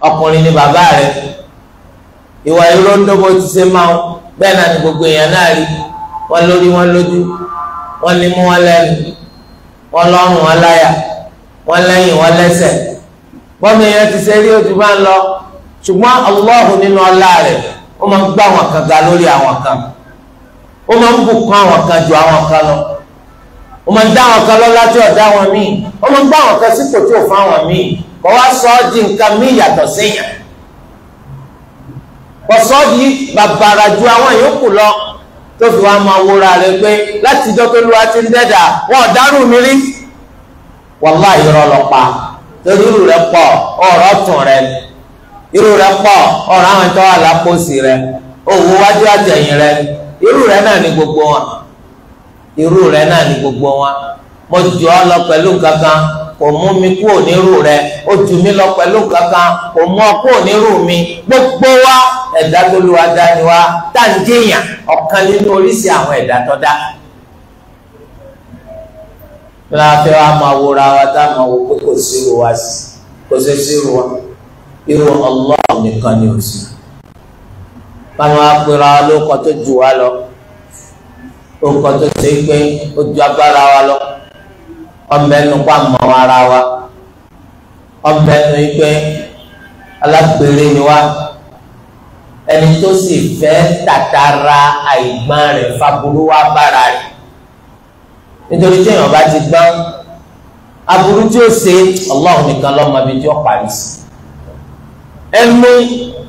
ọkùnrin ni bàbá rẹ ìwà ìró ń dọ́gbọ́ ti ṣe máa bẹ́ẹ̀ náà ni gbogbo èèyàn náà rí wọn lórí wọn lójú wọn ní mú wọn lẹ́nu wọn lọ́rùn wọn láyà wọn lẹ́yìn wọn lẹ́sẹ̀ bọ́mọ èèyàn ti ṣe rí ojú lọ ṣùgbọ́n nínú ọlá ó máa ń àwọn kan ga lórí àwọn kan ó máa ń bùkún àwọn kan ju àwọn kan lọ ó máa ń dá àwọn kan kọ́ wá sọ ọ́ di nǹkan mí yàtọ̀ séèyàn kọ́ sọ ọ́ di bàbàrà ju àwọn yòókù lọ tó fi wá máa wúra rẹ pé láti dọ́kẹ́lúwa ti ń dẹ́dà wọn ò dárú mi rí wàláhì irọ́ lọ pa torí irú rẹ pọ̀ ọ̀rọ̀ tún rẹ irú rẹ pọ̀ ọ̀rọ̀ àwọn tó wà rẹ òwò wájú àtẹ̀yìn rẹ irú rẹ náà ni gbogbo wọn irú rẹ náà ni gbogbo wọn mo jù ọ lọ pẹ̀lú kankan kò mú mi kúrò nírú rẹ ó jù mí lọ pẹ̀lú kankan kò mú ọ kúrò nírú mi gbogbo wa ẹ̀dá tó lu adá ni wa tá ń jẹyàn ọ̀kan nínú oríṣi àwọn ẹ̀dá tó dá. láàfin wa máa wúra wa tá a máa wo pé kò sí irú wa sí kò sí irú wa irú Allah nìkan ni ò sí. báwọn apẹ̀rọ alókọ̀ tó jù wá lọ ó tó ṣe pé ó ju agbára wa lọ ọmọbẹnu kó àmọ́ ara wa ọmọbẹnu yìí pé alápèrè ni wa ẹni tó sì fẹ́ tàtàrà àìgbọ́n rẹ̀ faburú wa bára rẹ̀ nítorí tí èèyàn bá ti gbọ́n aburú tí ó ṣe ọlọ́run nìkan lọ́mọ ibi tí ó parí sí ẹnu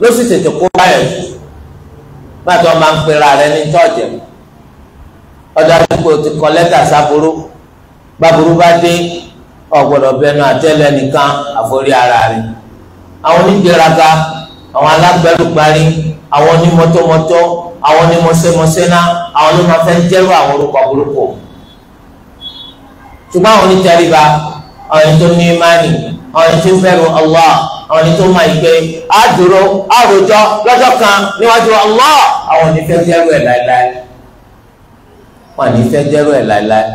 ló sì tètè kó báyọ̀ gbàtọ́ máa ń pera rẹ̀ ní tọ́jẹ̀ ọ̀dà àdúgbò ti kọ lẹ́tà sábúrú báburú bá dé ọ̀gbọ́dọ̀ bẹnu àtẹ́lẹ̀ nìkan àforí ara rẹ̀ àwọn onígbéraga àwọn alágbẹ̀rúgbarí àwọn onímọ́tọ́mọ́tọ́ àwọn onímọ̀sẹ́mọ̀sẹ́ná àwọn ló máa fẹ́ ń jẹ́rú àwọn orúkọ burúkú ṣùgbọ́n àwọn onítẹríba àwọn ẹni tó ní imáni àwọn ẹni tó fẹ́rù Allah àwọn ẹni tó máa yí pé á dúró lọ́jọ́ kan níwájú Allah àwọn onífẹ́ jẹ́rú ẹ̀ láéláé wọn ànífẹ́ jẹ́rú ẹ̀ láéláé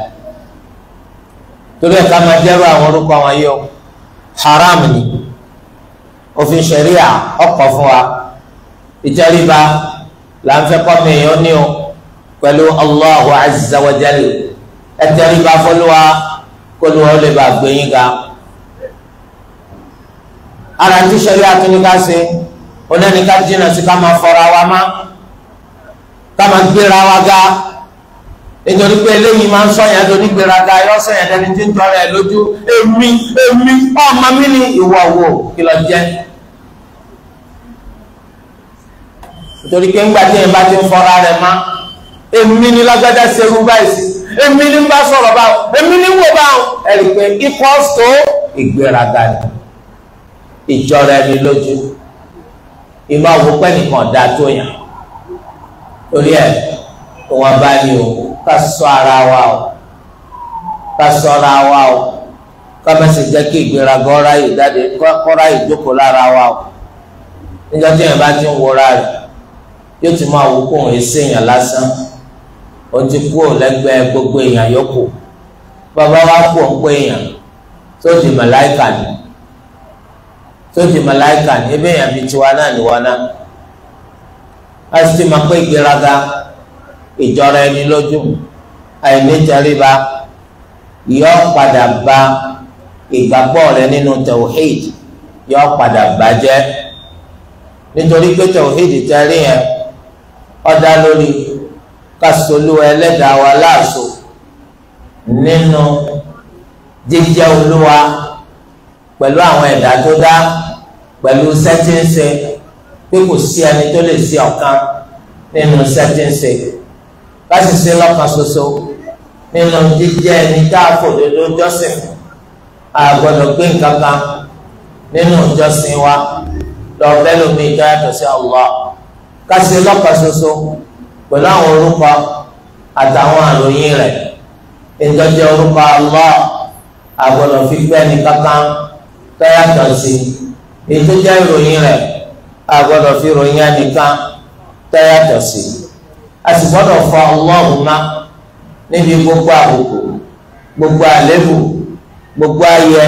torí ẹ̀ka máa dẹ́rù àwọn orúkọ àwọn yìí o haram ni òfin ṣẹ̀ríà ọkọ̀ fún wa ìtẹríba là ń fẹ́ kọ́mi èèyàn ní o pẹ̀lú Allahu azza wa jal ẹtẹríba fọlúwa kólúwa ó lè bá gbẹ̀yìn ga ara tí ṣẹ̀ríà tún ní ká ṣe onáníkà jìnnà sí ká máa fọra wa má ká máa gbéra wa ga nítorí pé eléyìí máa ń sọyàn lórí gbéraga yọ sọyàn lẹni tí ń tọrọ ẹ lójú èmi èmi ọmọ mi ní ìwà wo kí ló jẹ nítorí pé ńgbà tí ẹ bá ti ń fọra rẹ má èmi ní lágbájá serú báyìí èmi ní bá sọ̀rọ̀ báwọn èmi ní wò báwọn ẹ rí pé equals to ìgbéraga ni ìjọra ẹni lójú ìmọ̀ àwọn pẹ́ nìkan dáa tó yàn torí ẹ̀ kó bá ní òun. ká awa ara wa o ká ara wa o ká má ṣe jẹ́ kí ìgbéraga ọ̀rá yìí jáde kọ́ra yìí lára wa o níjọ́ tí èèyàn bá ti ń wọra rẹ̀ yóò ti máa kó òun èsì èèyàn lásán ti kú ò lẹ́gbẹ̀ẹ́ gbogbo èèyàn bàbá wa kú òun èèyàn tó ebe èèyàn tiwa náà náà a ìjọra ẹni lójú àìníjàríba yọ padà ba ìgbàgbọ́ rẹ nínú tawhid yọ padà bàjẹ́ nítorí pé tawhid tẹ́rí yẹn ó dá lórí kásòlú ẹlẹ́dàá wa láàṣọ nínú jíjẹ́ olúwa pẹ̀lú àwọn ẹ̀dá tó dá pẹ̀lú sẹ́tíǹsì pé kò sí ẹni tó lè sí ọ̀kan nínú sẹ́tíǹsì láti ṣe lọ́kàn ṣoṣo nínú jíjẹ́ ẹni tá a fò dodo jọ́sìn a gbọ́dọ̀ gbé nǹkan kan nínú ìjọsìn wa lọ bẹ́ẹ̀ lómi ìjọ yàtọ̀ sí Allah ká ṣe lọ́kàn ṣoṣo pẹ̀lú àwọn orúkọ àtàwọn àròyìn rẹ̀ ìjọjẹ orúkọ Allah a gbọ́dọ̀ fi gbé ẹni kankan tó yàtọ̀ sí ìjọjẹ ìròyìn rẹ̀ a gbọ́dọ̀ fi ròyìn ẹnìkan tó yàtọ̀ sí a sì gbọ́dọ̀ fa ọlọ́run má níbi gbogbo àbùkù gbogbo àlébù gbogbo ayẹ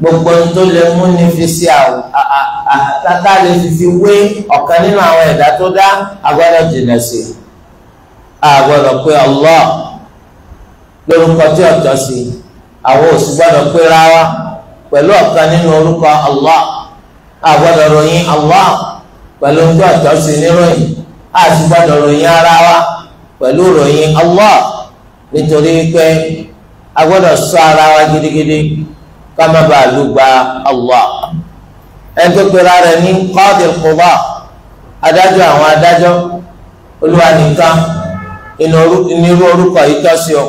gbogbo ohun tó lè mú ní fi sí àtàtà lè fi fi wé ọ̀kan nínú àwọn ẹ̀dá tó dá a jìnà sí a gbọ́dọ̀ pé Allah lórúkọ tí ọ̀tọ̀ sí àwọn ò gbọ́dọ̀ pé rárá pẹ̀lú ọ̀kan nínú orúkọ Allah a gbọ́dọ̀ ròyìn Allah pẹ̀lú ohun tó ọ̀tọ̀ sí níròyìn a sì gbọ́dọ̀ ròyìn ara wa pẹ̀lú ròyìn Allah nítorí pé a gbọ́dọ̀ ṣọ́ ara wa gidigidi ká má bàa lùgbà Allah ẹni tó pera rẹ̀ ní qadil quba adájọ́ àwọn adájọ́ olúwa nìkan ìnirú orúkọ yìí tọ́ sí o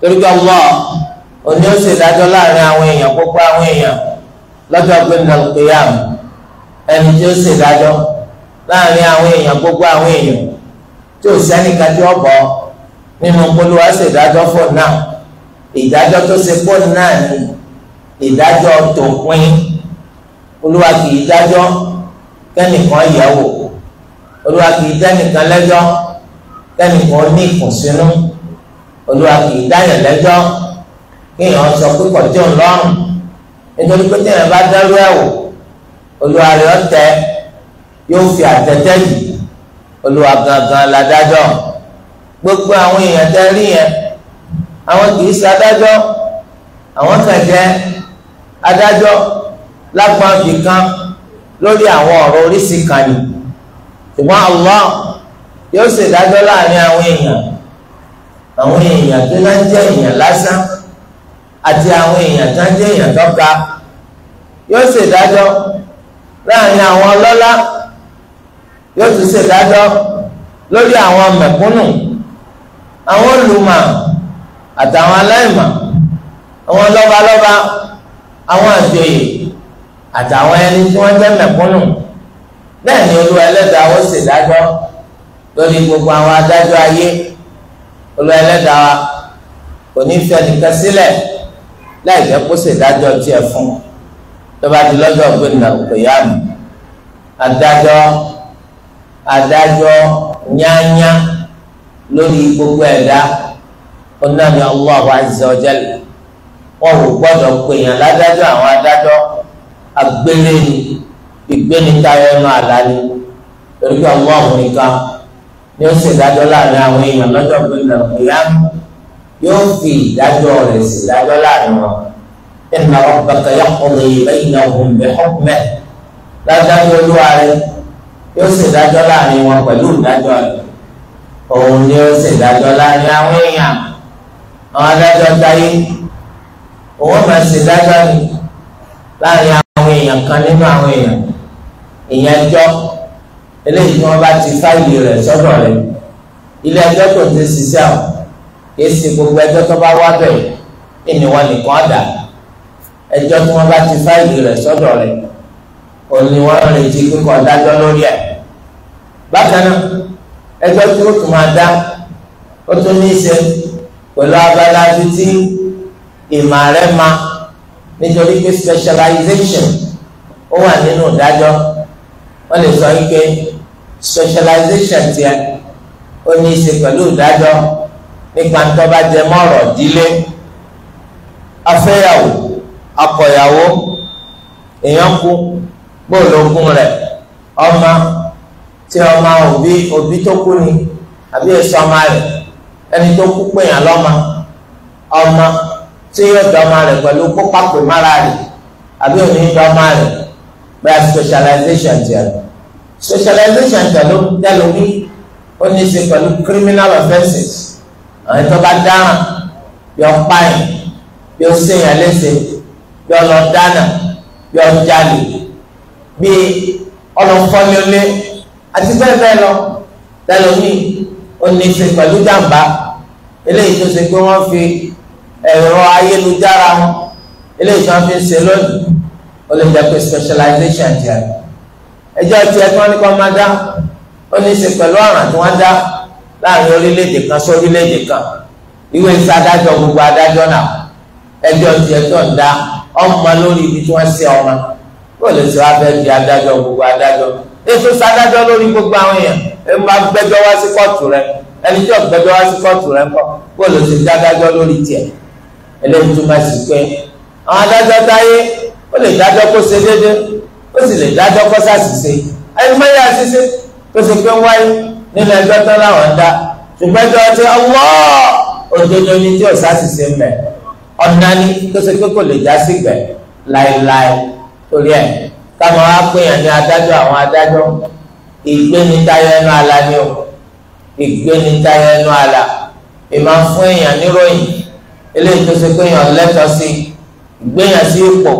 torí pé Allah òní ó sì dájọ́ láàrin àwọn èèyàn gbogbo àwọn èèyàn lọ́jọ́ gbẹ̀ndàlùkìyàm ẹni tí ó sì dájọ́ láàrin àwọn èèyàn gbogbo àwọn èèyàn tí ò sẹ́nìkan tí ó bọ̀ nínú polówó ṣèdájọ́ fò náà ìdájọ́ tó ṣe pọ̀ náà ni ìdájọ́ tó pín olúwa kì í dájọ́ kẹ́nìkan yẹ̀wò olúwa kì í dẹ́nìkan lẹ́jọ́ kẹ́nìkan ní ìkùnsínú olúwa kì í dáyàn lẹ́jọ́ kéèyàn sọ pé kọjọ́ ńlọrùn nítorí pé téèyàn bá dárú ẹ̀wò olúwa rẹ̀ ọ̀tẹ̀ yóò fi àtẹ̀tẹ̀ yìí olúwa gangan ládájọ́ gbogbo àwọn èèyàn tẹ́ rí yẹn àwọn kìí ṣe adájọ́ àwọn kàn jẹ́ adájọ́ lágbọn ibìkan lórí àwọn ọ̀rọ̀ oríṣi kan ni ṣùgbọ́n Allah yóò ṣèdájọ́ láàrin àwọn èèyàn àwọn èèyàn tó náà jẹ́ èèyàn lásán àti àwọn èèyàn tó ń jẹ́ èèyàn tó ga yóò ṣèdájọ́ láàrin àwọn ọlọ́lá yóò tún ṣèdájọ́ lórí àwọn mẹ̀kúnnù àwọn olùmọ̀ àtàwọn aláìmọ̀ àwọn lọ́balọ́ba àwọn àjòyè àtàwọn ẹni tí wọ́n jẹ́ mẹ̀kúnnù bẹ́ẹ̀ ni olúwa ẹlẹ́dàá ó ṣèdájọ́ lórí gbogbo àwọn adájọ́ ayé olúwa ẹlẹ́dàá kò ní fi ẹnìkan sílẹ̀ láì jẹ́ kó ṣèdájọ́ tiẹ̀ fún un tó lọ́jọ́ ògbéni náà kò yá mi adájọ́ adájọ́ nyanya lórí gbogbo ẹ̀dá onáni Allahu azza wa jalla wọn ò gbọ́dọ̀ pèèyàn ládájọ́ àwọn adájọ́ agbélé ni ìgbéni táyọ ẹnu àlá ni torí pé Allahu nìkan ni ó ṣèdájọ́ láàrin àwọn èèyàn lọ́jọ́ gbẹlẹ ìyáàmù yóò fi ìdájọ́ rẹ̀ ṣèdájọ́ láàrin wọn inna rabbaka yaqdi baynahum bi hukmihi ládájọ́ olúwa rẹ̀ yóò ṣèdájọ́ láàrin wọn pẹ̀lú ìdájọ́ rẹ̀ òun ni yóò ṣèdájọ́ láàrin àwọn èèyàn àwọn adájọ́ táyé òun máa ṣèdájọ́ ni láàrin àwọn èèyàn kan nínú àwọn èèyàn ìyẹn ẹjọ́ eléyìí tí wọ́n bá ti fáìlì rẹ̀ sọ́dọ̀ rẹ̀ ilé ẹjọ́ tó ti ṣiṣẹ́ ọ̀ kì gbogbo ẹjọ́ tó bá wá bẹ̀rẹ̀ ìníwọ̀n nìkan dà ẹjọ́ tí wọ́n bá ti fáìlì rẹ̀ sọ́dọ̀ rẹ̀ òní wọn retí kíkọ dájọ́ lórí ẹ̀ bákan náà ẹjọ́ tí ó tún máa dá ó tún ní í ṣe pẹ̀lú abala títí ìmọ̀ rẹ̀ ma nítorí pé specialization ó wà nínú ìdájọ́ wọ́n lè sọ wípé specialization tiẹ̀ ó ní í ṣe pẹ̀lú ìdájọ́ nípa tó jẹ mọ́rọ̀ dílé afẹ́yàwó akọ̀yàwó èèyàn kú bóòlù ogún rẹ̀ ọmọ tí ọmọ òbí òbí tó kú ni àbí èso ọmọ rẹ̀ ẹni tó kú pèèyàn lọ́mọ ọmọ tí yóò dọ́mọ rẹ̀ pẹ̀lú kópa pè mára rẹ̀ àbí òní dọ́mọ rẹ̀ bẹ́ẹ̀ socialization tiẹ̀ socialization tiẹ̀ ló dẹ́lu bí ó ní í ṣe pẹ̀lú criminal offences àwọn tó bá dáràn bí ó pààyàn bí ó ṣèyàn léṣe bí ó lọ dáná bí ó jalè bí ọlọ́fọ́lélé àti bẹ́ẹ̀ bẹ́ẹ̀ lọ lẹ́lọ́mí ó ní í ṣe pẹ̀lú jàǹbá eléyìí tó ṣe pé wọ́n fi ẹ̀rọ ayélujára wọn eléyìí tó wọ́n fi ń ṣe lónìí ó lè jẹ́ pé specialization ti àná ẹjọ́ ti ẹ̀ tí wọ́n ní kọ́ máa dá ó ní í ṣe pẹ̀lú ọ̀ràn tí wọ́n dá láàrin orílẹ̀-èdè kan sí orílẹ̀-èdè kan ìwé ìsá adájọ́ gbogbo adájọ́ náà ẹjọ́ ti ẹ̀ tó ń dá ọmọ lórí ibi tí wọ́n ṣe ọmọ bóòlù tí wàá fẹ́ di adájọ́ gbogbo adájọ́ èso sádájọ́ lórí gbogbo àwọn èèyàn ẹ máa gbẹ́jọ́ wá sí kóòtù rẹ ẹni tí ọ̀gbẹ́jọ́ wá sí kóòtù rẹ ńkọ́ bóòlù tí dádájọ́ lórí tiẹ̀ eléyìí tó máa sì pé àwọn adájọ́ táyé ó lè dájọ́ kó ṣe déédéé ó sì lè dájọ́ kó ṣàṣìṣe ẹni máa yà ṣíṣe tó ṣe pé ń wáyé nínú ẹjọ́ tán láwọn ń dá ṣùgbọ́n ti ọwọ́ òdodo ni tí ò ṣàṣìṣe mẹ́ ọ̀nà ni tó ṣe pé kò lè já sígbẹ̀ láéláé torí ẹ̀ káwọn á pèèyàn ní adájọ́ àwọn adájọ́ ìgbéni tayọ ẹnu àlà ni o ìgbéni tayọ ẹnu àlà ìmọ̀ fún èèyàn níròyìn eléyìí tó ṣe pé èèyàn lẹ́tọ̀ọ́ sí ìgbéyàn sí ipò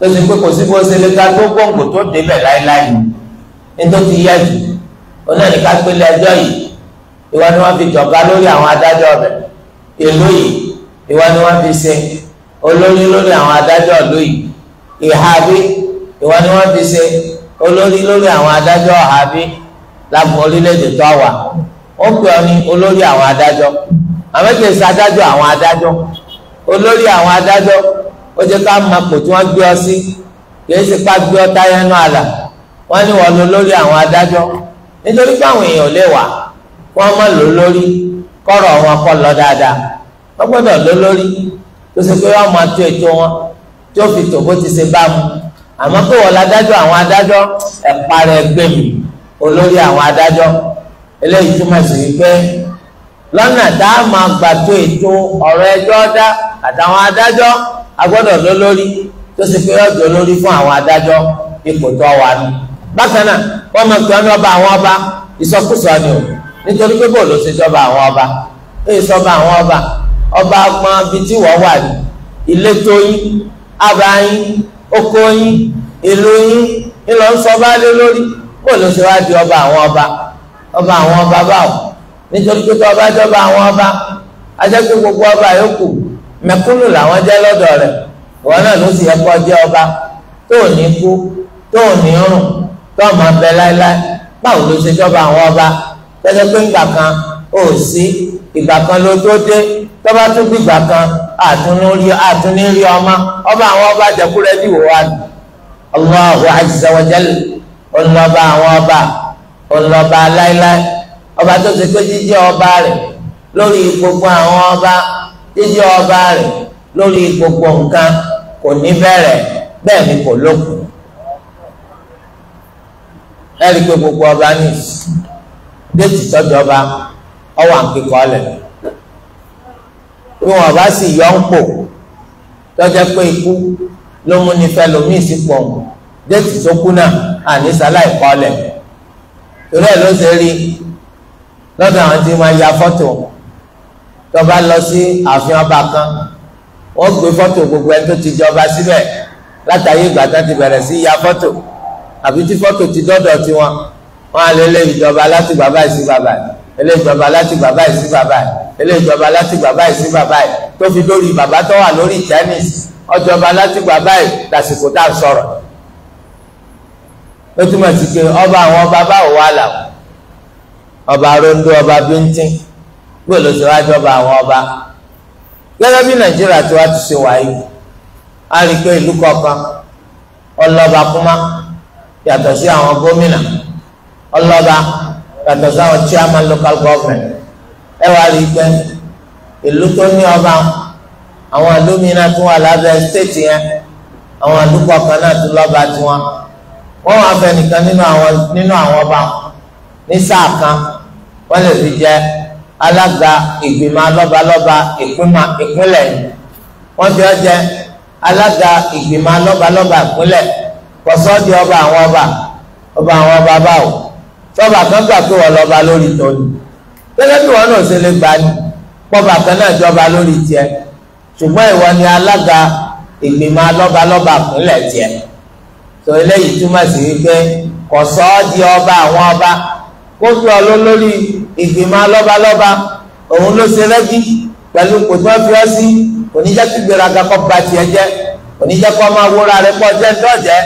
tó ṣe pé kò sí bó ṣe lè ká tó gbòǹgbò tó débẹ̀ láéláé nítorí yẹ jù ó náà ní ká gbélé ẹjọ́ yìí ìwọ ni wọ́n fi jọba lórí àwọn adájọ́ rẹ̀ ìlú yìí ìwọ ni wọ́n fi ṣe olórí lórí àwọn adájọ́ ìlú ìhà bí ìwọ ni fi ṣe olórí lórí àwọn adájọ́ ọ̀hà bí lábùn orílẹ̀-èdè tó wà ó pè ọ ní olórí àwọn adájọ́ àmọ́kè sàdájọ́ àwọn adájọ́ olórí àwọn adájọ́ ó ká pò tí gbé ọ sí ṣe ká gbé ọ táyà àlà lọ lórí àwọn adájọ́ nítorí àwọn èèyàn lè wà wọ́n mọ̀ lọ lórí kọ́rọ̀ wọn lọ dáadáa tí ó fi tò bó ti ṣe bá mu àmọ́ pé wọ́n ládájọ́ àwọn adájọ́ ẹ̀pa rẹ̀ gbé mi olórí àwọn adájọ́ eléyìí túmọ̀ sí wípé lọ́nà tá a máa gbà tó ètò ọ̀rọ̀ ẹjọ́ dá àtàwọn adájọ́ a gbọ́dọ̀ lólórí tó ṣe pé ọ̀dọ̀ lórí fún àwọn adájọ́ ipò tó wà ní. bákan náà wọ́n máa pè ọ́ ní ọba àwọn ọba ìsọkúsọ ni o nítorí pé bóòlù ṣe jọba àwọn ọba ó ìsọba àwọn ọba ọba agbọn bíi tí wọ́n wà ní ilé tó abayin oko yín ìlú yín ńlọ ń sọ baálé lórí kó ló ṣe wá di ọba àwọn ọba ọba àwọn ọba báwo nítorí pé tó ọba jọba àwọn ọba ajẹ́pẹ́ gbogbo ọba yòókù mẹ̀kúnnù làwọn jẹ́ lọ́dọ̀ rẹ̀ ìwọ náà ló sì yẹ kó jẹ́ ọba tó ò ní kú tó ò ní rùn tó ọmọ bẹ láéláé báwo ló ṣe jọba àwọn ọba tẹ́tẹ́ pé ìgbà kan ò sí ìgbà kan ló tó dé tọ́ba tó dìgbà kan àtúní rí ọmọ ọba àwọn ọba jẹkúrẹ́ bí wò wá ni Allahu azza wa jalla ọlọ́ba àwọn ọba ọlọ́ba láíláí ọba tó ti pé jíjẹ́ ọba rẹ̀ lórí gbogbo àwọn ọba jíjẹ́ ọba rẹ̀ lórí gbogbo nǹkan kò ní bẹ̀rẹ̀ bẹ́ẹ̀ ni kò lókun ẹ̀rí pé gbogbo ọba ní déètì tọ́jú ọba ọwọ́ àǹkíkọ́ ọ̀lẹ̀ bí wọn bá sì yọ ń pò lọ́jọ́ pé ikú ló mú ní fẹ́ lómi ìsìpọ̀ déètì tó kú náà ànísàlá ìkọlẹ̀ torí ẹ̀ ló ṣe rí lọ́dọ̀ àwọn tí wọ́n ya fọ́tò tó bá lọ sí ààfin ọba kan wọ́n gbé fọ́tò gbogbo ẹni tó ti jọba síbẹ̀ látàyè ìgbà tán ti bẹ̀rẹ̀ sí ya fọ́tò àbí tí fọ́tò ti dọ́dọ̀ tiwọn wọ́n á lé ilé ìjọba láti bàbá yìí sí bàbá yìí ilé ìjọba láti bàbá yìí sí bàbá yìí eléyìí jọba láti bàbá yìí sí bàbá yìí tó fi dórí bàbá tó wà lórí tennis ọjọba láti bàbá yìí lásìkò tá a sọ̀rọ̀ ó túmọ̀ sí pé ọba àwọn ọba báwo wà làwọn ọba rondo ọba bíntín gbọ́dọ̀ sí wájú ọba àwọn ọba gẹ́gẹ́ bí nàìjíríà tí wàá ti ṣe wáyé a rí i pé ìlú kọ̀ọ̀kan ọlọ́ba kúmá yàtọ̀ sí àwọn gómìnà ọlọ́ba yàtọ̀ sí àwọn chairman local government ẹ wá rí i ìlú tó ní ọba àwọn àlómìnira tó wà lábẹ́ stéètì yẹn àwọn àdúgbò kan náà tó lọba tiwọn Wọn wá fẹ́ nìkan nínú àwọn ọba ní sáà kan wọ́n lè fi jẹ́ alága ìgbìmọ̀ lọ́balọ́ba ìpínlẹ̀ wọ́n fi ọba àwọn ọba ọba àwọn ọba kan gbà gẹ́gẹ́ bí wọn náà ṣe lè gbà ní pọ́ba kan náà jọba lórí tiẹ̀ ṣùgbọ́n ìwọ ni alága ìgbìmọ̀ alọ́balọ́ba kúnlẹ̀ tiẹ̀ tó eléyìí túmọ̀ sí wípé kò sọ ọ́ di ọba àwọn ọba kó fi ọlọ́ lórí ìgbìmọ̀ alọ́balọ́ba òun ló ṣe rẹ́gí pẹ̀lú kò tí wọ́n fi ọ́ sí oníjẹ́ kí gbéraga kọ́ ba tiẹ̀ jẹ́ oníjẹ́ kọ́ máa wúra rẹ̀ pọ̀ jẹ́ ńdọ́jẹ́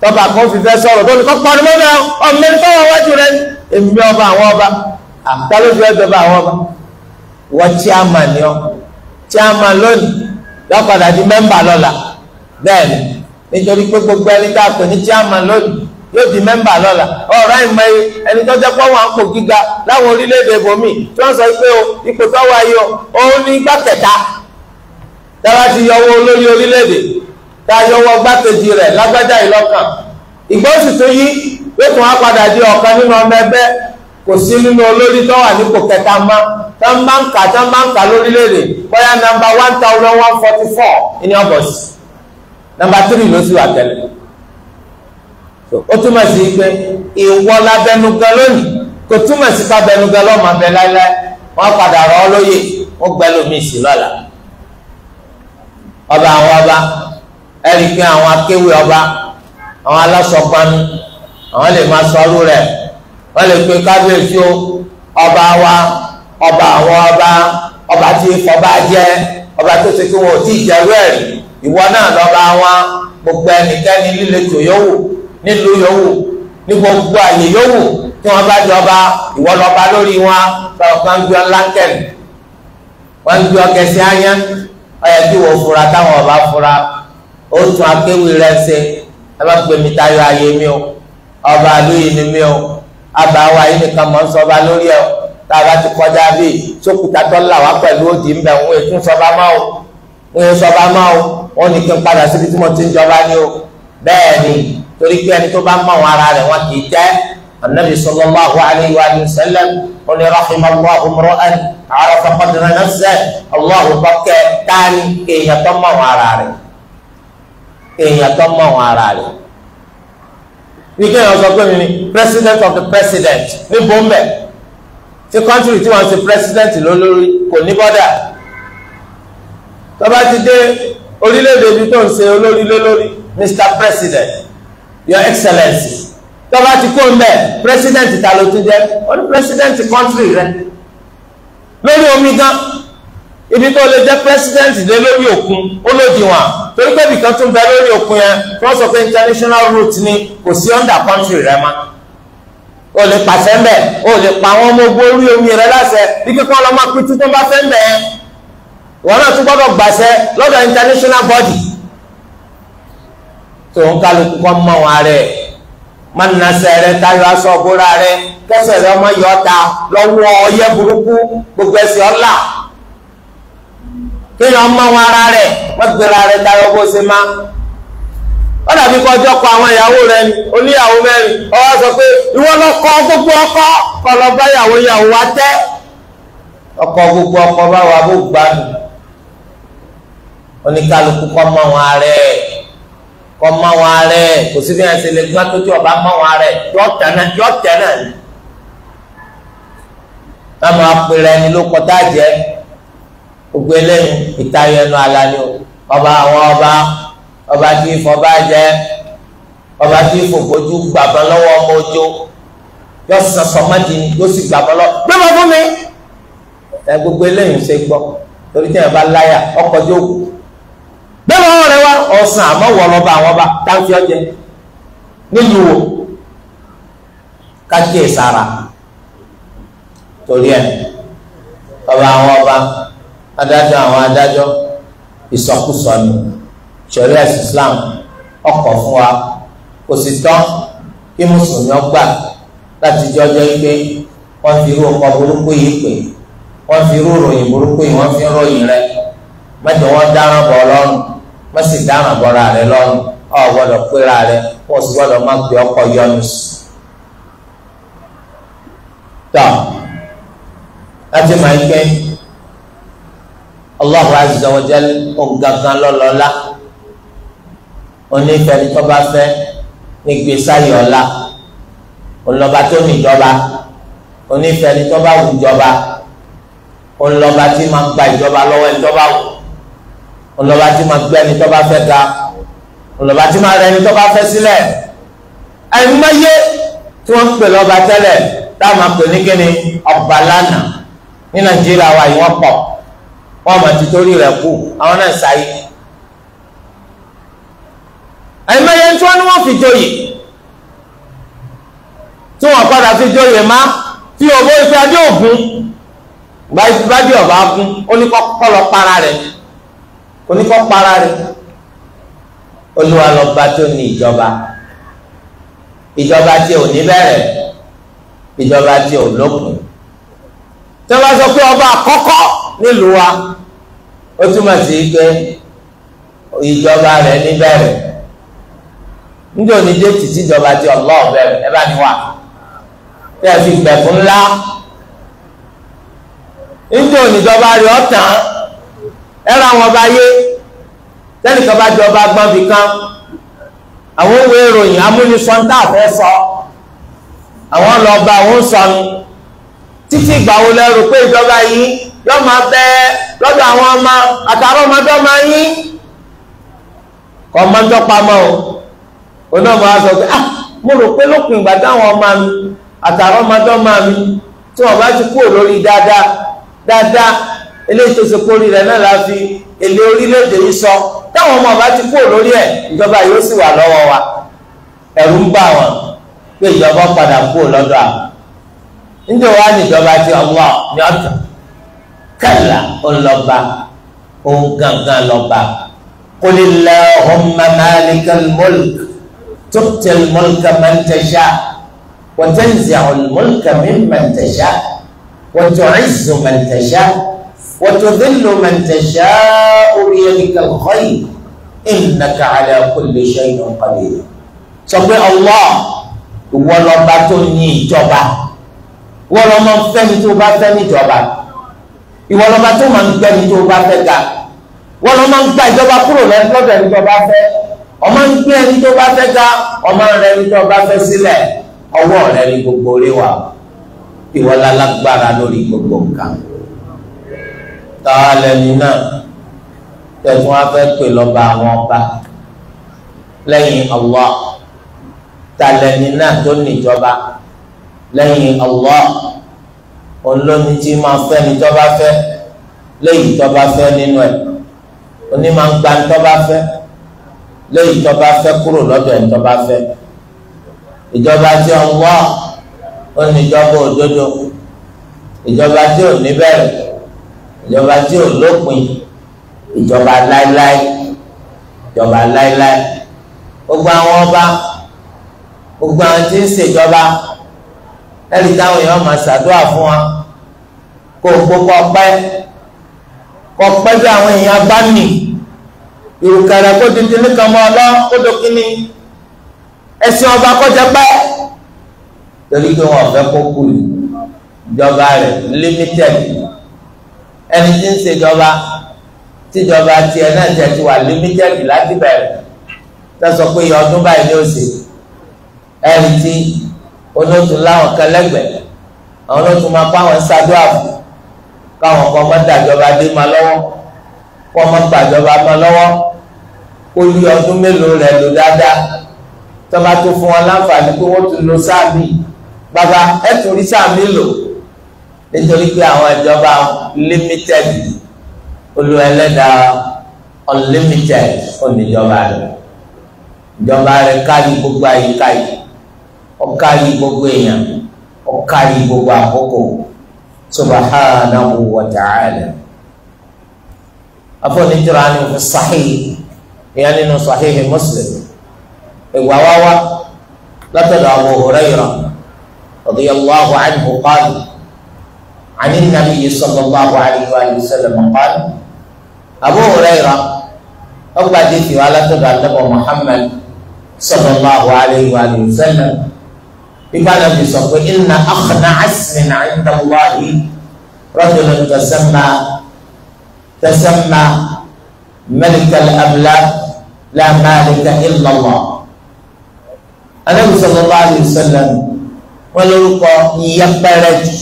tọ́ba kan fi fẹ́ sọ̀rọ̀ tó ní kọ́ pọ́nmọ́ná ọ̀mẹ́ńtọ́wọ́wájú rẹ̀ àtàlójú ẹgbẹ̀bà àwọn ọba wọ́n chairman ni ọ́ chairman lónìí lọ́kọ̀dà di mẹ́mbà lọ́la bẹ́ẹ̀ ni nítorí pé gbogbo ẹni tá a pè ní chairman lónìí yóò di mẹ́mbà lọ́la ọ̀rọ̀ ìmọ̀ye ẹni tó jẹ́ pé wọ́n á pò gíga láwọn orílẹ̀-èdè bòmí tí wọ́n sọ pé o ipò tó wà yìí o òun ní igbá kẹta táwa ti yọ owó olórí orílẹ̀-èdè tá a yọ owó gbákejì rẹ̀ lágbájá ìlọ́kàn ìgbọ́sùn tó yí yóò tún wá padà kò sí nínú olórí tó wà nípò kẹta mọ́ tó ń bá ń kà tó ń bá ń kà lórílẹ̀-èdè bóyá nọ́mbà one thousand one forty four ní ọ̀bọ̀sì nọ́mbà three ló sì wà tẹ́lẹ̀ ó túmọ̀ sí pé ìwọ labẹnugan lónìí kò túmọ̀ sí pa bẹnugan lọ́mọ abẹ láíláí wọ́n padà rọ́ ọ lóye wọ́n gbẹ́ lómi sí lọ́la ọba àwọn ọba ẹ̀rí pé àwọn akéwì ọba àwọn alásọgbanu àwọn lè máa sọ ọrú rẹ̀ wọ́n lè pe kábíyèsí o ọba wa ọba àwọn ọba ọba tí fọba jẹ ọba tó ṣe kí wọn ò tí ì jẹrú ẹ̀ ìwọ náà lọ́ba wọn gbogbo ẹnikẹ́ni líle tò yówù nílùú yówù ní gbogbo àyè yówù tí wọ́n bá jọba ìwọ lọ́ba lórí wọn sọ̀rọ̀ kan gbé ọ lákẹ́ni wọ́n gbé ọ kẹsí ayán ọyẹ kí wọ́n fura táwọn ọba fura ó tún akéwì rẹ ṣe ẹ bá gbẹmí tayọ ayé mi o ọba àlóyè ni mi o àbáwá yìí nìkan mọ̀ ń sọba lórí ẹ̀ tá a bá ti kọjá bí sókùtà tó là wá pẹ̀lú òdì ń bẹ̀ wọ́n ètún sọba máa o wọ́n ètún sọba máa o wọ́n ní kí n padà síbi tí mo ti ń jọba ni o bẹ́ẹ̀ ni torí pé ẹni tó bá mọ̀ wọn ara rẹ̀ wọn kì í tẹ́ anabi sallallahu alayhi wa sallam ó ní rahimallahu imra'an arafa qadra nafsihi allahu bọ́kẹ́ tani èèyàn tó mọ̀ wọn ara rẹ̀ èèyàn tó mọ̀ wọn ara rẹ̀ ní kí ẹ̀yàn sọ pé mi ni president of the president ní bọ́m̀bẹ̀ tí country tí wọ́n ṣe president lólórí kò ní bọ́dà tó bá ti dé orílẹ̀-èdè ibi tó ń ṣe olórí lólórí mr president your excellency tó ti kó ń bẹ̀ president ta ló tún jẹ́ ó ní president country rẹ lórí omi gan ibi tó lè jẹ́ president dé lórí òkun ó lòdìwọ̀n torí pé ibìkan tún bẹ lórí òkun yẹn wọ́n sọ pé international route ni kò sí under country rẹ mọ́ o lè pàṣẹ mbẹ o lè pa àwọn ọmọ ogun orí omi rẹ láṣẹ bí kíkọ́ lọ́ máa pitú tó bá fẹ́ mbẹ wọn náà tún gbọ́dọ̀ gbàṣẹ lọ́dọ̀ international body tó ń kálukú kọ́ mọ́ wọn rẹ̀ mánàsẹ rẹ tayọ aṣọ ọgbóra rẹ kẹsẹ̀ rẹ ọmọ yọta lọ́wọ́ ọyẹ́ burúkú gbogbo ẹsẹ̀ ọ̀la nínú ọmọ wọn ara rẹ̀ wọ́n gbéra rẹ̀ dára bó ṣe máa ó dàbí kó ọjọ́ kọ àwọn ìyàwó rẹ̀ ni oníyàwó mẹ́rin ó wá sọ pé ìwọ lọ kọ gbogbo ọkọ kọ lọ bá ìyàwó ìyàwó wa tẹ́ ọkọ gbogbo ọkọ bá wà bó gbà mí oníkálukú kọ́ mọ́ wọn arẹ kọ́ mọ́ wọn arẹ kò sí bí wọn ṣe lè gbá tó tí ọba mọ́ wọn arẹ yọ tẹ̀nà yọ tẹ̀nà ni wọn máa pèrè ẹni ló kọ tá gbogbo eléyìí ìtayọ ẹnu ala ni o ọba àwọn ọba ọba tí ìfọba jẹ ọba tí ìfòkójú gbàgbọ́ lọ́wọ́ ọmọ ojó yọ sọsọ mọ́tì yóò sì gbàgbọ́ lọ gbẹ́mọ̀ fún mi ẹ gbogbo eléyìí ṣe gbọ́ torí tí yẹn bá láyà ọkọ̀ jó kù rẹ wá ọ̀sán àmọ́ àwọn ọba táǹfì ọ̀jẹ̀ nílùú wo kájíẹ̀ sára torí ọba àwọn ọba. adájọ́ àwọn adájọ́ ìsọkúsọ ni sọ̀rí ẹ̀sìn Islam ọkọ fún wa kò sì tán kí mùsùlùmí ọgbà láti jọjọ ọjọ́ wọ́n fi irú ọkọ burúkú yìí pè wọ́n fi irú wọ́n fi ròyìn rẹ sì rẹ ọ gbọdọ péra rẹ sì má yọnu sí. Allahu azza wa jal ọ̀gángan lọ́lọ́lá onífẹ̀ẹ́ni tó bá fẹ́ ní gbèsàyè ọ̀la ọlọ́ba tó níjọba onífẹ̀ẹ́ni tó bá wù jọba ọlọ́ba tí máa gba ìjọba lọ́wọ́ ẹni tó bá wù ọlọ́ba tí máa gbé ẹni tó bá fẹ́ ga ọlọ́ba tí máa rẹ ẹni tó bá fẹ́ sílẹ̀ ẹni máa yé tí wọ́n ń pè lọ́ba tẹ́lẹ̀ táwọn máa pè ní kíni ọba ní Nàìjíríà wa yìí wọn máa ti torí rẹ̀ kú àwọn náà sáyé àìmọye tí wọn ní wọn fi joyè tí wọn padà fi joyè má fi òbó ife adé ògún gbajúgbajù ọba gún oníkọkọ lọ para rẹ̀ oníkọ para rẹ̀ olúwa lọba tó ní ìjọba ìjọba tí ò ní bẹ̀rẹ̀ ìjọba tí ò lópin tí wọn bá sọ pé ọba àkọ́kọ́ nílùú wa ó túmọ̀ sí pé ìjọba rẹ̀ níbẹ̀rẹ̀ níjọ́ ní déètì tíjọba ti Allah bẹ̀rẹ̀ ẹ bá ní wà tí a fi gbẹ̀ fún ńlá níjọ́ níjọba rẹ̀ ọ̀tàn ẹ̀rọ àwọn ọba yé tẹ́nìkan bá jọba gbọ́n fi kan àwọn òwe ìròyìn amúnisọ́ńtà fẹ́ sọ àwọn lọ́ba àwọn sọnù títí ìgbà wo lẹ́rù pé ìjọba yìí. yọ ma bẹ lọ́dọ̀ àwọn ọmọ àtàwọn ọmọdé ọmọ yín kọ̀ọ̀mọ́jọ́ pamọ́ o oná máa sọ pé ah mo rò pé lópin ìgbà táwọn ọmọ mi àtàwọn ọmọdé mi tí wọ́n bá ti kúrò lórí dáadáa dáadáa eléyìí tó náà la fi èlé orílẹ̀-èdè yìí wa ẹ̀rù ń bà wọ́n pé ìjọba padà kúrò lọ́dọ̀ àwọn ìjọba ti kálá ọlọ́ba òun gangan lọ́ba qulillahumma malikal mulk tu'til mulka man tasha wa tanzi'ul mulka mimman tasha wa tu'izzu man tasha wa tudhillu man tasha biyadikal khayr innaka ala kulli shay'in qadir sọ pé Allah ìwọ lọ́ba tó ní ìjọba wọ́n lọ́mọ tó bá fẹ́ níjọba ìwọ lọ́ba tó máa ń gbẹ́ni tó bá fẹ́ ga wọ́n lọ́ máa ń gba ìjọba kúrò lọ́dọ̀ ẹni tó bá fẹ́ ọmọ ń gbé ẹni tó bá fẹ́ ga ọmọ rẹ ẹni tó bá fẹ́ sílẹ̀ ọwọ́ rẹ ni gbogbo orí wa ìwọ lálágbára lórí gbogbo nǹkan tá a náà tẹ̀sán á pè lọ́ba àwọn ọba lẹ́yìn Allah tá a náà tó níjọba lẹ́yìn Allah olóni tí máa fẹ́ ni tó bá fẹ́ léyìí tó bá fẹ́ nínú ẹ̀ oní máa ń gba tó bá fẹ́ léyìí tó bá fẹ́ kúrò lọ́dọ̀ ẹ̀ tó bá fẹ́ ìjọba tí ó ń wá ó ní ìjọba òdodo ìjọba tí ò ní bẹ̀rẹ̀ ìjọba tí ò lópin ìjọba láéláé ìjọba láéláé gbogbo àwọn ọba gbogbo àwọn tí ń ṣèjọba ẹ̀rí táwọn èèyàn máa ṣàdúrà fún wa kó o kó kọ́ pẹ́ kọ́ pẹ́ bí àwọn èèyàn bá nì ìrùkàrà kó dídí nìkan mọ́ ọ lọ kó dókínì ẹ̀sìn ọba kọjá pẹ́ torí pé wọn fẹ́ kó kú ìjọba rẹ̀ limited ẹni tí ń ṣèjọba tíjọba tiẹ̀ náà tiẹ̀ ti wà limited láti bẹ̀rẹ̀ tẹ́sọ̀ pé ọdún báyìí ni ó ṣe ẹni tí olóòtú láwọn kan lẹ́gbẹ̀ẹ́ àwọn olóòtú máa pa àwọn ṣáájúà fún káwọn kan máa dàjọba dé máa lọ́wọ́ kó máa gbàjọba máa lọ́wọ́ kó yí ọdún mélòó rẹ̀ lò dáadáa tọ́ba tó fún wọn láǹfààní pé wọ́n ti lo sáà míì bàbá ẹ tún rí sáà míì lò nítorí pé àwọn ìjọba limited Olúwa Ẹlẹ́dàá unlimited oníjọba rẹ̀ ìjọba rẹ̀ kárí gbogbo àyíká yìí ọ̀kárí gbogbo èèyàn ọ̀kárí gbogbo àkókò subhanahu wa ta'ala. afọ́nìjọra ni òfin sahih ìyá nínú sahih muslim ìwà wáwá látọ̀dọ̀ Abu Hurairah radiyallahu anhu qala عن النبي صلى الله عليه وآله وسلم قال أبو هريرة أبو حديث وعلى تبع النبي محمد صلى الله عليه وآله وسلم nígbà náà fi sọ pé inna akhna'a ismin 'inda Allahi rajulun tasamma tasamma malikal amlak la malika illa Allah Ànábì sallallahu alayhi wa sallam wọn lórúkọ yẹpẹrẹ jù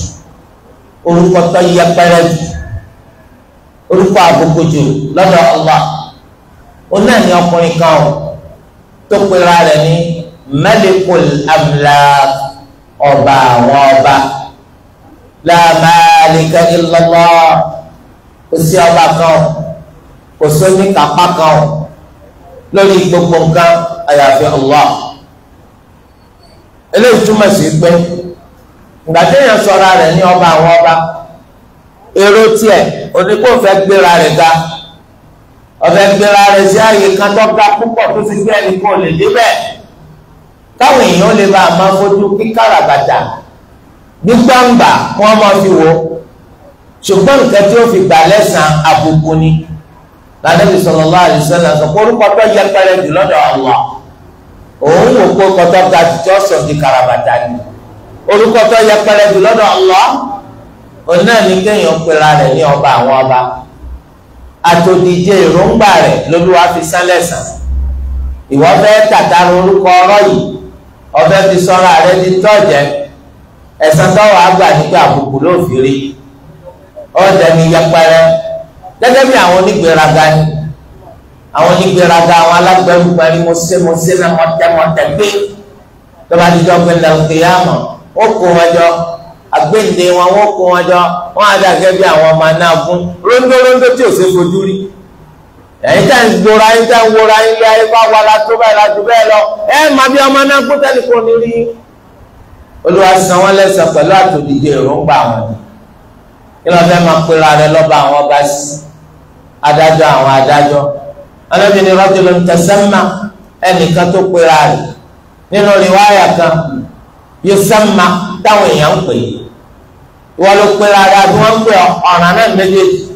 orúkọ tó yẹpẹrẹ jù orúkọ àbùkù jù lọ́dọ̀ Allah òun náà ni ọkùnrin kan o tó pera rẹ̀ ní malikul amlak ọba àwọn ọba la malika illallah kò sí ọba kan kò sóní kápá kan lórí gbogbo nǹkan àyàfi Allah eléyìí túmọ̀ sí pé gbàdéèyàn sọra rẹ̀ ní ọba àwọn ọba èrò tiẹ̀ oníkó fẹ́ gbéra rẹ̀ ga ọ̀fẹ́ gbéra rẹ̀ sí àyè kan tó ga púpọ̀ tó ti gbé ẹnì lè débẹ̀ káwọn èèyàn lè bá a máa fojú kíkàrà bàtà gbígbàǹgbà wọn máa fi wọ ṣùgbọ́n nǹkan tí ó fi gbà lẹ́sàn-án àbùkù ni lànàbì sallallahu alaihi wasallam sọ pé orúkọ tó yẹ pẹrẹ jù lọ́dọ̀ Allah òun wò pé kọtọ ga jù sọ di karabata ni orúkọ tó yẹ pẹrẹ jù lọ́dọ̀ Allah òun náà ní kéèyàn pera rẹ̀ ní ọba àwọn ọba àtòdìje èròǹgbà rẹ̀ lolúwa fi sán lẹ́sàn ìwọ tàtàrà orúkọ ọ̀rọ̀ yìí ọbẹ̀ ti sọ́ra rẹ ti tọ́jẹ́ ẹ̀sán tọ́wọ́ àgbà nígbà àbùkù ló fi rí ni yẹpẹrẹ gẹ́gẹ́ bí àwọn onígbéraga ni àwọn onígbéraga àwọn ni mo ṣe mo ṣe dídọ́ pé yá mọ̀ ó kó wọn jọ àgbéǹde wọn ó kó wọn jọ wọn á bí àwọn ọmọ tí ò ṣe fojú ẹ̀yin tẹ́ ń gbora yín tẹ́ ń wora yín lé ayé bá wà látó báyìí látó lọ ẹ má bí ọmọ náà gbó tẹ́lẹ̀ rí olúwa san wọn lẹ́sàn pẹ̀lú àtòdìjẹ èròǹgbà wọn kí lọ́ọ́ fẹ́ máa pera rẹ lọ́ba àwọn ọba sí adájọ́ àwọn adájọ́ anábì ni rọ́jòló ń tẹ̀sánmà ẹnìkan tó pera rẹ nínú rìwáyà kan yóò sánmà táwọn èèyàn ń pè wọ́n ló pera rẹ àbí wọ́n ń pè ọ̀ràn náà méjèèjì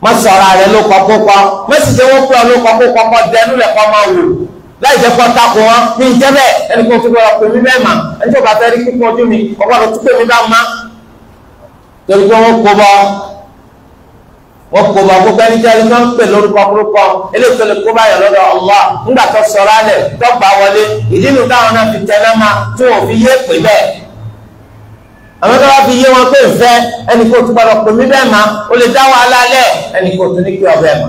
má sọ ara rẹ ló pọpọpọ má sì ṣe wọ́n pé ọ ló pọpọpọ dẹnu lẹ̀ kọ́ máa wò láì jẹ́ pọ́ tako wọn ní ìjẹ́ bẹ́ẹ̀ ẹni kò tún gbọ́dọ̀ pè mí bẹ́ẹ̀ mà ẹni tó bá fẹ́ rí kíkún ojú mi ọgbọ́dọ̀ tún pè mí bá má torí pé wọ́n kó bọ́ wọ́n kó bọ́ gbogbo ẹni jẹ́ ẹni tó ń pè lórúkọ kúrúkọ eléyìí tó lè kó báyọ̀ lọ́dọ̀ Allah nígbà tó sọ̀rọ̀ alẹ̀ tó gbà wọlé ìdí nu táwọn náà fi tẹ̀lé máa tó òfin yé pè bẹ́ẹ̀ àwọn tó bá fi yé wọn pé ìfẹ́ ẹnì kò tún gbọdọ̀ pè mí bẹ́ẹ̀ ma ó lè dá wàhálà lẹ̀ ẹnì kò tún ní pé ọbẹ̀ ma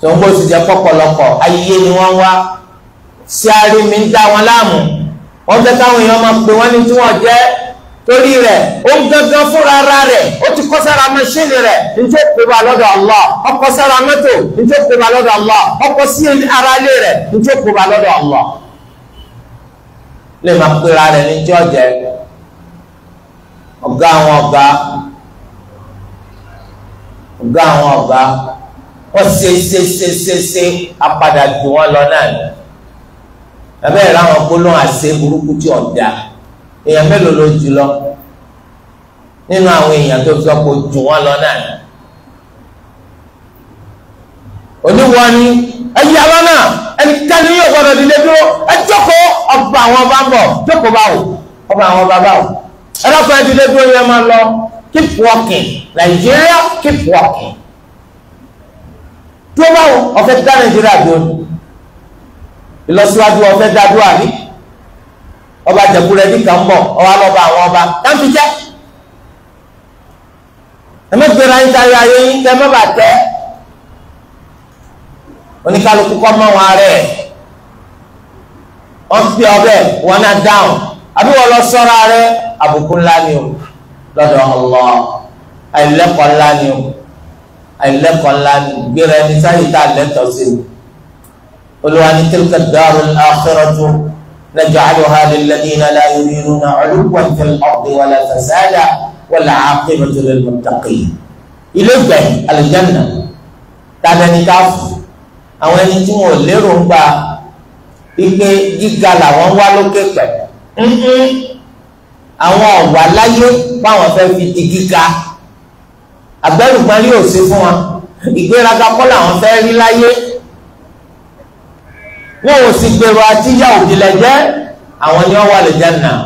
tó ń bó ti jẹ́ pọ̀pọ̀lọpọ̀ ayé ni wọ́n wá sí arí mi ń dá wọn láàmú wọ́n fẹ́ káwọn èèyàn máa pè wọ́n ní tí wọ́n jẹ́ torí rẹ̀ ó ń gangan fúnra ara rẹ̀ ó ti kọ́ sára mẹ́ṣíìnì rẹ̀ njẹ́ pé bá lọ́dọ̀ Allah ọkọ̀ sára mọ́tò njẹ́ pé bá lọ́dọ̀ Allah ọkọ̀ sí ara ilé rẹ̀ njẹ́ pé bá lọ́dọ̀ Allah lè máa pera rẹ̀ ní jọ́jẹ́ ọ̀gá àwọn ọ̀gá ọ̀gá àwọn ọ̀gá wọ́n ṣe ṣe ṣe ṣe ṣe apadà jù wọ́n lọ náà ni ẹ̀bẹ́ ìlà àwọn gbólóhùn àṣẹ burúkú tí ọ̀dà èèyàn mélòó ló jù lọ nínú àwọn èèyàn tó sọ pé jù wọ́n lọ náà ni oníwọ́n ni ẹ̀yí alọ́nà ẹnikẹ́ni yóò gbọ́dọ̀ dìde dúró ẹ jókòó ọba àwọn ọba ń bọ̀ jókòó báwò ọba àwọn ọba báwò ẹ lọ́kọ̀ ẹ dìde dúró yẹn máa lọ keep walking Nigeria keep walking tó báwò ọ̀fẹ́ dá Nàìjíríà dúró ìlọsíwájú ọ̀fẹ́ dá dúró àbí ọba jẹkulẹ ní kan bọ ọba lọba àwọn ọba táǹfì jẹ ẹ mẹgbẹrẹ ayé tayé ayé yín kẹ mẹba tẹ oníkálukú kọ́ mọ́ wọn rẹ̀ wọ́n fi ọbẹ̀ wọn náà dáhùn àbí wọ́n lọ sọ́ra rẹ̀ àbùkù ńlá ni o lọ́dọ̀ Allah àìlẹ́kọ̀ọ́ ńlá ni o àìlẹ́kọ̀ọ́ ńlá ni gbéra ẹni sáyé tá a lẹ́tọ̀ọ́ sí i olùwà ní tilka darul akhiratu naj'aluha lilladhina la yuriduna 'uluwwan fil ardi wala fasada wal 'aqibatu lil ilé gbẹ̀yìn aljanna tàbí káfù àwọn ẹni tí wọn ò lérò ń gba wípé gíga làwọn wá lókè pẹ̀ mm-hmm. àwọn ọ̀wà láyé báwọn fẹ́ fi di gíga àgbẹ̀rùgbọ́n yóò ṣe fún wa ìgbéraga kọ́ làwọn fẹ́ rí láyé wọn ò sì gbèrò àti yá àwọn ni wọ́n wà lè jẹ́ náà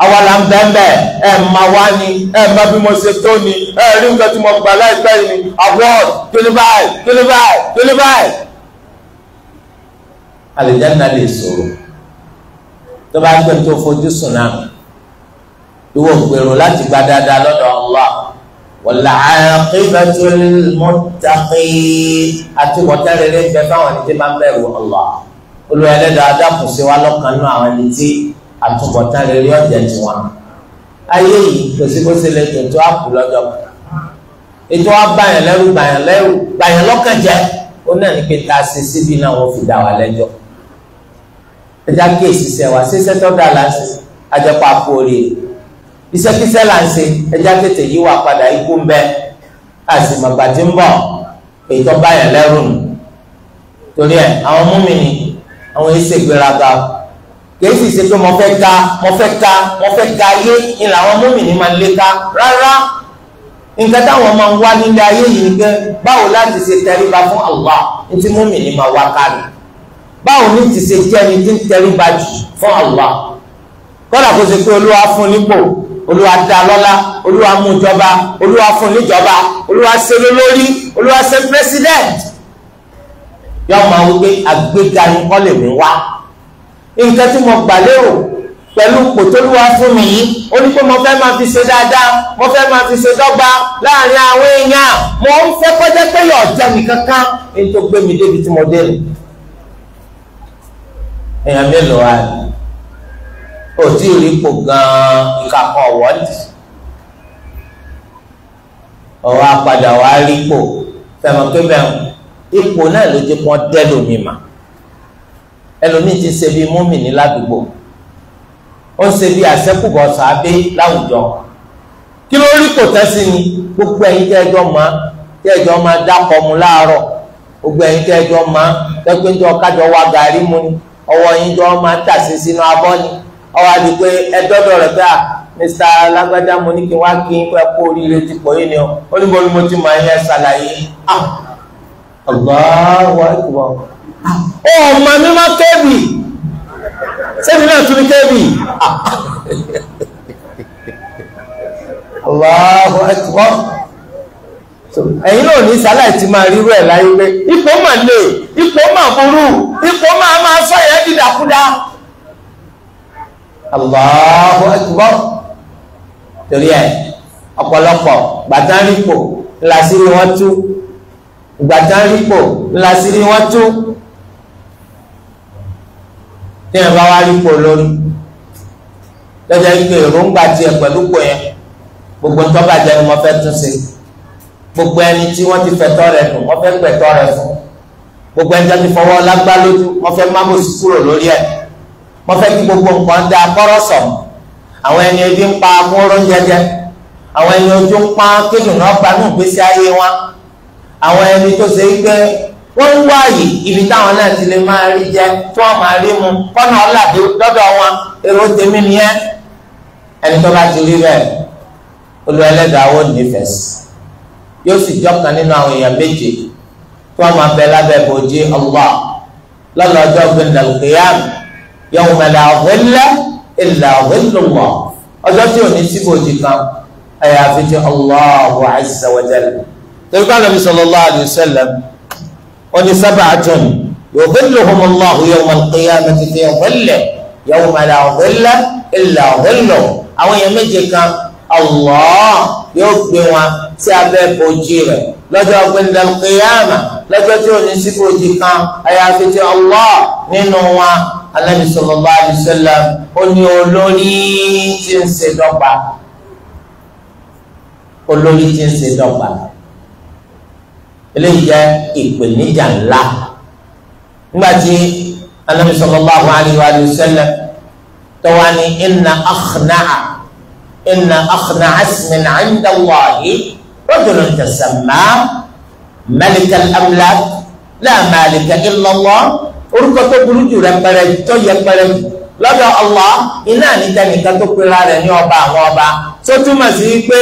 awala ń bẹ́ẹ̀ ẹ̀ máa wá ni ẹ̀ máa bí mo ṣe tó ni ẹ̀ rí nǹkan tí mo gbà láìpẹ́ yìí ni award kíni báyìí kíni báyìí kíni báyìí. àlùjáná lè sọ̀rọ̀ tó bá gbé tó fojú sùn náà ìwọ gbèrò láti gba dáadáa lọ́dọ̀ Allah wọ̀lá àkíbẹ̀tò mọ́tàkì àti wọ̀tẹ́rẹ̀rẹ̀ bẹ fáwọn ẹni tí máa ń bẹ̀rù Allah olùwẹ̀lẹ́dàá dàkùn sí àwọn ẹni tí àtúbọ̀tán rere ọ̀jẹ̀ tiwọn. ayé yìí kò sí bó ṣe lè tó tó àpò lọ́jọ́ kan. ètò wa báyàn lẹ́rù báyàn lẹ́rù báyàn lọ́kàn jẹ́ ó náà ní pé ta ṣe síbi náà wọ́n fi dá wa lẹ́jọ́. ẹja kí èsì sẹ́ wa ṣíṣẹ́ tó dá la ṣe àjẹpọ̀ àpò rèé iṣẹ́kíṣẹ́ là ń ṣe ẹja tètè yí wa padà ikú ń bẹ àṣìmọ̀gbà tí ń bọ̀ ètò báyàn lẹ́rù nù torí ẹ̀ àwọn múmi ni àwọn èsè gbéraga kìí sì ṣe pé mo fẹ́ ga mo fẹ́ ga mo fẹ́ ga ayé ni làwọn mùmínì máa lé ka rárá nǹkan táwọn máa ń wá nílé ayé yìí ni pé báwo láti ṣe tẹríba fún Allah ní tí mùmínì máa wá kárí báwo ní ti ṣe jẹ́ tí ń tẹríba jù fún Allah kọ́dà kó ṣe pé olúwa fún nípò olúwa dá lọ́lá olúwa mú jọba olúwa fún níjọba olúwa ṣe lólórí olúwa ṣe pírẹsidẹ́ǹtì yọ̀ọ́ máa wí pé àgbéga ni kọ́ lè mú wá nǹkan tí mo gbà lérò pẹ̀lú pòtólúwa fún mi yìí ó ní pé mo fẹ́ máa fi ṣe dáadáa mo fẹ́ máa fi ṣe dọ́gba láàrin àwọn èèyàn mo ń fẹ́ kọjá pé yọ̀ jẹ́ mi kankan ní tó gbé mi débi tí mo dé lọ. èèyàn mélòó wa ni ò tí ì rí ipò gan-an nǹkan kan ọ̀wọ́dì ọ̀wọ́ wa rí ipò fẹ́ràn pé bẹ́ẹ̀ ipò náà ló jẹ́ kí wọ́n dẹ́ lómi mà. ẹlòmíì ti ṣe bíi mọ́mìnì ládùúgbò ó ṣe bíi àṣẹ́kùbọ̀ sàábé láwùjọ kí ló rí kò tẹ́sí ni gbogbo ẹ̀yin tẹ́ ma dákọ̀ mu láàárọ̀ gbogbo ẹ̀yin kájọ gàrí mu ni ọwọ́ jọ ni ọwọ́ àti pé rẹ̀ Mr. alágbádá mo ní kí wá kí n kó oríire ó ní mo ti ṣàlàyé ah wa ọmọ mímọ́ kébì sẹ́mi náà tún ní kébì Allahu Akbar ẹ̀yin náà ní sálàì ti máa rírú ẹ̀ láyé pé ipò mà lè ipò mà burú ipò mà máa sọ ẹ̀ dídàkúdà Allahu Akbar torí ẹ̀ ọ̀pọ̀lọpọ̀ gbàtánrípò ńlá sí ni wọ́n tú gbàtánrípò ńlá wọ́n tú tí ẹ bá wá rí pò lórí lọ́jọ́ ìgbé èròǹgbà tiẹ̀ pẹ̀lú pò yẹn gbogbo tó bàjẹ́ ni mo fẹ́ tún ṣe gbogbo ẹni tí wọ́n ti fẹ̀tọ́ rẹ̀ dùn wọ́n fẹ́ pẹ̀tọ́ rẹ̀ fún gbogbo ẹni tó ti fọwọ́ lágbá lójú wọ́n fẹ́ má bòsí kúrò lórí ẹ̀ wọ́n fẹ́ kí gbogbo nǹkan dá kọ́rọ̀ sọ̀ àwọn ẹni ebi ń pa kóró ń jẹjẹ àwọn ẹni ojú ń pa kéjù náà gbanú ìgbésí ayé wọn àwọn ẹni tó ṣe é gbé wọ́n ń wáyé ibi táwọn náà ti lè máa rí jẹ fún ọmọ àrí mu kọ́nà ọ̀làdé lọ́dọ̀ wọn èrò tèmi nìyẹn ẹni tó bá ti rí bẹ́ẹ̀ olú wò nífẹ̀ẹ́ sí yóò sì jọ́kan nínú àwọn èèyàn méje tí wọ́n máa bẹ lábẹ́ bòjì Allah lọ́lọ́jọ́ gbẹ̀ndà lùkìyàm yawma la dhilla illa dhillullah ọjọ́ tí ò sí bòjì kan àyàfi ti Allahu oni sab'atun yudhilluhum Allahu yawma al-qiyamati fi dhillihi yawma la dhilla illa dhilluh àwọn èèyàn méje kan Allah yóò gbé wọn sí abẹ́ bòjì rẹ̀ lọ́jọ́ gbẹ̀ndẹ̀ al-qiyama lọ́jọ́ tí ò sí bòjì kan àyàfi ti Allah nínú wọn anabi sallallahu alayhi wa sallam ó olórí tí ń ṣe dọ́gba olórí tí ń ṣe dọ́gba eléyìí jẹ́ ìpèníjà ńlá nígbàtí anabi sallallahu alayhi wa sallam tọwani inna akhna'a inna akhna'a ismin 'inda Allahi rajulun tasamma malik al-amlak la malika illa Allah orúkọ tó burú jù rẹ pẹrẹ tó yẹ pẹrẹ jù lọ́dọ̀ Allah iná nìkanìkan tó pera rẹ̀ ní ọba àwọn ọba tó túmọ̀ sí pé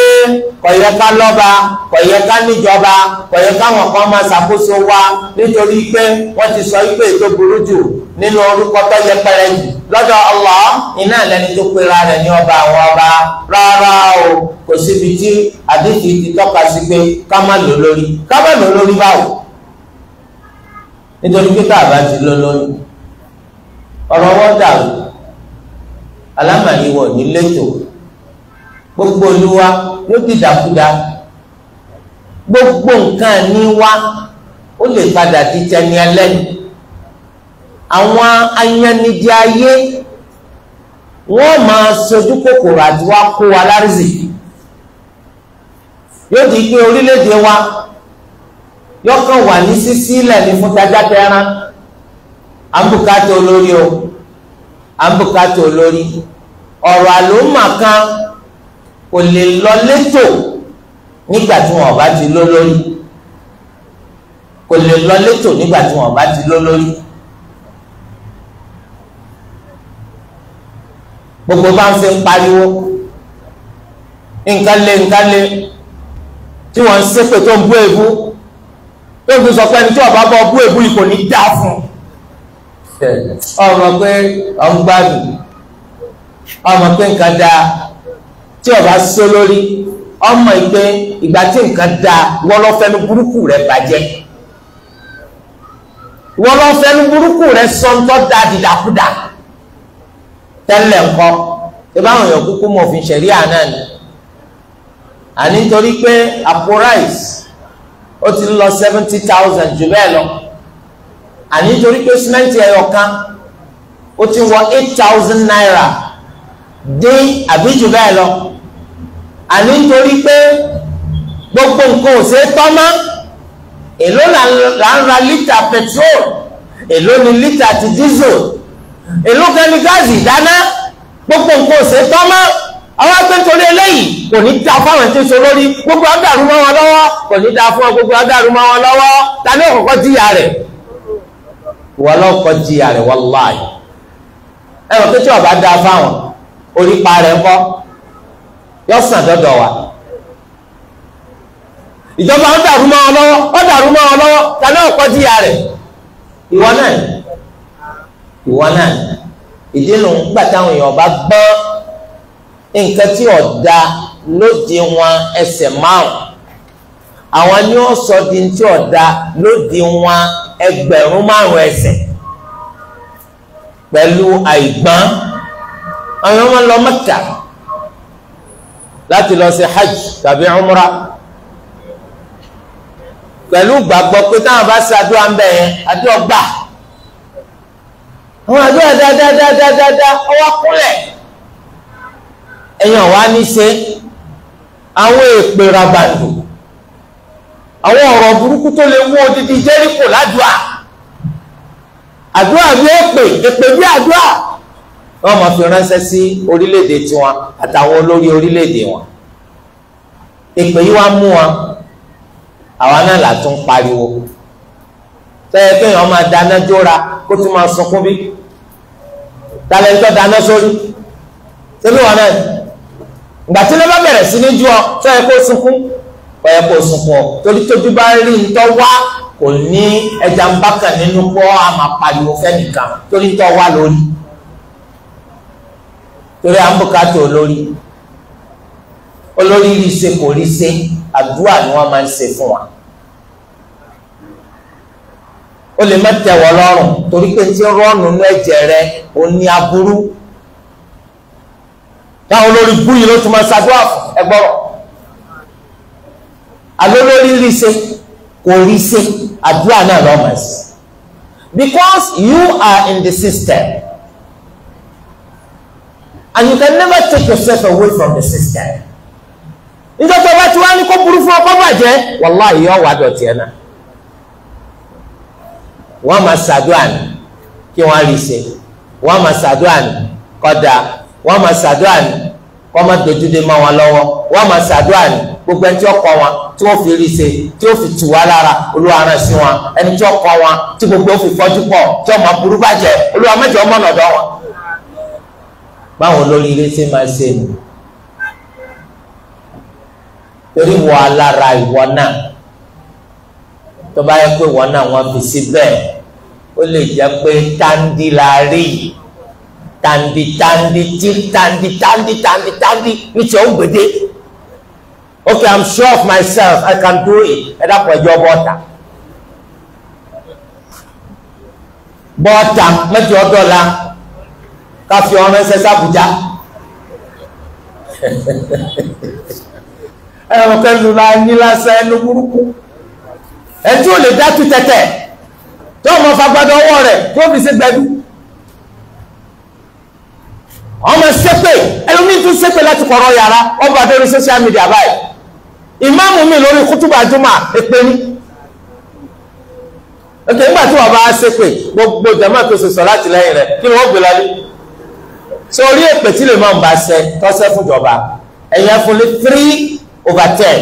kò yẹ ká lọ́ba kò yẹ ká níjọba kò yẹ káwọn kan máa ṣàkóso wa nítorí pé wọ́n ti sọ pé ètò burú jù nínú orúkọ tó yẹ pẹrẹ jù lọ́dọ̀ Allah iná lẹni tó pera rẹ̀ ní ọba àwọn ọba rárá o kò síbi tí àdéhìí ti tọ́ka sí pé ká má lò lórí ká má lò lórí báwo nítorí pé tá ti lò lórí ọ̀rọ̀ wọn dàrú alámàlíwọ̀ ní lẹ́tọ̀ gbogbo olúwa yóò di dàkúdà gbogbo nǹkan ní wa ó lè padà di tẹni ẹlẹ́nu àwọn ayanidí ayé wọ́n máa sojú kòkòrò àti wá kó wa lárìsì yóò di pé orílẹ̀-èdè wa yọkàn wà ní sísílẹ̀ ní fún tajà tẹran àbùkátà olórí o àbùkátà olórí ọ̀rọ̀ àlòmà kan kò lè lọ létò nígbà tí wọn bá ti lọ lórí kò lè lọ létò nígbà tí wọn bá ti lọ lórí gbogbo bá ń fi pariwo nǹkan le nǹkan le tí wọn ń ṣépè tó ń bú èébú tó ń fi sọ pé ẹni tí ọba bọ bú èébú yìí kò ní dá fún un ọmọ pé ọ̀n gbádùn ọmọ pé nǹkan dáa tí ọba sọ lórí ọmọ ìpè ìgbà tí nǹkan dáa wọ́lọ́fẹ́nu burúkú rẹ̀ bàjẹ́ wọ́lọ́fẹ́nu burúkú rẹ̀ sọ́ńtọ́ dáa dìdàkudà tẹ́lẹ̀ ńkọ́ ìbáwọn èèyàn kúkú mọ̀ fi ṣẹ̀rí àná ni àní nítorí pé àpò rice ó ti lọ seventy thousand jù bẹ́ẹ̀ lọ àní nítorí pé símẹ́ǹtì ẹyọ kan ó ti wọ eight thousand naira dín àbí jù bẹ́ẹ̀ lọ àní nítorí pé gbogbo nǹkan ò ṣeé tọ́ mọ́ èló là ń ra lítà petrol èló ni lítà ti diesel èló kan ní gáàsì ìdáná gbogbo nǹkan ò ṣeé tọ́ mọ́ àwọn ẹgbẹ́ nítorí eléyìí kò ní da fún àwọn tí ń so lórí gbogbo agbárùmọ́ wọn lọ́wọ́ kò ní da fún gbogbo agbárùmọ́ wọn lọ́wọ́ ta ni òkùnkọ́ jìyà rẹ̀. wọ́n lọ́kọ́ jìyà rẹ̀ wàláhì ẹ̀wọ̀n tí ọba dáa fáwọn orí rẹ̀ yọ sàn dọ́dọ̀ wa ìjọba dàrú mọ́ ọ lọ́wọ́ ọ dàrú mọ́ ọ lọ́wọ́ ìwọ náà ìwọ náà ìdí gbà táwọn èèyàn bá gbọ́ nǹkan tí ọ̀dà lóde wọn ẹsẹ̀ márùn àwọn ni sọ ẹgbẹ̀rún márùn ẹsẹ̀ pẹ̀lú àìgbọ́n àwọn ọmọ lọ Mẹ́kà láti lọ sí hajj tàbí umra pẹ̀lú gbàgbọ́ pé táwọn bá ṣe àdúrà ń bẹ̀ yẹn àdúrà gbà àwọn àdúrà dáadáadáadáa ọwọ́ kúnlẹ̀ ẹ̀yàn wá ní ṣe àwọn èèpè rabàdùn àwọn ọ̀rọ̀ burúkú tó lè mú odidi jẹ́ríkò ládùá àdúrà ní èpè èpè bí àdúrà wọ́n máa fi ránṣẹ́ sí orílẹ̀-èdè tiwọn àtàwọn olórí orílẹ̀-èdè wọn èpè yìí wá mú wọn àwa náà là tún pariwo tẹ́yẹ kéèyàn máa dáná jóra kó tún máa sunkún bí talẹ́ńtọ́ dáná sórí tẹ́lẹ̀ wọn náà ìgbà tí wọ́n bá bẹ̀rẹ̀ sí ní jù ọ tẹ́yẹ kó sunkún ọ̀yẹ́ kò sunkọ̀ torí tójú bá rí ntọ́ wá kò ní ẹja ń bá kàn nínú kọ́ àmà pariwo fẹ́nìkan torí ntọ́ wá lórí torí à ń bùkátà olórí olórí rí ṣe kò rí ṣe àdúrà ni wọ́n máa ń ṣe fún wa o lè má tẹ́wọ́ lọ́rùn torí pé tí rọ́ọ̀nù inú ẹ̀jẹ̀ rẹ ò ní aburú táwọn olórí búyì ló tún máa ṣàdúrà fún ẹgbọ́rọ̀ alólórí rí ṣe kò rí ṣe àdúrà náà lọ́mọ because you are in the system and you can never take yourself away from the system níjọ́ tó bá ti wá ní kó burú fún ọkọ bàjẹ́ wàláhì yọ wà dọ̀tí ẹ̀ náà wọ́n máa ṣàdúrà ní kí wọ́n rí ṣe wọ́n máa ṣàdúrà ní kódà wọ́n máa ṣàdúrà ní kó má dojúdé mọ́ wọn lọ́wọ́ wọ́n máa ṣàdúrà ní gbogbo ẹni tí ó kọ́ wọn tí ó fi rí ṣe tí ó fi tù wá lára olúwa rán sí wọn ẹni tí ó kọ́ wọn tí gbogbo ó fi fọ́jú pọ̀ tí ọmọ burú bàjẹ́ olúwa mẹ́jọ mọ ọ̀nà ọ̀dọ̀ wọn. báwọn olórí ilé ṣe máa ṣe nù torí wọ alára ìwọ náà tó bá yẹ pé ìwọ náà wọn fi sí bẹ́ẹ̀ ó lè jẹ́ pé táǹdì la rí yìí tandi tandi tí tandi tandi tandi tandi ní tí ó gbèdé okay i'm sure of myself i can do it ẹ dàpọ̀ ẹjọ́ bọ́ọ̀tà bọ́ọ̀tà mẹ́tì ọ̀dọ́la káfí ọ̀rẹ́ sẹ́sẹ́ àbújá ẹ̀rọ kẹ́lu la ní lásán ẹnu burúkú ẹtí ò lè dá tu tẹ̀tẹ̀ tó ọmọ fagbadọ̀ ọwọ́ rẹ̀ tó fi ṣe gbẹdú ọmọ ṣépè ẹlòmíì tún ṣépè láti kọ̀rọ̀ yàrá ọba adórí social media báyìí ìmáàmù mi lórí kútùbà jùmọ̀ èpè ní ok nígbà tí wọ́n bá ṣe pé gbogbo jama tó ṣe sọ láti lẹ́yìn rẹ̀ kí wọ́n gbé lálé so orí èpè tí lè máa ń bá ṣe tọ́sẹ́ fúnjọba ẹ̀yẹ fún ní three over ten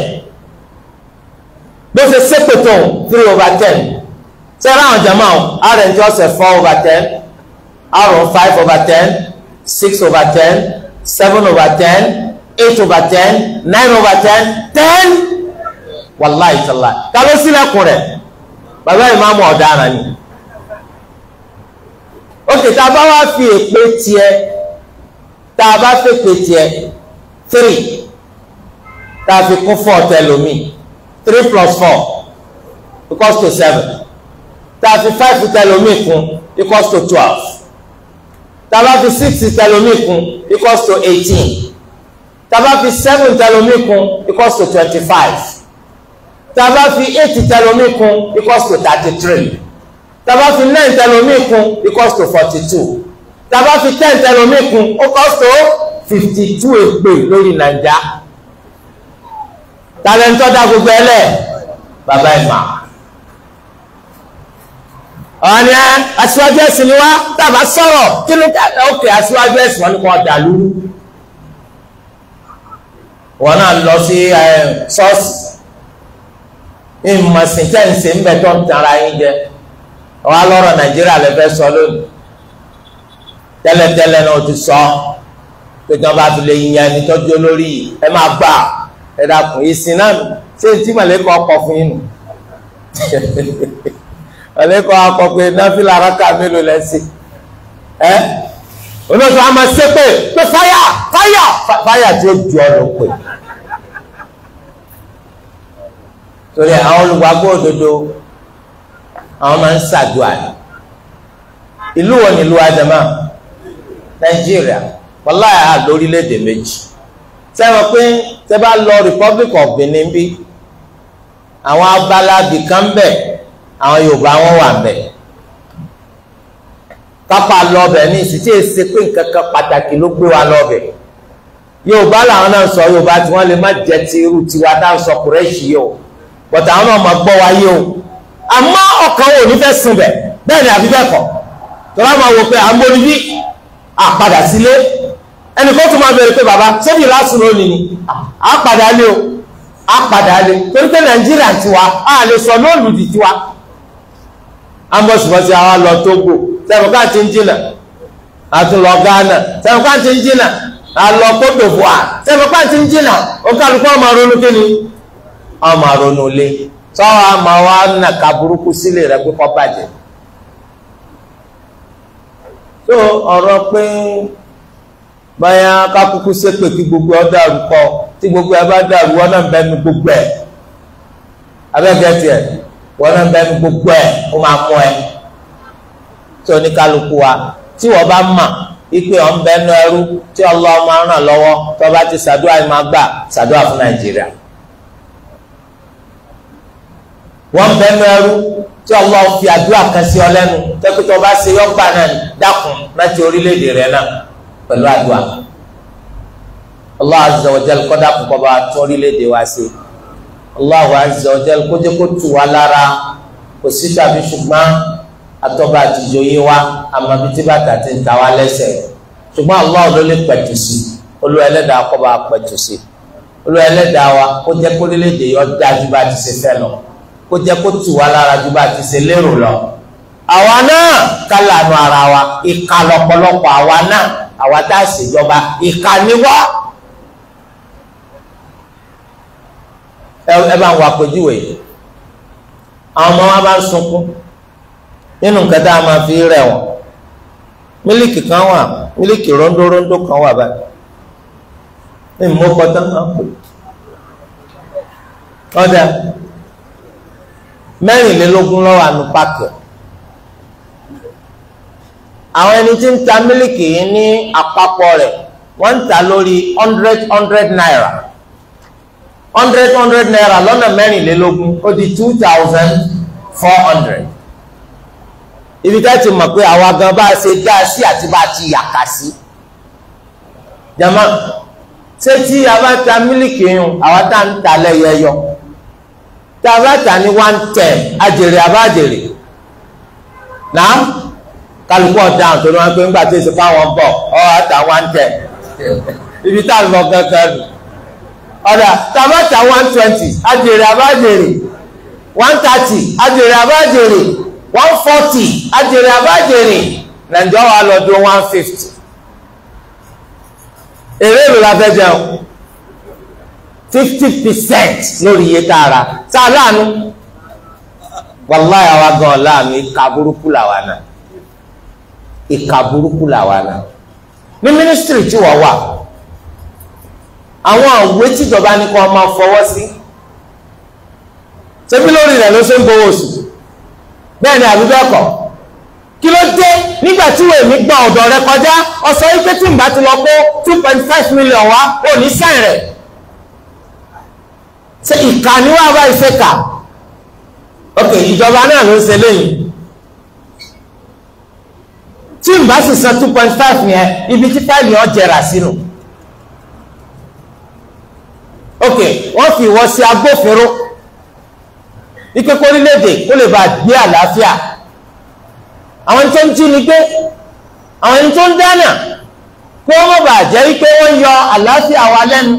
bó ṣe ṣépè tó three over ten ṣe ráhùn jama ọ rẹ̀ ọ̀sẹ̀ four over ten àrùn five over ten six over ten seven over ten eight over ten nine over ten ten wàláì tàlá ta ló sílẹ̀kùn rẹ̀ bàbá ìmáàmù ọ̀daràn ni òkè tá a bá wá fi èpè tiẹ̀ tá bá fi èpè tiẹ̀ three tá fi kún four tẹlomi three plus four equals to seven tá fi five tẹlomi kún equals to twelve tá bá fi six tẹlomi kún equals to eighteen tàbá fi seven tẹlomi kún equals to twenty five tàbá fi eight tẹlomi kún equals to thirty three tàbá fi nine tẹlomi kún equals to forty two tàbá fi ten tẹlomi kún equals to fifty two ègbè lórí nàìjà tàlẹ́ńtọ́ dá gbogbo ẹ lẹ̀ bàbá ẹ̀ máa ọ̀ni ẹ aṣíwájú ẹ̀sìn ni wá tàbá sọ̀rọ̀ kí ló dá ọkẹ́ aṣíwájú ẹ̀sìn wọn ni kò dàlú wọn náà lọ sí ṣọ́ọ̀ṣì ìmọ̀sìn tẹ̀ ń ṣe ń bẹ tó ń tara yín jẹ wọn lọ́rọ̀ nàìjíríà lè fẹ́ sọ lónìí tẹ́lẹ̀tẹ́lẹ̀ náà ti sọ pé tí wọ́n bá fi lè yan ẹni tọ́jú olórí ẹ máa gbà ẹ ìsìn náà ṣé mọ̀lẹ́kọ̀ olóòtú a máa ṣépè pé fáyà fáyà fáyà tí ó ju ọ ló pè torí àwọn olùgbàgbọ́ òdodo àwọn máa ń ṣàdúrà ìlú wo ni ìlú adama nàìjíríà wàláyà á lórílẹ̀‐èdè méjì sẹ́wọ̀n pé tẹ́ bá lọ Republic of Benin bí àwọn abala bìkan bẹ̀ àwọn Yorùbá wọn wà bẹ̀ kápá lọ́bẹ̀ ní ìsìn tí èsì pé nǹkan kan pàtàkì ló gbé wa lọ́bẹ̀ yorùbá làwọn náà sọ yorùbá tí wọ́n lè má jẹ ti irú tiwa dáhùn sọ kùrẹ́ṣì yìí o bọ̀tà àwọn náà máa gbọ́ wa yìí o àmọ́ ọkàn wo ní fẹ́ sùn bẹ̀ bẹ́ẹ̀ ni àfi bẹ́ẹ̀ kọ́ tọ́lá máa wò pé à àpadà sílé ẹnì kan tún máa bẹ̀rẹ̀ pé bàbá sẹ́bi lásùn lónìí ni àpadà lé o àpadà lé torí pé nàìjíríà tiwa a lè sọ lóòlù di tiwa ambos sẹ́wọ̀n ká ti ń jìnà àtúnlọ Ghana sẹ́wọ̀n ká ti ń jìnà àlọ́ kódò fún wa sẹ́wọ̀n ká ti ń jìnà ó ọmọ ronú kí ni ọmọ lé sọ́wọ́ wa nà ká burúkú pé kọ́ bàjẹ́ tó ọ̀rọ̀ pé báyà sépè gbogbo dàrú tí oníkálukú wa tí wọ́n bá mọ̀ ipe ọ̀n bẹnu ẹrú tí Allah máa ràn lọ́wọ́ tó bá ti ṣàdúrà yìí máa gbà ṣàdúrà fún Nàìjíríà wọ́n bẹnu ẹrú tí Allah fi àdúrà kan sí ọ lẹ́nu tẹ́kítọ́ bá ṣe yọ́gbà náà dákun láti orílẹ̀-èdè rẹ náà pẹ̀lú àdúrà Allah azza wa jal kọ́dà púpọ̀ bá tún orílẹ̀-èdè wa ṣe Allah azza wa jal kó jẹ́ kó tù wá lára kò sí tàbí ṣùgbọ́n atọ́ba àtijọ́ yé wa amabi tí bàtà ti ń ta wa lẹ́sẹ̀ ṣùgbọ́n Allah ló lè pẹ̀tù sí olú ẹlẹ́dàá kọ́ bá pẹ̀tù sí olú ẹlẹ́dàá wa kó jẹ́ kó lélẹ́dẹ̀ yọ dájú bá ti ṣe fẹ́ lọ kó jẹ́ kó tù wá lára ju bá ti ṣe lérò lọ. àwa náà kálànù ara wa ìka lọ́pọ̀lọpọ̀ àwa náà àwa tá a ṣèjọba ìka ni wá. ẹ bá ń wà pẹ̀júwe àwọn ọmọ wa bá ń sunkún nínú nǹkan tá a máa fi rẹ̀ wọ́n mílíkì kan wà mílíkì rondórondó kan wà báyìí ní mọ́kọ́tà máa pè ọ̀dà mẹ́rìnlélógún lọ́wọ́ àánú pákẹ́ àwọn ẹni tí ń ta mílíkì yìí ní àpapọ̀ rẹ̀ wọ́n ń ta lórí hundred hundred naira hundred hundred naira lọ́nà mẹ́rìnlélógún ó di two thousand four hundred ibi tá ti mọ̀ pé àwa gan bá ṣe dá sí àti bá ti yàkà sí. jama ṣé tí a bá ta mílìkì yun àwa tá ń ta lẹ́yẹ yọ tá a bá ta ní one ten àjèrè àbájèrè náà kálukú ọ̀dà àtọ́nú wọn pé ńgbà tí èsì fáwọn bọ̀ ọ́ àtà one ten ibi tá a lọ gangan nù ọ̀dà tá a bá ta one twenty àjèrè àbájèrè one thirty àjèrè àbájèrè one forty ajèrè àbájèrè nàìjọ́ wa lọ dún one fifty èrè èrò la fẹ́ jẹun fifty percent lórí iye tá a rà tá a láàánú wàláyà wa gan láàánú ìka burúkú làwa náà ìka burúkú làwa náà ní mínísítírì tí wọ́n wà àwọn àwòrán tíjọba ní kí wọ́n máa fọwọ́ sí ṣé bí lórí rẹ̀ ló ṣe ń gbowó oṣù bẹ́ẹ̀ ni àbújá ọkọ̀ kí ló dé nígbà tí wèé mi gba ọ̀dọ̀ rẹ kọjá ọsọ yìí tí n bá ti lọ kó two point five million wá ò ní sáìn rẹ̀ ṣe ìkà ni wàá bá ìṣe kà ok ìjọba náà ló ń ṣe lẹ́yìn tí n bá sì san two point five yẹn ibi tí fáìlì ọ jẹrà sínú ok wọ́n fi ìwọ sí agbófinró ike kórílẹ̀-èdè kó lè bá gbé àlàáfíà àwọn ẹni tó ni gbé àwọn ẹni tó ń dáná kó wọ́n bá jẹ́ wípé wọ́n yọ àlàáfíà wa lẹ́nu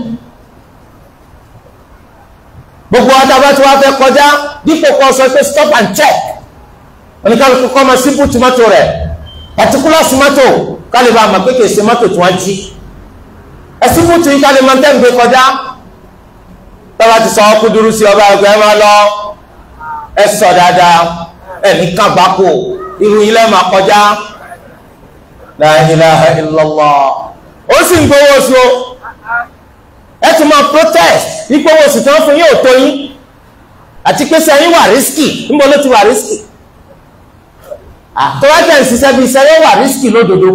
gbogbo adábá tí wọ́n fẹ́ kọjá dípò kọ́ sọ pé stop and check oníkálukú kọ́ ma simple tomato rẹ̀ particular tomato kálí bá máa pékè tomato tí wọ́n jí ẹ̀sìnbù tí kálí máa ń tẹ̀ ń gbé kọjá tọ́ba ti sọ ọkùnrin dúró sí ọba ẹgbẹ́ máa lọ ẹ sọ dáadáa ẹni kábàákò irú ilé máa kọjá la ilaha illallah ó sì ń gbowó oṣù ẹ tún máa protest wípé owó oṣù tí wọ́n fún yóò tó yín àti pé sẹ́yìn wà rísíkì níbo ló ti wà rísíkì àtọ́wájẹ́ ìṣiṣẹ́ bíi sẹ́yìn wà rísíkì lódodo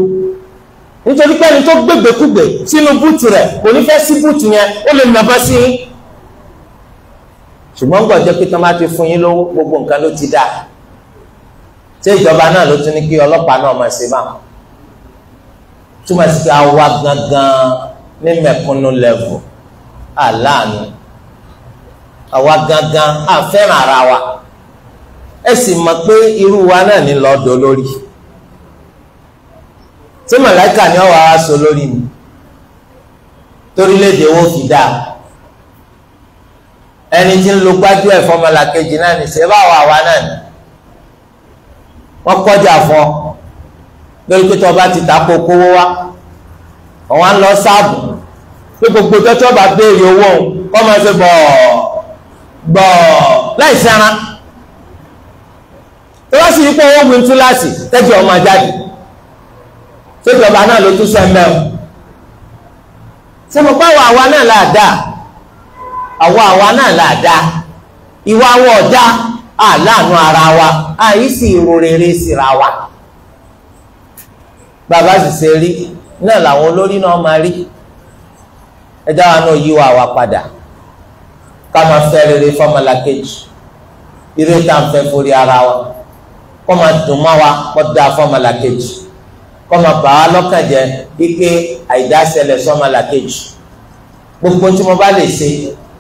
nítorí pé ẹni tó gbégbèkúgbè sínú búùtù rẹ̀ kò ní fẹ́ sí búùtù yẹn ó lè nàbọ́ sí yín ṣùgbọ́n gbọ̀jọ́ pé tí wọ́n bá ti fún yín lówó gbogbo nǹkan ló ti dáa ṣé ìjọba náà ló tún ní kí ọlọ́pàá náà máa ṣe báwọn túmọ̀ sí pé a wá gangan ní mẹ̀kúnnú lẹ́vù aláàánú àwa gangan àfẹ́ràn ara wa ẹ sì mọ̀ pé irú wa náà ní lọ́dọ̀ lórí tí màláìka ni ọ̀wá wa sọ lórí mi torílẹ̀-èdè wo fi dáa ẹni tí ń lo gbájú ẹ̀ fọmọlà kejì náà ní ṣe báwa àwa náà ní wọ́n kọjá fún ọ lórí pé tí ọba ti ta kó kówó wá ọ̀wọ́n á lọ sáàbù pé gbogbo tọ́tọ́ bá béèrè owó òun kọ́ máa ṣe bọ̀ bọ̀ láì sára ìwọ́n sì yí pé owó mi tú láti tẹ́jú ọmọ jáde ṣé ìjọba náà ló tún sẹ́ńbẹ́ o ṣé mo pàwọ̀ àwa náà láàdáa àwa àwa náà là dá ìwà wọ ọ̀dá àláàánú ara wa àyí sì ro rere síra wa bàbá sì ṣe rí náà làwọn olórí náà máa rí ẹ dá wa náà yíwa wa padà ká máa fẹ́ rere fọmọlàkejì irú ìta ń fẹ́ forí ara wa kó máa dùn mọ́ wa kó dáa fọmọlàkejì kó máa bà wá lọ́kàn jẹ́ wípé àìdásẹ̀lẹ̀ sọmọlàkejì gbogbo tí mo bá lè ṣe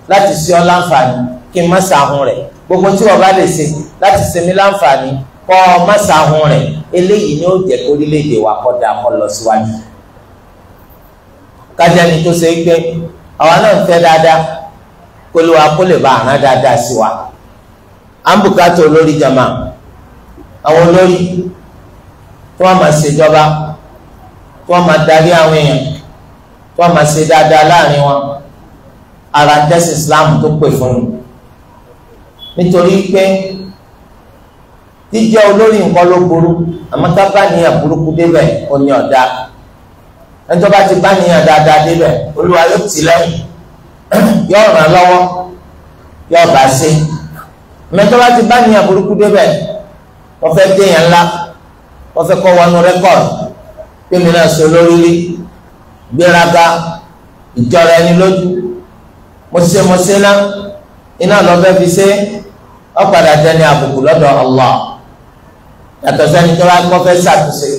láti ṣe ọ́ láǹfààní kí n má ṣàhùn rẹ̀ gbogbo tí wọ́n bá lè ṣe láti ṣe mí láǹfààní kọ́ ọ má ṣàhùn rẹ̀ eléyìí ni ó jẹ́ kó orílẹ̀-èdè wa kọ́ da kọ́ lọ síwájú. kájà ni tó ṣe é pé àwa náà ń fẹ́ dáadáa kó ló bá àrán dáadáa sí wa. à olórí jama àwọn olórí tí wọ́n máa ṣèjọba tí wọ́n máa darí àwọn èèyàn tí wọ́n máa ṣe dáadáa láàrin wọn ara tẹ́sí islam tó pè fún mi nítorí pé jíjẹ́ olórí nǹkan ló burú àmọ́ ká bá nìyàn burúkú débẹ̀ ó ní ọ̀dà ẹni tó bá ti bá nìyàn dáadáa débẹ̀ olúwa yóò tì lẹ́yìn yóò ràn lọ́wọ́ yóò bá ṣe ẹni bá ti bá nìyàn burúkú débẹ̀ wọ́n fẹ́ déyàn ńlá wọ́n fẹ́ kọ́ wọnú rẹ́kọ̀d pé mi náà so lórí rí gbéraga ìjọra ẹni lójú mo ṣe mo ṣe ná iná lọ fẹ́ fi ṣe ọ padà dẹni àbùkù lọ́dọ̀ Allah yàtọ̀ sẹ́ni tó wá gbọ́ fẹ́ ṣàtúnṣe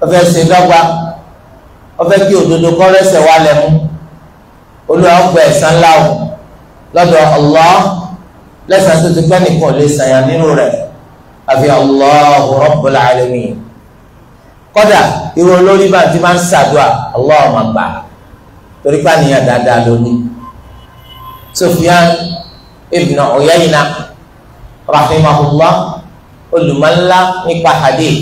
ó fẹ́ ṣe dọ́gba ó fẹ́ kí òdodo kọ́ rẹ́sẹ̀ wá lẹ́mú olúwa ọgbà ẹ̀san láwù lọ́dọ̀ Allah lẹ́sàn tó ti pẹ́ nìkan lè ṣàyàn nínú rẹ̀ àfi Allahu Rabbul Alamin kọ́dà irú olórí bá ti máa ń ṣàdúà Allah gbà torí pàníyàn dáadáa lónìí. Sufyan ibn Uyayna rahimahullah olùmọ̀lá nípa hadith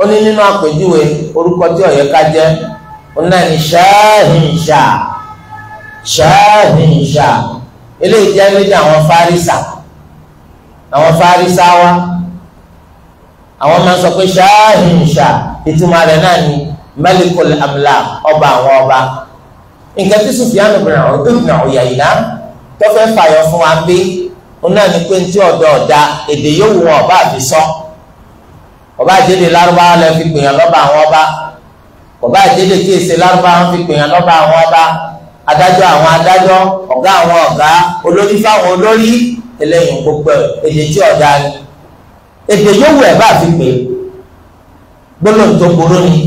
ó ní nínú àpèjúwe orúkọ tí ó yẹ ká jẹ́ ó náà ní ṣáàhìnṣà ṣáàhìnṣà eléyìí jẹ́ méjì àwọn fárísà àwọn fárísà wa àwọn máa ń sọ pé ṣáàhìnṣà ìtumọ̀ rẹ̀ malikul amla ọba àwọn ọba nǹkan tí Sufyan ibn Uyayna tó fẹ́ fàyọ fún wa pé òun náà ní pé ní tí ọ̀dọ́ ọ̀dà èdè yóò wù wọn ọba àfi sọ ọba àjẹdè lárúbáwá lẹ fi pèèyàn lọ́ba àwọn ọba ọba àjẹdè tí èsè lárúbáwá fi pèèyàn lọ́ba àwọn ọba adájọ́ àwọn adájọ́ ọ̀gá àwọn ọ̀gá olórí fáwọn olórí eléyìí gbogbo èdè tí ọ̀dà ni èdè yóò wù ẹ̀ bá àfi pè gbólóhùn tó burú ni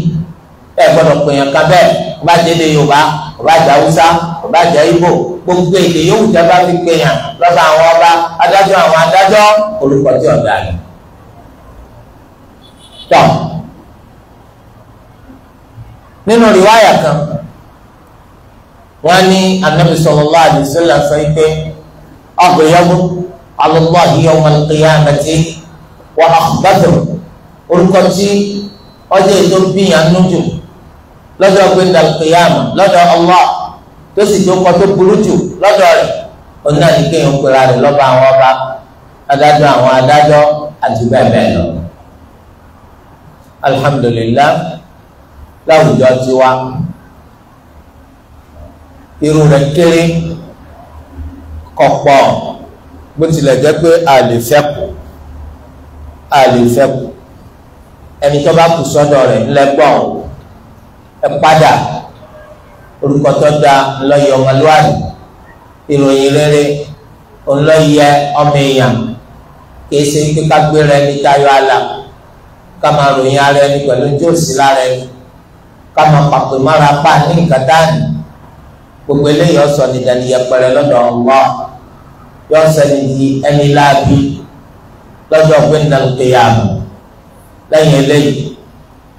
ẹ gbọ́dọ̀ pèèyàn kan bẹ́ẹ̀ ọba jẹde yorùbá ọba jẹ haúsá ọba jẹ ibo gbogbo èdè yòówù tẹ bá fi pèèyàn lọ́ba àwọn ọba adájọ́ àwọn adájọ́ orúkọ tí ọ̀dà ni. tọ́ nínú rìwáyà kan wọ́n ní anabi sallallahu alaihi wasallam sọ pé aghyadu ala Allahi yawm al-qiyamati wa akhbathu orúkọ tí ọjọ́ ètò bíyàn lọ́dọ̀ gbẹ̀ndà kìyàmù lọ́dọ̀ Allah tó sì tó kọ́ tó burú jù lọ́dọ̀ rẹ̀ òun náà ní kéèyàn pera rẹ̀ lọ́ba àwọn ọba adájọ́ àwọn adájọ́ àti bẹ́ẹ̀ bẹ́ẹ̀ lọ. alhamdulillah láwùjọ tiwa irú rẹ̀ kéré kọ̀pọ̀ bó tilẹ̀ jẹ́ pé àlè fẹ́ kù bá kù sọ́dọ̀ rẹ̀ ńlẹ́gbọ̀n ẹ padà orúkọ tó da ńlọyẹ ọmọlúwàbí ìròyìn rere ńlọyẹ ọmọ èèyàn kìí ṣe wípé ká gbéra ẹni tayọ àlà ká máa ròyìn ara ẹni pẹ̀lú tí ò sí lára ẹni ká máa pàpè mára pa ní nǹkan dání gbogbo eléyìí ọsọ nìdàní yẹpẹrẹ lọ́dọ̀ ọwọ yọ sẹni di ẹni láàbí lọ́dọ̀ gbẹndàlùkẹyàmù lẹ́yìn eléyìí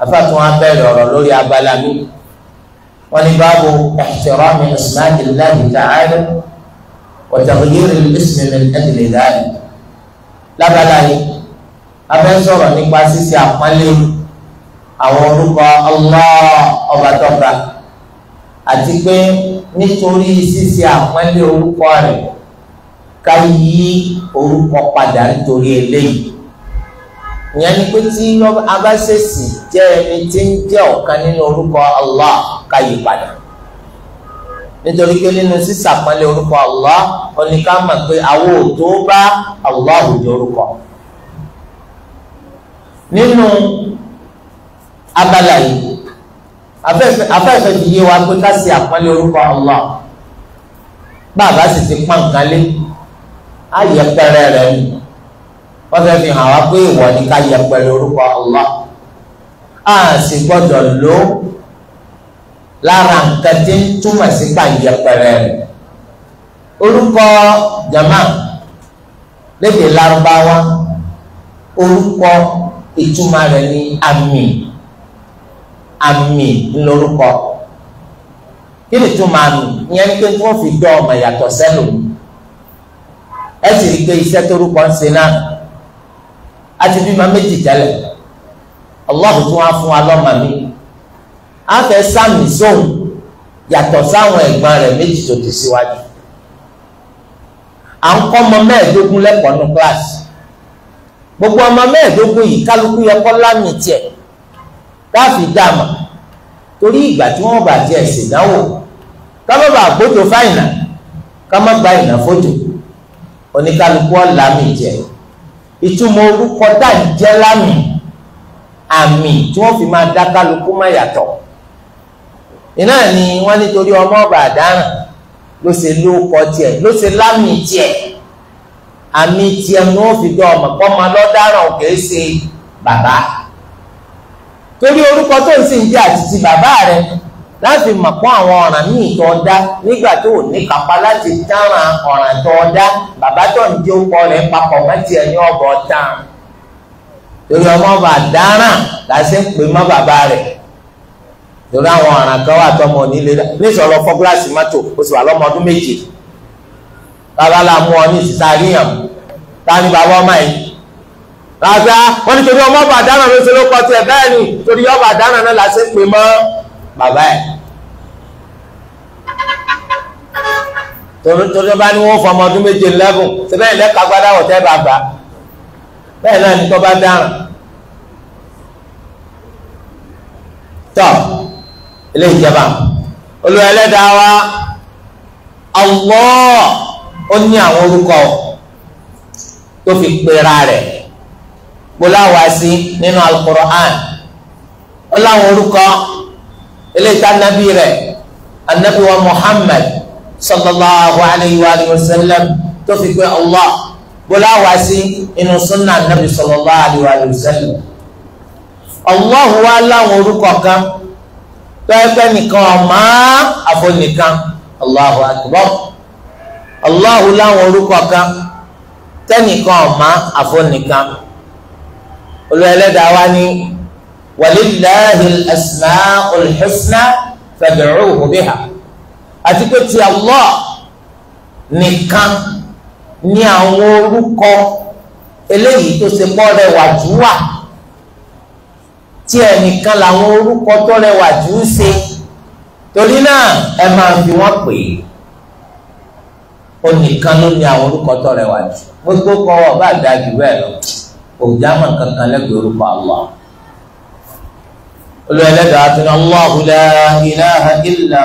afáàtún wa bẹ̀rẹ̀ ọ̀rọ̀ lórí abala mi wọ́n ní báàbò ihtirami ismaili láti ta'ala wa taghyiri ismi min ajli dhalik lábala yìí abẹ́ sọ̀rọ̀ nípa ṣíṣe àpọ́nlé àwọn orúkọ Allah ọba tọ́ka àti pé nítorí ṣíṣe àpọ́nlé orúkọ rẹ̀ ká yí orúkọ padà nítorí eléyìí ìyẹn ni pé tí abáṣẹ́sì jẹ́ ẹni tí ń jẹ́ ọ̀kan nínú orúkọ Allah ká yí padà nítorí pé nínú sísàpọ́nlé orúkọ Allah ó ní ká mọ̀ pé àwọn ò tó bá Allah òjò orúkọ nínú abala yìí afẹ́fẹ́ ti yé pé ká ṣe àpọ́nlé orúkọ Allah bàbá sì ti pọ́n nǹkan lé ayẹpẹrẹ rẹ nù wọ́n fẹ́ fi hàn wá pé ìwọ ni ká yẹ pẹ̀lú orúkọ Allah a sì gbọ́dọ̀ lò ó lára nǹkan tí ń túmọ̀ sí pa ìyẹpẹrẹ rẹ̀ orúkọ jama lédè lárúbáwá orúkọ ìtumọ̀ rẹ̀ ní àmì àmì ńlórúkọ kí ni túmọ̀ àmì ìyẹn ni pé tí wọ́n fi dọ́ ọmọ yàtọ̀ sẹ́lò ẹ sì rí i pé iṣẹ́ torúkọ ń ṣe náà a ti bímọ méjì tẹ́lẹ̀ Allah tún wá fún wa lọ́mọ mi a fẹ́ sàmì sóhun yàtọ̀ sáwọn ẹ̀gbọ́n rẹ̀ méjì tó ti síwájú à ń kọ́ ọmọ mẹ́ẹ̀ẹ́dógún lẹ́kọ̀ọ́ ní kíláàsì gbogbo ọmọ mẹ́ẹ̀ẹ́dógún yìí kálukú yẹ kọ́ lámì tiẹ̀ láàfin dàmà torí ìgbà tí wọ́n bá tiẹ̀ ṣèdánwò kábàbà gbódò fáìnà ká má gba oníkálukú ọ̀làmì tiẹ̀ ìtumọ̀ orúkọ dá ìjẹ́ lámì àmì tí wọ́n fi máa dá kálukú má yàtọ̀ iná ni wọ́n nítorí ọmọ ọba àdáràn ló ṣe lóko tiẹ̀ ló ṣe lámì tiẹ̀ àmì tiẹ̀ ni wọ́n fi dán ọmọ kọ́ máa lọ́dáràn kì í ṣe bàbá torí orúkọ tó ń sìn jẹ́ àti ti bàbá rẹ̀ láti mọ̀ pọ́n àwọn ọ̀ràn míì tó ń dá nígbà tó ní kápá láti dáràn ọ̀ràn tó ń dá bàbá tó ń jó pọ̀ rẹ̀ papọ̀ mẹ́tì ẹ̀ ní ọ̀bọ̀ tán torí ọmọ bá dáràn láti ń pè mọ́ bàbá rẹ̀ torí àwọn ọ̀ràn kan wà tọmọ nílé nísọ̀rọ̀ fọ́ gíláàsì mọ́tò oṣù àlọ́mọ ọdún méje bàbá la mú ọ ní ìsìta ríyàn ta ni bàbá ọmọ yìí rárá wọn nítorí ọmọ bàdánà ló ṣe ló kọ tiẹ̀ bẹ́ẹ̀ ni torí ọmọ bàdánà náà làṣẹ pè mọ́ bàbá ẹ̀ tọ́jọ́ bá ní wọ́n fọ ọmọ ọdún méje lẹ́bùn ṣe bẹ́ẹ̀ lẹ́ka gbádá ọ̀tẹ́ bàbá bẹ́ẹ̀ náà ní tọ́ bá dáràn. tọ́ ilé ìjọba Olúwa ẹlẹ́dàá wa Allah ó ní àwọn orúkọ tó fi pera rẹ̀ gbọ́láwàá nínú al ó láwọn orúkọ ilé ìta nàbí rẹ̀ anabiwa Muhammad sallallahu alayhi wa sallam tó fi pé allah bọ́lá wá sí inú sunna nabi sallallahu alayhi wa sallam allah wa láwọn orúkọ kan tó ẹgbẹ́ nìkan ọ̀má àfọ̀nìkan allahu akbar allah láwọn orúkọ kan tẹ́nìkan ọ̀má àfọ̀nìkan olùwẹ̀lẹ́dàá wa ní walillahi al-asma'ul husna fad'uhu biha àti pé ti Allah nìkan ní àwọn orúkọ eléyìí tó ṣe pọ́ rẹwà jù wà tí ẹnìkan làwọn orúkọ tó rẹwà jù ń ṣe torí náà ẹ máa fi wọ́n pè é onìkan ló ní àwọn orúkọ tó rẹwà jù gbogbo kọ́ ọ bá dáa jù bẹ́ẹ̀ lọ òjá mọ̀ kankan lẹ́gbẹ̀ẹ́ orúkọ Allah olùwẹ̀lẹ́dàá tó ní Allahu la ilaha illa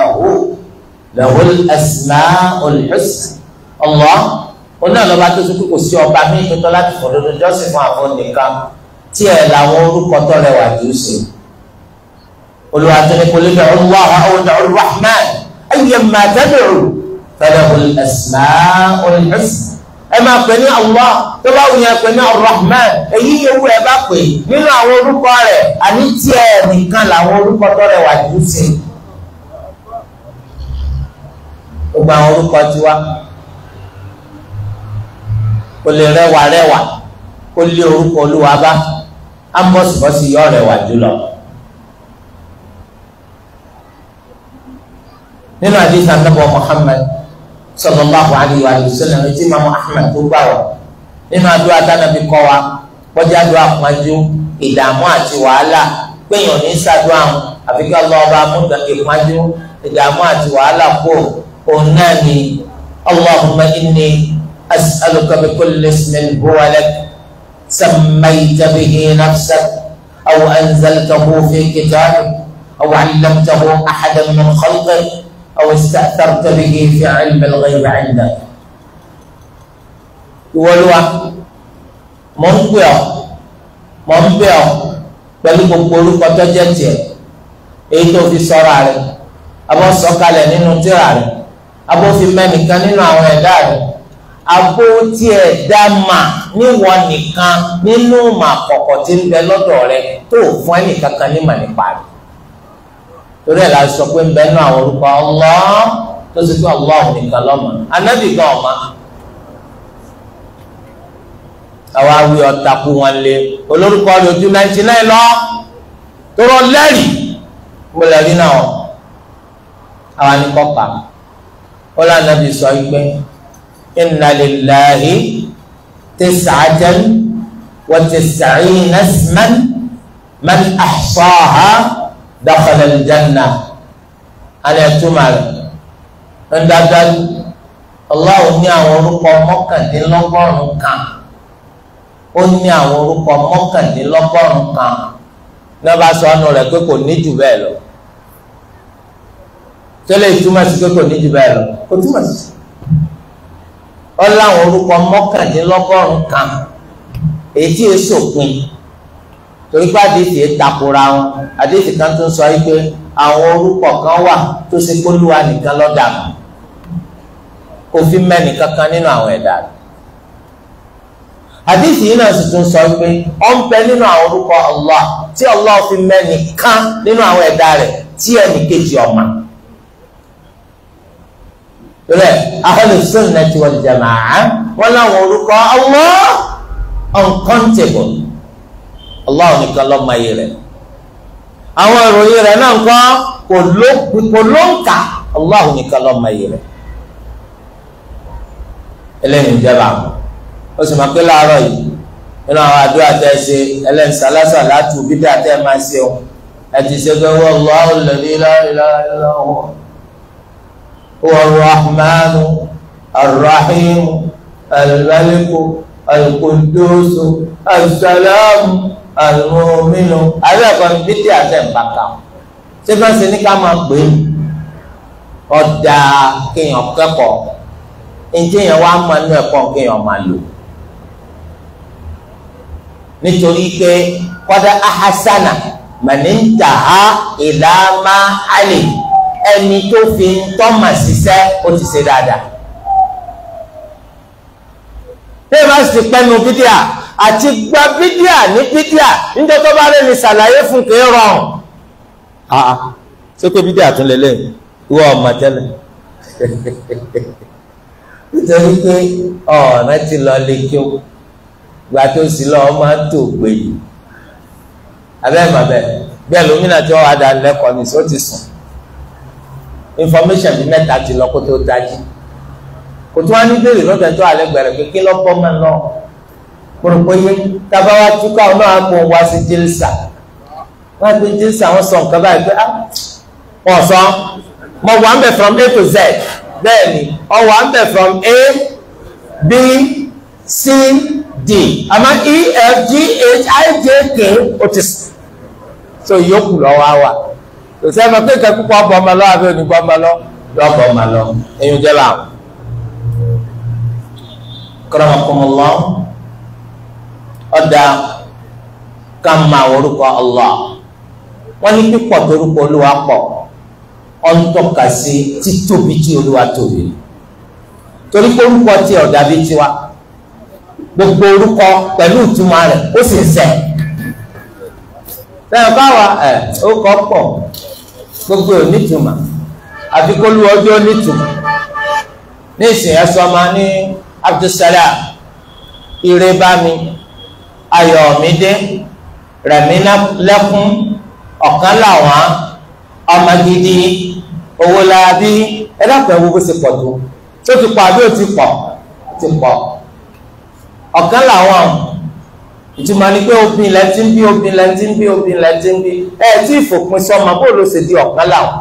lahul asmaul husna Allah oní ọlọ́ba tó tún kò sí ọba mí tuntun láti fọdọdọ jọ́sìn fún àwọn nìkan tí ẹ̀ làwọn orúkọ tó rẹwà jù sí olùwà tó ní kò lè dọ̀ọ́ wá àwọn dọ̀ọ́ rahman ayyamma tad'u falahul asmaul husna ẹ máa pè ní Allah tó bá wùyàn pè ní rahman èyí yòówù ẹ bá pè nínú àwọn orúkọ rẹ̀ àní tiẹ̀ nìkan làwọn orúkọ tó rẹwà jù sí. gbogbo àwọn orúkọ tiwa kò lè rẹwà rẹwà kó lé orúkọ olúwa bá á bọ̀sibọ̀sì yọ rẹwà jùlọ. nínú àdìsí anábọ̀ Muhammad sallallahu alayhi wa sallam etí mamu Ahmed tó gbà wá nínú adó adánàbí kọ́ wa kọjá adó àpọ́njú ìdààmú àti wàhálà péyàn ní sádùn àwọn àfikún ọlọ́ọ̀bá mú ìpọ́njú ìdààmú àti wàhálà kúrò. أهناني اللهم إني أسألك بكل اسم هو لك سميت به نفسك أو أنزلته في كتابك أو علمته أحدا من خلقك أو استأثرت به في علم الغيب عندك ولو مربيا مربيا بل بقولوا قد جاتي إيتو في صراري أبو سوكالي نينو تراري abó fi mẹ́nìkan nínú àwọn ẹ̀dá rẹ̀ abó tiẹ̀ dá mà níwọ nìkan nínú mà kọ̀kọ̀ tí ń bẹ lọ́dọ̀ rẹ̀ tó fún ẹnìkankan ní mà nípa rẹ̀ torí ẹ̀ la sọ pé ń bẹ nínú àwọn orúkọ Allah tó sì pé Allah nìkan lọ́mọ anábì gan ọ̀ma àwọn awi ọ̀tàkù wọn lé olórúkọ rẹ̀ ojú náìjíríà náà lọ tó rọ lẹ́rìí mo lẹ́rìí náà àwọn anìkọ́ pàmò ó lànà bí sọ pé inna lillahi tis'atan wa tis'ina isman man ahsaha dakhala al-janna alẹ́ túmọ̀ rẹ̀ ń dáadáa Allah ní àwọn orúkọ mọ́kàndínlọ́gọ́rùn-ún kan ó ní àwọn orúkọ mọ́kàndínlọ́gọ́rùn kan ní bá sọ ọ́nù rẹ̀ pé kò ní jù bẹ́ẹ̀ lọ tẹ́lẹ̀ ìtumọ̀ sí pé kò ní jù báyìí lọ kò túmọ̀ sí. ọ láwọn orúkọ mọ́kàndínlọ́gọ́rùn-ún kan èyí tí èso pin torí pé àdéhìí takora wọn àdéhìí kan tó ń sọ yìí pé àwọn orúkọ kan wà tó ṣe pólúwa nìkan lọ́dà mọ́ kò fi mẹ́ni kankan nínú àwọn ẹ̀dá àdéhìí yìí náà sì tún sọ pé ọ ń bẹ nínú àwọn orúkọ Allah tí Allah fi mẹ́ni kan nínú àwọn ẹ̀dá rẹ̀ tí ẹnì kejì ọ̀ma rẹ̀ ahlus-sunnati wal-jamā'ah wọn láwọn orúkọ Allah uncountable Allah nìkan lọ́mọ ayé rẹ̀ àwọn ìròyìn rẹ̀ náà kọ́ kò ló ń kà Allah nìkan lọ́mọ ayé rẹ̀ eléyìí ìjọba ó sì máa pé láàárọ̀ yìí nínú àwọn àdúrà tẹ́ ṣe ẹlẹ́nsálásà látù bídà tẹ́ máa ṣe ẹ ti ṣe pé wọ́n lọ́ọ́ lẹ́ni láìláìláwọ̀. هو الرحمن الرحيم الملك القدوس السلام المؤمن alẹ́kọ̀ọ́ ní bídí àtẹ̀ ńbàkà ṣé bá ṣe ní ká máa pè é ọ̀dà kéèyàn kẹ́kọ̀ọ́ ǹjẹ́ yẹn wá máa ní ẹ̀kọ́ kéèyàn máa lò nítorí pé kọ́dá ahasana mẹ́ni ń tà á ìlà máa hálẹ̀ yìí. ẹni tó fi ń tọ́mà ṣiṣẹ́ ó ti ṣe dáadáa. bí wọ́n sì àti gba bídíà ní bídíà tó bá rẹ̀ ní ṣàlàyé fún kì í rọrùn. Ah, ṣé pé bídíà tún lélẹ̀ ìwọ ọmọ tẹ́lẹ̀ nítorí pé ọ̀nà ti lọ lè o gba tí wọ́n wá dá lẹ́kọ̀ọ́ ti information bíi mẹ́ta ti lọ kó tó dájú kò tó wá ní béèrè lọ́dọ̀ tó alẹ́ gbẹ̀rẹ̀ pé kí lọ́bọ́ mọ́ náà pòròpóyé tábà wá túká ọ náà kó wá sí jírísà wọ́n gbé jírísà wọn sọ nǹkan báyìí pé ah, wọ́n sọ mo wà ń bẹ̀ from A to Z bẹ́ẹ̀ ni ọ wà ń bẹ̀ from A B C D àmọ́ E F G H I J K o ti sọ yòókù lọ́wọ́ wa kò sẹ́mi pé nǹkan púpọ̀ bọ́ ọmọ lọ àbí òní bọ́ ọmọ lọ yóò bọ́ ọmọ lọ ẹ̀yin jẹ́ làwọn. Akramakumullah ọ̀dà ká máa orúkọ Allah wọ́n ní pípọ̀ torúkọ olúwa pọ̀ ọ̀ ń tọ́ka sí títóbi tí olúwa tóbi torí pé orúkọ tí ọ̀dà bíi tiwa gbogbo orúkọ pẹ̀lú ìtumọ̀ rẹ̀ ó sì ń sẹ́yìn. sẹ́yìn báwa ẹ̀ ó kọ́ pọ̀ gbogbo ò nítumọ̀ àfi kó lu ọjọ́ nítumọ̀ ní ìsìn ẹ̀sọ́ máa ní Abdulsalam ire bá mi ayọ̀ mi dé rẹ̀mí lẹ́kún ọ̀kan làwọn ọmọ gidi owó láabi ẹ̀dàpọ̀ ẹ̀wò bó ṣe pọ̀ tó tó ti pọ̀ àbí ó ti pọ̀ ti pọ̀ ọ̀kan làwọn ìtumọ̀ ni pé obìnrin lẹ́ ti ń bí obìnrin lẹ́ ti ń bí obìnrin lẹ́ ti ń bí ẹ tí ìfòpin sọmọ bó ló ṣe di ọ̀kan láwọn.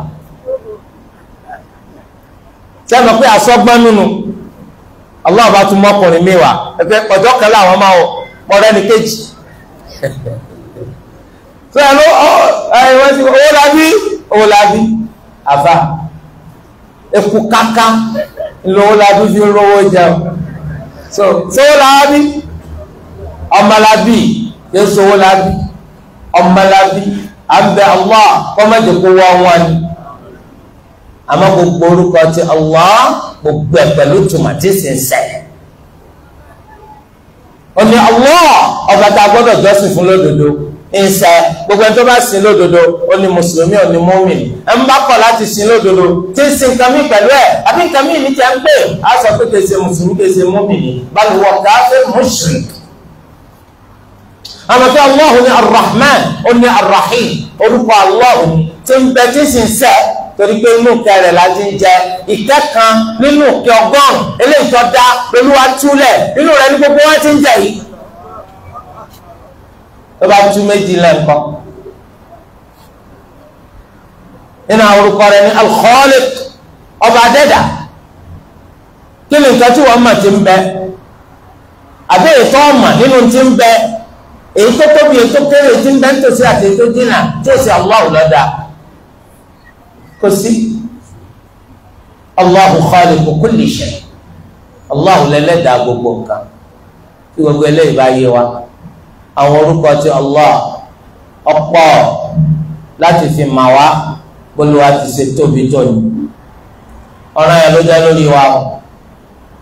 sẹ́nu pé asọ́gbọ́n nínú Allah bá tún mọ́kùnrin mi wá ẹgbẹ́ ọjọ́ kan láwọn máa wọ pọ̀rẹ́ ní kejì. sẹ́nu owó làbí owó làbí àbá eku kaka ńlọ owó làbí fi ń rówó jẹun. so owó làbí ọmọlábí yéésù owó lábí ọmọlábí àbẹ Allah kọ́mọ̀jẹ̀ kó wá wọn ni àmọ́ gbogbo orúkọ ti Allah gbogbo ẹ̀ pẹ̀lú tòmátì sínsẹ̀ ó Allah ọba tá a gbọ́dọ̀ jọ́sìn fún lódodo ìsẹ gbogbo ẹni tó bá sin lódodo ó ní mùsùlùmí ó ní mùmínì ẹ ń bá kọ̀ láti sin lódodo tí ń sin nǹkan pẹ̀lú ẹ̀ àbí nǹkan ní kí ẹ ń pè á sọ pé kèsè mùsùlùmí kèsè mùmínì báwo wọ káfí mùsùlùmí àwọn pé Allahu ni Ar-Rahman ó ní Ar-Rahim orúkọ Allahu tí ń bẹ tí sì ń sẹ torí pé inú kẹrẹ la ti ń jẹ ìkẹ́ kan nínú kẹ ọgọ́rùn eléyìí tó dá olúwa túlẹ̀ nínú rẹ̀ ní gbogbo wọn ti ń jẹ yìí tó bá tú méjì lẹ́ẹ̀kan nínú àwọn orúkọ rẹ̀ ní al ọba adẹ́dà kí ni nǹkan tí wọ́n mọ̀ ti ń bẹ àbí ètò ọmọ nínú ti ń bẹ èyí tó tóbi èyí tó kéré tí ń bẹ́ ń tòsí àti èyí tó dínà tí ó sì Allahu lọ́dà kò sí Allahu khaliqu kulli shay Allahu lẹ́lẹ́dàá gbogbo nǹkan tí gbogbo eléyìí bá yé wa àwọn orúkọ tí Allah ọ̀pọ̀ láti fi mà wá bólúwa ti ṣe tóbi tóni ọ̀ràn yẹn ló jẹ́ lórí wa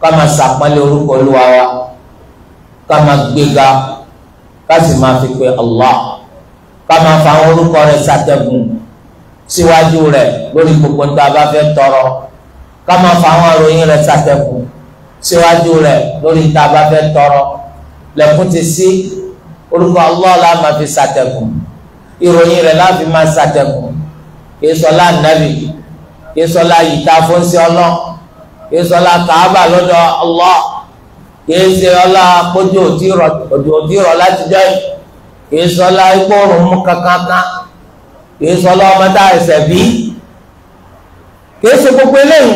ká máa ṣàpọ́nlé orúkọ Olúwa wa ká máa gbéga ká sì fi pe Allah ká máa fa àwọn orúkọ rẹ̀ ṣàtẹ̀gùn síwájú rẹ̀ lórí gbogbo nígbà bá fẹ́ tọrọ ká máa fa àwọn àròyìn rẹ̀ ṣàtẹ̀gùn síwájú rẹ̀ lórí nígbà bá fẹ́ tọrọ lẹ́kùn ti sí orúkọ Allah la máa fi ṣàtẹ̀gùn ìròyìn rẹ̀ la fi máa ṣàtẹ̀gùn kì nabi, sọlá nàbì kì í sọlá yìí tá a fún Allah kìí ṣe ọlá kójú òdì rọ láti jọ yìí kìí ṣe ọlá ipò òrùn mú kankankan kìí ṣe ọlá ọmọ tá ẹsẹ̀ bí kìí ṣe gbogbo eléyìí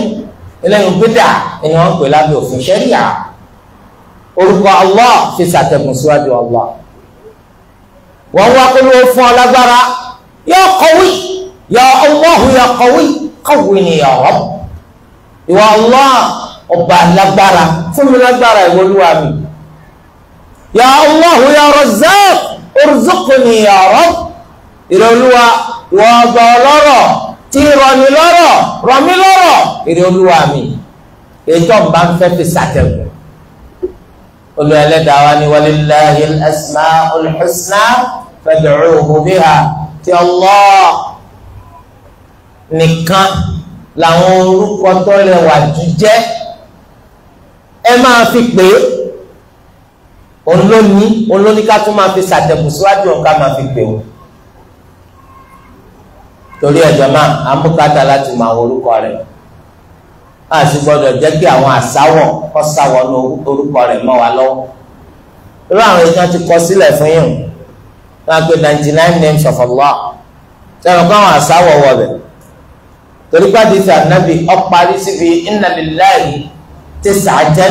eléyìí gbéjà èèyàn ń pè lábẹ́ òfin ṣẹ́ríà orúkọ Allah fi ṣàtẹ̀kùn síwájú Allah wọ́n wá pé ló fún ọ lágbára ya qawi ya Allah ya qawi qawi ni ya Rabb ìwà Allah ọba alágbára fún mi lágbára ìwọlúwa mi ya Allahu ya Razzaq urzuqni ya Rabb ìrọ̀lúwa wọ́ọ̀bọ̀ lọ́rọ̀ tí rọ̀mí lọ́rọ̀ rọ̀mí lọ́rọ̀ ìrọ̀lúwa mi ètò ọ̀bá ń fẹ́ fi sàtẹ̀gùn olú ẹlẹ́dàá wa ni walillahi al-asma'ul husna fad'uhu biha ti Allah nìkan làwọn orúkọ tó rẹwà jù jẹ́ ẹ máa fi pè é òun ló ní òun ló ní ká tún máa fi ṣàtẹ̀kù síwájú òun ká máa fi pè ó torí ẹ̀jọ̀ máa àmúkátà láti mọ àwọn orúkọ rẹ̀ a sì gbọ́dọ̀ jẹ́ kí àwọn àsáwọ̀ kọ́ sáwọ̀ ní orúkọ rẹ̀ mọ́ wa lọ́wọ́ irú àwọn èèyàn ti kọ sílẹ̀ fún yìí wọn pe ninety nine names of Allah sọ̀rọ̀ kó àwọn àsáwọ̀ wọ̀ bẹ̀ torí pàdé ti ànábì ó síbi inna تسعة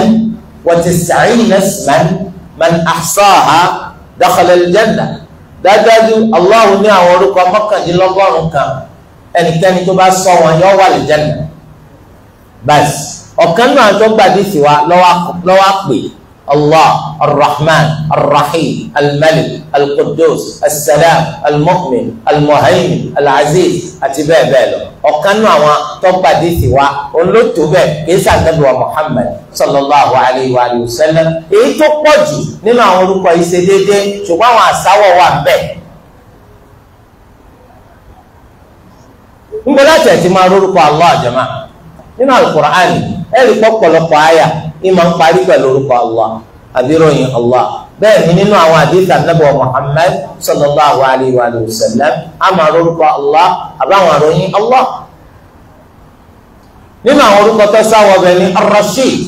وتسعين اسما من أحصاها دخل الجنة dájúdájú Allahu ní àwọn orúkọ mọ́kàndínlọ́gọ́rùn-ún kan ẹnikẹ́ni tó bá sọ wọn yóò wà lè jẹ́nà ọ̀kan náà tó gbàdí wa lọ́wọ́ pè é الله الرحمن الرحيم الملك القدوس السلام المؤمن المهيمن العزيز اتباع باله ọ̀kanú àwọn tọ́gbàdé ti wá olóòtú bẹ́ẹ̀ kìí sàgbẹ́bí wa muhammad sallallahu alayhi wa sallam èyí tó pọ̀ jù nínú àwọn orúkọ ìṣe déédéé ṣùgbọ́n àwọn àsáwọ̀ wà bẹ́ẹ̀. ń gbọ́dọ̀ tẹ̀ ti máa rórúkọ allah jama nínú alukur'an ẹ̀rí pọ̀pọ̀lọpọ̀ àyà ni máa ń parí pẹ̀lú orúkọ allah àbí ròyìn allah bẹ́ẹ̀ ni nínú àwọn àdéhùn anábọ̀ muhammad sallallahu alayhi wa sallam a máa rorúkọ allah àbáwọn ròyìn allah nínú àwọn orúkọ tó sáwọ bẹ ní ar-rashid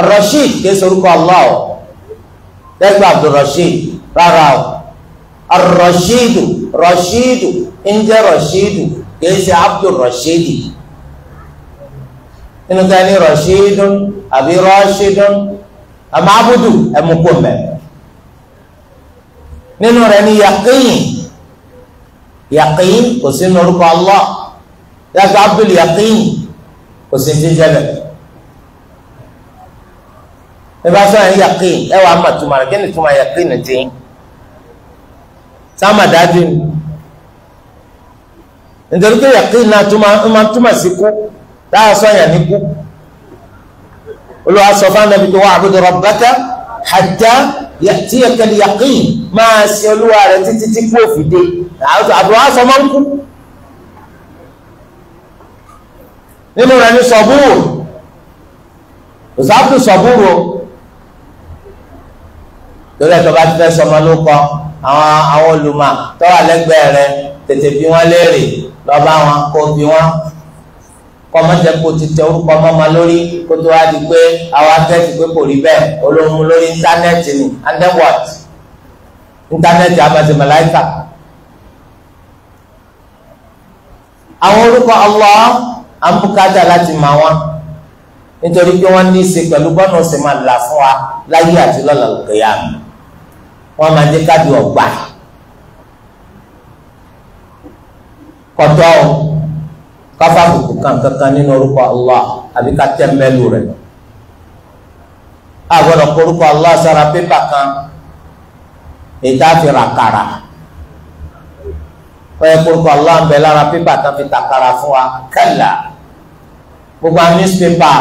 ar-rashid kì í sorúkọ allah o dẹ́gbà abdulrasheed rárá o ar-rashidu ń jẹ́ rashidu kì í abdulrasheed nínú ká ní rọ̀ṣídún àbí rọ́ṣídún àmọ́ abudu ẹ̀mukú mẹ́ nínú rẹ̀ ní yàkín yàkín kò sí orúkọ Allah yàtọ̀ abdul yàkín kò sí jíjẹ́ bẹ́ẹ̀ ìbá sọ̀rọ̀ ní yàkín ẹ wàá mà túmọ̀ rẹ̀ kí ni túmọ̀ yàkín ti sáàmà dájú ni nítorí pé yàkín náà túmọ̀ sí kú táà sọ̀yàn ní kú olùwà sọ fún anabi pé wa'budu rabbaka hatta ya'tiyakal yaqin máa ṣe olúwa rẹ títí tí kú òfin dé àbúrò àṣọ máa ń kú nínú rẹ ní sọ̀búrù òsàbùtù sọ̀búrù torí bá ti fẹ́ sọmọ ló kọ àwọn olùmọ̀ tó lẹ́gbẹ̀ẹ́ rẹ tètè bí wọ́n léèrè lọ bá wọn kó bí wọ́n kọ́mọ́jẹ́ kó ti tẹ orúkọ mọ́mọ́ lórí kó tó wá di pé àwọn atẹ́tì pé kò rí bẹ́ẹ̀ olóhùn lórí íńtánẹ́ẹ̀tì ni and then what íńtánẹ́ẹ̀tì amazimalaika. àwọn orúkọ Allah àǹbùkátà láti mọ wọn nítorí pé wọ́n ní í ṣe pẹ̀lú bọ́nà ọ̀sẹ̀ máa là fún wa láyé àti lọ́la òkèèyà wọ́n máa dé káàdì ọ̀gbà kọ̀tọ́ ọ̀ káfáàbùkù kan kankan nínú orúkọ Allah àbí ká tẹ́mẹ́lú rẹ̀ a gbọ́dọ̀ kọ orúkọ Allah sára pépà kan ètò àfìràkàrà ó yẹ kó Allah ń bẹ lára pépà kan fi tàkàrà fún wa kẹlà gbogbo àwọn nísìpépà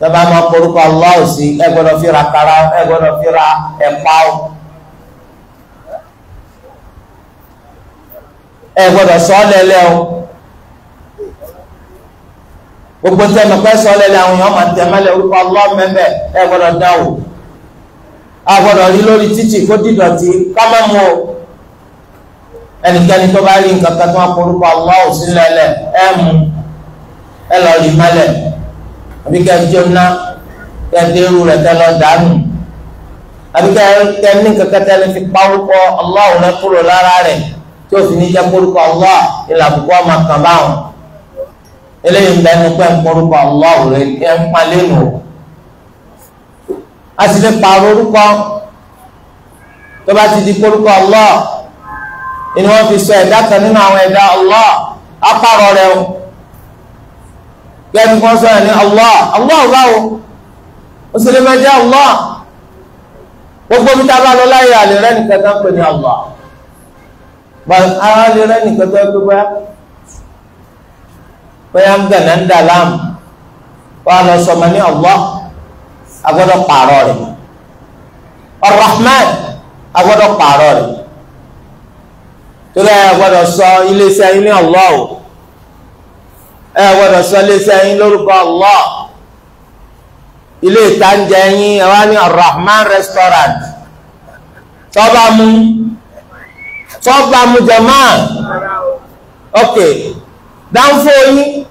tọ́ba máa kọ Allah sí ẹ gbọ́dọ̀ fi ra kàrà ẹ gbọ́dọ̀ fi o. ẹ sọ ọ lẹlẹ o gbogbo ń tẹ́mọ̀ pẹ́ sọ lẹ́lẹ́ àwọn èèyàn máa tẹ̀mẹ́lẹ̀ orúkọ Allah mẹ́mẹ́ ẹ gbọ́dọ̀ dán o a gbọ́dọ̀ rí lórí títì kó dìdọ̀tí ká má mú o ẹnikẹ́ni tó bá rí nǹkan kan tó wá forúkọ Allah ò sí lẹ́lẹ̀ ẹ mú ẹ lọ rí mẹ́lẹ̀ àbí kẹ́ jóná kẹ́ dérú rẹ̀ kẹ́ lọ dànù àbí kẹ́ ní kankan tẹ́ lè fi pa orúkọ Allah rẹ̀ kúrò lára rẹ̀ tí òfin ní jẹ́ forúkọ Allah ìlàbùkọ́ máa kàn báwọn eléyìí lẹ́nu pé ń porúkọ Allah rẹ̀ ẹ̀ ń palẹ́ nù. a sì lè pààrọ̀ orúkọ tó bá ti di porúkọ Allah ni wọ́n fi sọ ẹ̀dá kan nínú àwọn ẹ̀dá Allah apárọ̀ rẹ̀ o lẹ́nu kan sọ̀rọ̀ ní Allah Allah báwo ó sì lè máa jẹ́ Allah gbogbo bí tá bá lọ láyé àlè rẹ̀ nìkan tó ń pè ní Allah bá a lè nìkan tó ń pè báyà bóyá ń gànà ń dà láàmú wàá lọ sọmọ ní Allah agbọ́dọ̀ pààrọ̀ rẹ̀ Ar-Rahman agbọ́dọ̀ pààrọ̀ rẹ̀ torí ẹ gbọ́dọ̀ sọ iléeṣẹ́ yín ní Allah o ẹ gbọ́dọ̀ sọ iléeṣẹ́ yín lórúkọ Allah ilé ìtajà yín ẹ wá ní Ar-Rahman restaurant tọ́ba mu tọ́ba mu jẹ máa ok dáńfó yín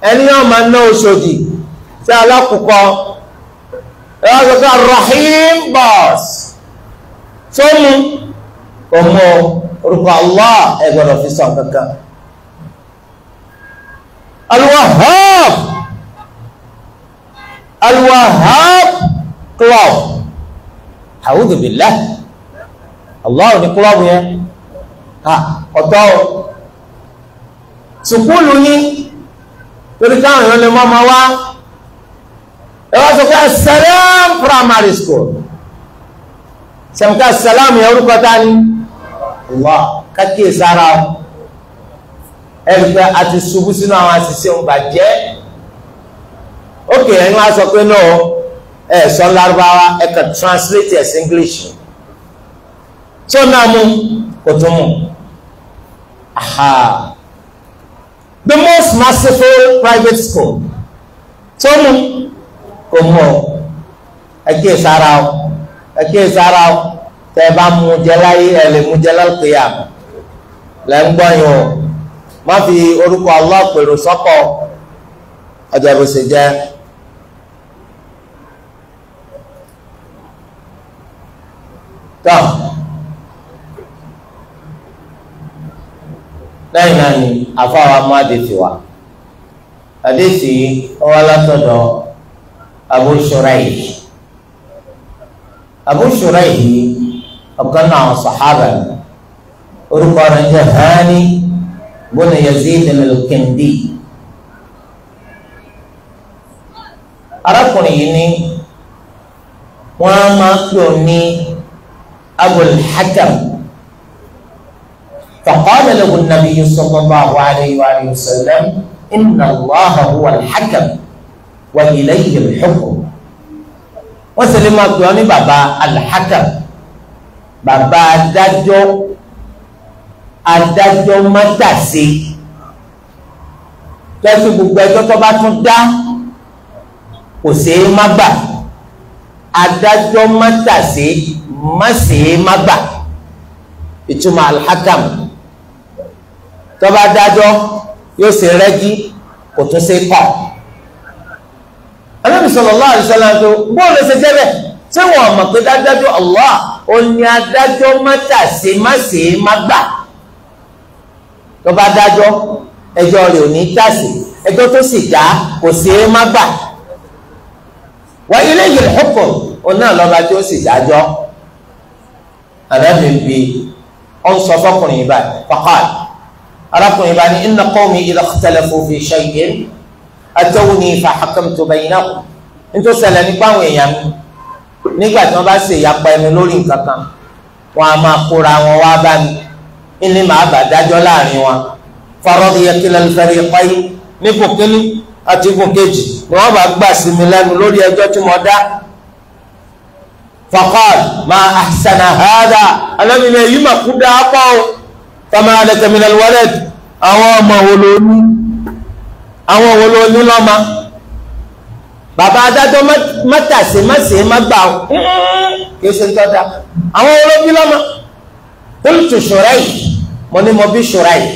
ẹni yóò máa ná oṣòdì sí alákùkọ ẹ wá sọ pé rahim boss tó mú ọmọ orúkọ allah ẹ gbọ́dọ̀ fi sọ kankan alwahab alwahab club àwùjọ bìlá allah ò ní club yẹn ọ̀tọ̀ sùkúlù yín torí káwọn èèyàn lè mọ́ wá ẹ sọ pé salam primary school sẹ̀mùká salam yẹn orúkọ ta ni wà kákìí sára o ẹ rí pé a ti ṣubú sínú àwọn àṣìṣe òun bàjẹ́ ókè ẹ̀yin wá sọ pé náà ẹ sọ lárúbáwá ẹ kàn translate as English tó náà mú kò tó mú aha the most merciful private school tó mú kò mú ọ ẹ kíyè sára ọ ẹ kíyè sára ọ tẹ ẹ bá mú jẹ láyé ẹ lè mú jẹ lálùkìyà lẹ ń gbọ́ yín o má fi orúkọ Allah pèrò sọ́kọ ọjà bó tọ́ lẹ́yìn náà ni àfáwa mú àdìsí wa àdìsí ọwọ́ látọ̀dọ̀ Abu Shuraih Abu Shuraih ọ̀kan náà sàhábà orúkọ rẹ̀ ń jẹ́ Hani ibn Yazid al arákùnrin yìí ni wọ́n máa ń pè ní Abul Hakam. فقال له النبي صلى الله عليه وآله وسلم إن الله هو الحكم وإليه الحكم wọ́n sì lè máa pè ọ́ ní bàbá alhakam bàbá adájọ́ adájọ́ mọ́tàsí tẹ́sí gbogbo ẹjọ́ tó bá tún dá kò ṣeé má gbà adájọ́ mọ́tàsí má ṣeé má gbà ìtumọ̀ alhakam tó bá dájọ́ yóò ṣe rẹ́gí kò tún ṣe kọ̀ Ànábì sallallahu alaihi wasallam tó bóòlù ṣe jẹ́ bẹ́ẹ̀ tí wọ́n mọ̀ pé dájọ́ Allah ó ní adájọ́ mọ́tà ṣe má ṣe má gbà tó bá dájọ́ ẹjọ́ ò ní tàṣì ẹjọ́ tó sì dá kò ṣe má gbà wọ́n ilé yìí hukm òun náà lọ́ba tí ó sì dájọ́ Ànábì sọ fọkùnrin yìí báyìí faqal arákùnrin bá ní inna qawmi idha ikhtalafu fi shay'in atawni fa hakamtu baynahum nítorí ṣẹlẹ̀ nípa àwọn èèyàn mi nígbà tí wọ́n bá ṣe ìyapa ẹnu lórí nǹkan kan wọn a máa kóra wọn wá bá mi ní màá bá dájọ́ láàrin wọn faradiya kila al-fariqayn nípò kínní àti ipò kejì ni wọ́n bá gbà sí mi lẹ́nu lórí ẹjọ́ tí mo dá faqal ma ahsana kama alaka min alwalad àwọn ọmọ wo ló ní àwọn wo ló ní lọ́mọ bàbá adájọ́ mọ́tàsí mọ́sí má gbà ó kì í ṣe ń tọ́ta àwọn wo ló bí lọ́mọ qultu Shuraih mo ní mo bí Shuraih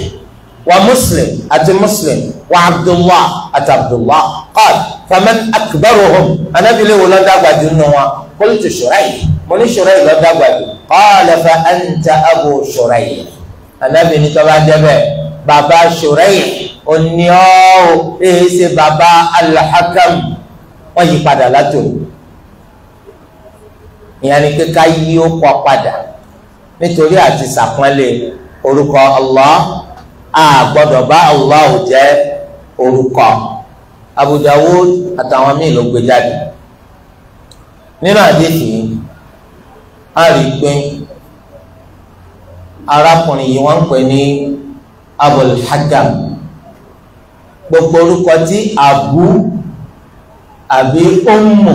wa Muslim àti Muslim wa Abdullah àti Abdullah qal faman akbaruhum anábìlẹ̀ wo lọ́dá gbàdú nù wọn qultu Shuraih mo ní Shuraih lọ́dá gbàdú qala fa anta abu Shuraih anabi ní tọ́ba débẹ̀ baba Shuraih òní ọ́ọ́ èyí ṣe baba al-Hakam wọ́n yí padà látòun ìyẹn ni kíkà yí ó kọ́ padà nítorí àti sàpọ́nlé orúkọ Allah a gbọ́dọ̀ bá Allah ò jẹ́ orúkọ Abu Dawud àtàwọn míì ló gbé jáde nínú àdéhùn a rí i pé arákùnrin yìí wọ́n ń pè ní abul hakam gbogbo orúkọ tí abu àbí ummu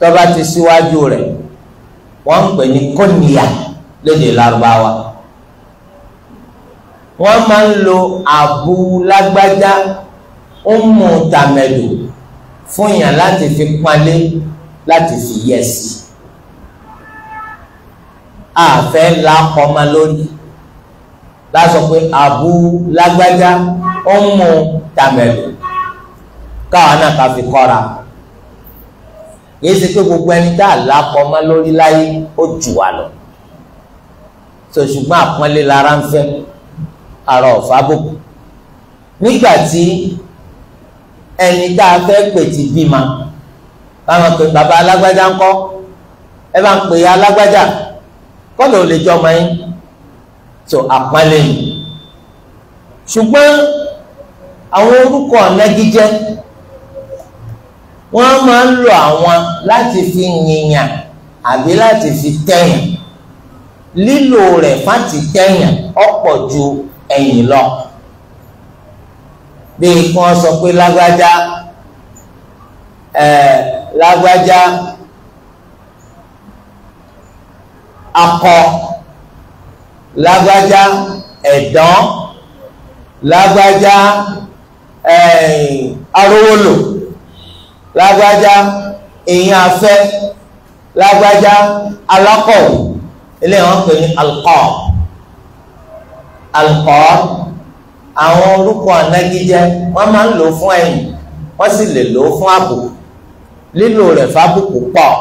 tó bá ti síwájú rẹ̀ wọ́n ń pè ní kóníyà lédè lárúbáwá wọ́n máa ń lo abu lágbájá ummu tàmẹ̀dù fún yàn láti fi panlé láti fi yẹ̀ sí i àfẹ́ ńlá kọ́mọ lórí lásọ pé àbú lágbájá ó ń mú tàmẹ̀lú káwọn náà ká fi kọ́ra kìí ṣe pé gbogbo ẹni tá a lápọ̀ mọ́ lórí láyé ó jù wá lọ so ṣùgbọ́n àpọ́nlé lára ń fẹ́ ara ọ̀fà bòkù nígbà tí ẹni tá a fẹ́ pè ti bímọ báwọn pè bàbá alágbájá ńkọ́ ẹ bá ń pè alágbájá kọ́nà ò lè jọ ọmọ yín tó àpọ́nlé yìí ṣùgbọ́n àwọn orúkọ ọ̀nẹ́gíjẹ́ wọ́n máa ń lo àwọn láti fi yìnyàn àbí láti fi tẹ̀yàn lílò rẹ̀ fáti tẹ̀yàn ọ̀pọ̀ ju ẹ̀yìn lọ bí kan sọ pé lágbájá ẹ̀ lágbájá. akọ lágbájá ẹ̀dán lágbájá arówólò lágbájá èyàn afẹ́ lágbájá alákọ̀wé ilé wọn pè ní alkọ alkọ àwọn orúkọ anagijẹ wọn máa ń lò fún ẹ̀yìn wọn sì lè lò fún àbùkù lílò rẹ̀ fábùkù pọ̀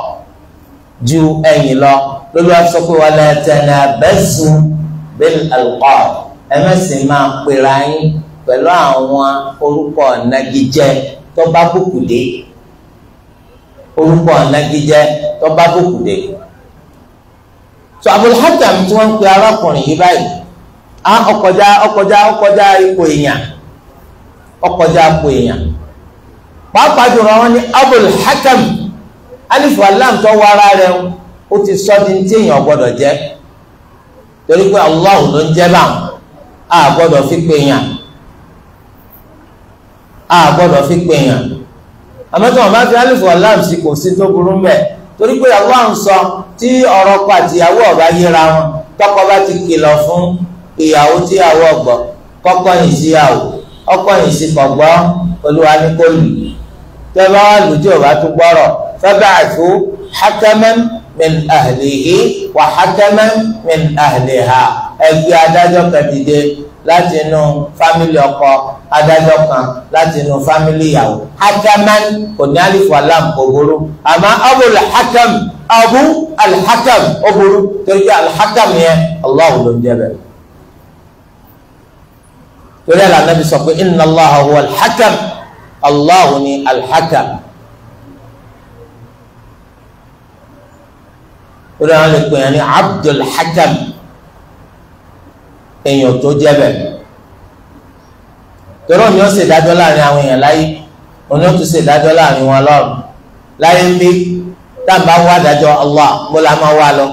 ju ẹ̀yìn lọ lórí wa sọ pé wà lẹ́ tẹ̀lé abẹ́sù bẹ́ẹ̀ alùpà ẹ mẹ́sì máa pera yín pẹ̀lú àwọn orúkọ nagijẹ tó bá bùkùdé orúkọ nagijẹ tó bá bùkùdé so Abul Hakam tí wọ́n ń pe arákùnrin yìí báyìí a ọkọjá ọkọjá ọkọjá ipò èèyàn ọkọjá ipò èèyàn pàápàá jùlọ wọn ní Abul Hakam alifu alam wọ ara rẹ ń ó ti sọ di ní tí èèyàn gbọ́dọ̀ jẹ́ torí pé Allah ló ń jẹ́ báwọn a gbọ́dọ̀ fi pè yàn a gbọ́dọ̀ fi pè yàn àmọ́ tí wọ́n bá fi alifu alam sí kò sí tó burú mbẹ́ torí pé Allah ń sọ tí ọ̀rọ̀ pa àtìyàwó ọ̀bá yíra wọn tọkọ bá ti kìlọ̀ fún ìyàwó tíyàwó ọ̀gbọ́ kọ́kọ́ yìí síyàwó ọkọ yìí sí kọ̀gbọ́ olúwa ní kò lù tẹ́ bá wà lù tí min ahlihi wa hakaman min ahliha ẹgbẹ́ adájọ́ kan dìde láti inú fámìlì ọkọ adájọ́ kan láti inú fámìlì ìyàwó hakaman kò ní alifu alam kò burú àmọ́ abu alhakam abu alhakam ó burú torí pé alhakam yẹn allah ló ń jẹ bẹ́ẹ̀ torí ẹ̀ bí sọ pé inna allah huwa alhakam allah ni alhakam. lórí àwọn lè pè é ní Abdul Hakam èèyàn tó jẹ́ bẹ́ẹ̀ torí òní ó ṣe ìdájọ́ láàrin àwọn èèyàn láyé òní ó tún ṣe ìdájọ́ láàrin wọn lọ́run láyé ń bí táàbà wá dájọ́ Allah bó la máa wá lọ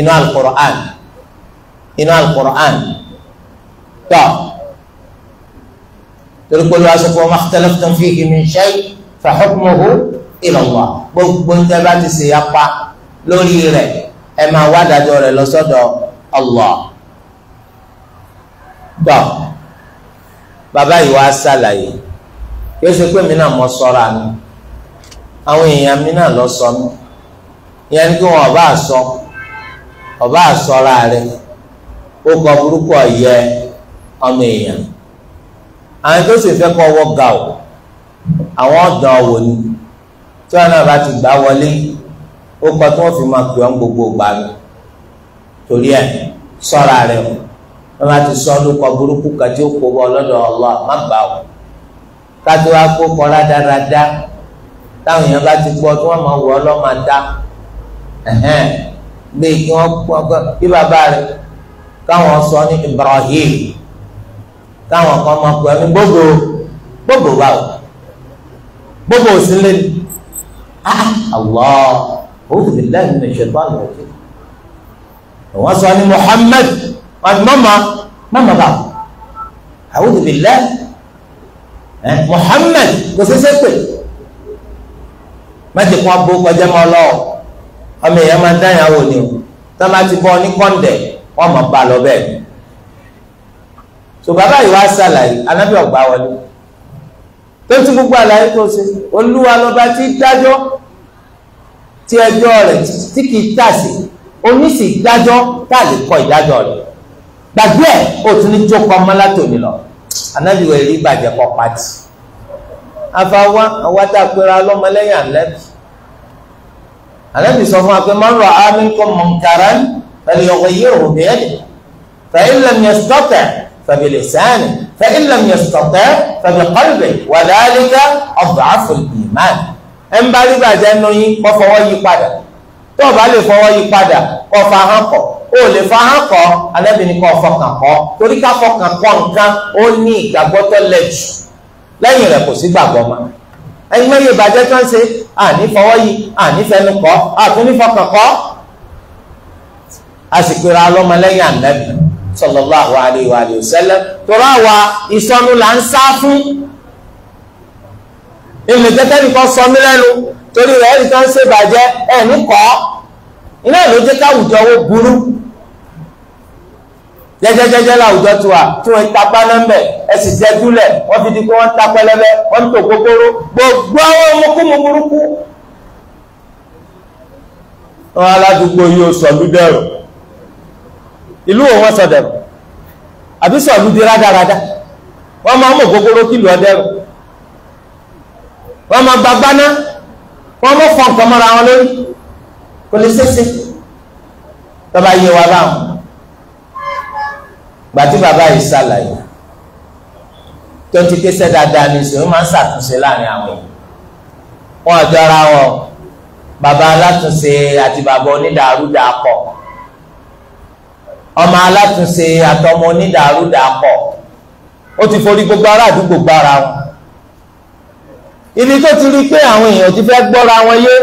inú al inú al-Qur'an torí pé olúwa sọ fún ọmọ ikhtalaftum fihi min shay' fa hukmuhu ila gbogbo ń tẹ́ bá ti ṣe yapa. lórí rẹ ẹ máa wá rẹ lọsọdọ lọ bàbá yìí wá ṣàlàyé yóò ṣe pé mi náà mọ mi àwọn èèyàn mi náà lọ sọ mi ìyẹn kí wọn ọba àsọ ọba àsọra rẹ ó kọ burúkú ọyẹ ọmọ èèyàn àwọn tó sì ó kọ tí wọ́n fi máa pè ọ́n gbogbo gbà mí torí ẹ̀ sọ́ra rẹ̀ o wọ́n bá ti sọ lóko burúkú kan tí ó kó bọ́ lọ́dọ̀ Allah má gbà o kátó wá kó kọ́ rádaràda táwọn èèyàn bá ti gbọ́ tí wọ́n máa wọ̀ ọ́ lọ́ọ́ máa dá gbé kí wọ́n kọ́ bí bàbá rẹ̀ káwọn sọ ní Ibrahim káwọn kan máa pè ọ́n gbogbo gbogbo báwo gbogbo òsínlẹ̀ ah, ah Allah. أعوذ بالله من الشيطان الرجيم wọ́n sọ ní Muhammad mọ́mọ́ mọ́mọ́ bá àwùjọ bìlẹ̀ Muhammad kò ṣeéṣe pé mẹ́tì kan bó kọjá mọ́ lọ́wọ́ ọmọ èèyàn máa ń dáyà wò ni o tó bá ti bọ́ ní kọ́ńdẹ̀ wọ́n mọ̀ bá lọ bẹ́ẹ̀ tó bàbá yìí wá ṣàlàyé wọlé tó ti gbogbo àlàyé tó ṣe olúwa lọ́ba ti dájọ́ tí ẹjọ́ rẹ̀ tí kì í tà sí oníṣì dájọ́ tá a lè kọ ìdájọ́ rẹ̀ gbàgbé ẹ̀ ó tún ní jókòó ọmọlátò nílọ anábìwẹ̀ rí bàjẹ́ kọ́ pati afawa àwa tá a pera lọ́mọlẹ́yìn àlẹ́bí àlẹ́bí sọ fún wa pé máa ń rọ àmì kọ́ mọ̀nkàrán pẹ̀lú ọ̀wọ̀ yìí ò bẹ́ẹ̀dì fẹ̀yìn lẹ́mìí ẹ̀sítọ́tẹ̀ fẹ̀bi lẹ́sàn fẹ̀yìn lẹ́mìí ẹ̀sítọ́tẹ̀ fẹ̀bi kọ́lbẹ̀ wàdálíkà ọ̀bà àfọ̀lùmí máa ẹ ń bá rí bàjẹ́ nínú yín kọ́ fọwọ́ yí padà tó o bá lè fọwọ́ yí padà kọ́ fa hàn kọ́ o lè fa hàn kọ́ anábìnrin kọ́ fọkàn kọ́ torí ká fọkàn kọ́ nǹkan ó ní ìgbàgbọ́ tó lẹ̀ jù lẹ́yìn rẹ̀ kò sí gbàgbọ́ mọ́ ẹni mọ́ iye bàjẹ́ tó ń ṣe àní fọwọ́ yí àní fẹnu kọ́ àtúní fọkàn kọ́ àsìkò ra lọ́mọlẹ́yìn ànábì sallallahu alaihi wa sallam tó èmi kẹtẹ nìkan sọ mí lẹ́nu torí rẹ̀ ẹnì kan ṣèbàjẹ́ ẹnì kọ́ iná ló jẹ́ káwùjọ owó burú jẹjẹjẹjẹ láwùjọ tiwa tí wọ́n tapá nọmbẹ ẹsì jẹjúlẹ wọ́n fi di pé wọ́n tapá lẹbẹ wọ́n tó kókóró gbogbo àwọn ọmọkùnmù burúkú wọn aládùúgbò yìí ó sọlú dẹrù ìlú òun wọ́n àbí sọlú di rádaràda wọ́n máa mọ kókóró kìlú ọdẹrù wọ́n máa gba gbaná wọ́n mọ̀ fọ nǹkan mọ́ra wọn lórí kò lè ṣeéṣe tọ́ba yẹ wa báwọn gbàtí bàbá yìí ṣàlàyé tó ti ké sẹ́ dáadáa ní ìṣòro máa ń ṣàtúnṣe láàrin àwọn èèyàn wọn àjọ ara wọn bàbá alátúnṣe àti bàbá onídàárúdà pọ̀ ọmọ alátúnṣe àtọmọ onídàárúdà pọ̀ ó ti forí gbogbo ará àdúgbò gbára wọn ibi tó ti rí i pé àwọn èèyàn ti fẹ́ gbọ́ra wọn yé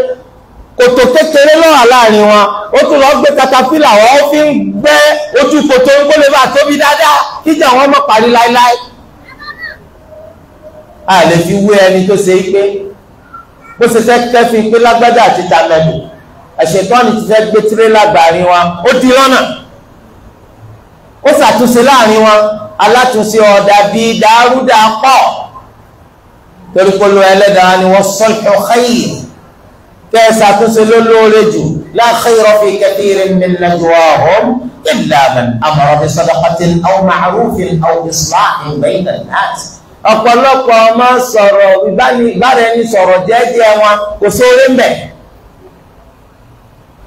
kòtò kékeré lọ́wọ́ láàrin wọn ó tún lọ gbé katapila wọn ó fi ń gbẹ́ ojú kòtò ń gbólé bá tóbi dáadáa kíjà wọn mọ̀ parí láéláé a lè fi wé ẹni tó ṣe pé bó ṣe fẹ́ kẹ́fin pé lágbádá àti tàmẹ́lù àṣetọ́ni ti fẹ́ gbé tirẹ́là gbàrin wọn ó di lọ́nà ó ṣàtúnṣe láàrin wọn alátúnṣe ọ̀dà bíi dàrúdà pọ̀ torí pẹ̀lú ẹlẹ́dàá ni wọ́n sọ́lọ̀ ọ̀háyì kẹsà tó ṣe ló lóore jù la khayra fi kathirin min najwahum illa man amara bi sadaqatin aw ma'rufin aw islahin bayna an-nas ọ̀pọ̀lọpọ̀ ọmọ sọ̀rọ̀ ìbára ẹni sọ̀rọ̀ jẹ́jẹ́ wọn kò sóore ń bẹ̀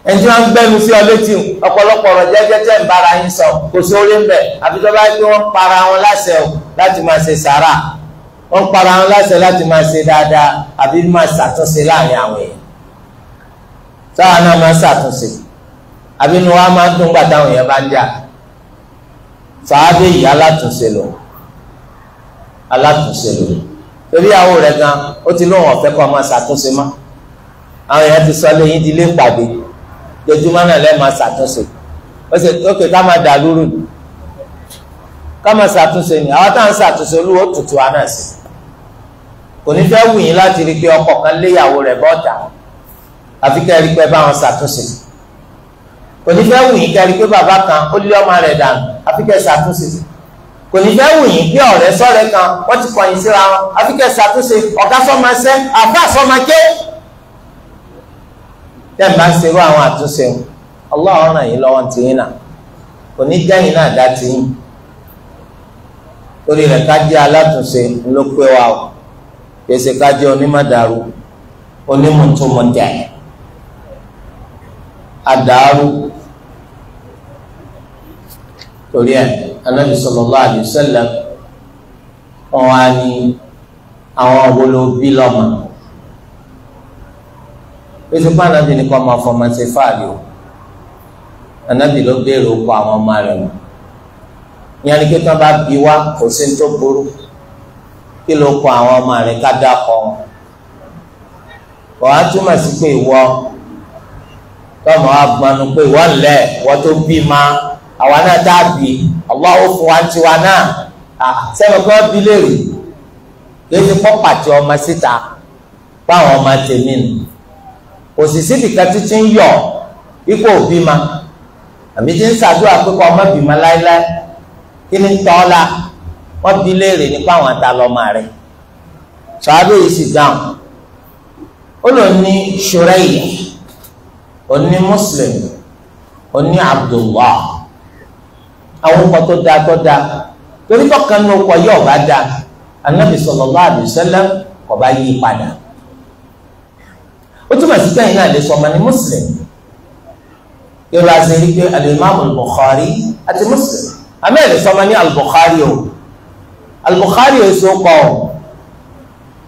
ẹni tí wọ́n ń gbẹ́nu sí ọ ọ̀pọ̀lọpọ̀ ọ̀rọ̀ jẹ́jẹ́ tẹ̀ ń bára yín sọ kò sóore ń bẹ̀ àbí wọn para wọn láṣẹ láti máa ṣe sàrà wọ́n para wọn láṣẹ láti máa ṣe dáadáa àbí máa ṣàtúnṣe láàrin àwọn èèyàn táwa náà máa ṣàtúnṣe àbí inú wa máa dùn gbà táwọn èèyàn bá ń jà sàádé yìí alátúnṣe lò alátúnṣe lò torí àwọn rẹ̀ gan ó ti lóun ọ̀fẹ́ kọ́ máa ṣàtúnṣe mọ́ àwọn èèyàn ti sọ lẹ́yìn di ilé pàdé jojúmọ́ náà lẹ́ẹ̀ máa ṣàtúnṣe ó ṣe ókè ká máa dà lóru ká máa ṣàtúnṣe ni àwọn táwọn ṣàtúnṣe olúwo tutù wa náà sí i kò ní fẹ́ wù yín láti rí i pé ọkọ kan léyàwó rẹ̀ bọ́ta àfi kẹ́ ẹ rí i pé báwọn ṣàtúnṣe kò ní fẹ́ wù yín kẹ́ ẹ rí i pé bàbá kan ó lé ọmọ rẹ̀ dànù àfi kẹ́ ẹ ṣàtúnṣe kò ní fẹ́ wù yín pé ọ̀rẹ́ sọ̀rẹ́ kan wọ́n ti kọ̀yìn síra wọn àfi kẹ́ ṣàtúnṣe ọ̀gá sọ́mọ ṣẹ́ àbá sọ́mọ ké tẹ́ ẹ bá ń ṣerú àwọn àtúnṣe ọlọ́run ràn yín lọ́wọ́ kèsì kájẹ onímọ̀dàrú onímọ̀tòmọ̀dà àdàrú torí ẹ anabi sallallahu alaihi wasallam wọn wá ní àwọn wọlọbí lọmọ pèsè pa anabi ní kò máa fọmọ ṣe o anabi ló béèrè okò àwọn ọmọ rẹ mọ ìyẹn ni kí tó bá bí kò sí ní tó kí ló kọ àwọn ọmọ rẹ ká dákọ wọn kò á sí pé ìwọ tọmọ agbanu pé ìwọ ńlẹ ìwọ tó bí ma àwa náà dàbí ọlọ́wọ́ fún wa tiwa náà sẹ́nu kí wọ́n bí léèrè lórí pọ́pàtì ọmọ síta báwọn ọmọ tèmi nù kò sì síbi kan títí ń yọ ipò òbí ma àbí tí ń ṣàdúrà pé kọ́ ọmọ bìí ma láéláé kí ni tọ́ la. wọ́n bi léèrè nípa àwọn ata lọ́mọ rẹ̀ sọ́hábẹ́ yìí sì dáhùn ó lò ní ṣùrẹ́yì ó ní muslim ó ní abdullah àwọn ọkọ̀ tó dáa tó dáa torí tọ́ka ní ọkọ̀ yóò bá dáa anabi sallallahu alaihi wasallam kò bá yí padà ó túmọ̀ sí sẹ́yìn náà lè sọ ọmọ ní muslim yóò lọ àṣẹ rí pé al-imam al-bukhari àti muslim amẹ́rẹ̀ sọ ọmọ ní al o. Al-Bukhari èso kọ ọ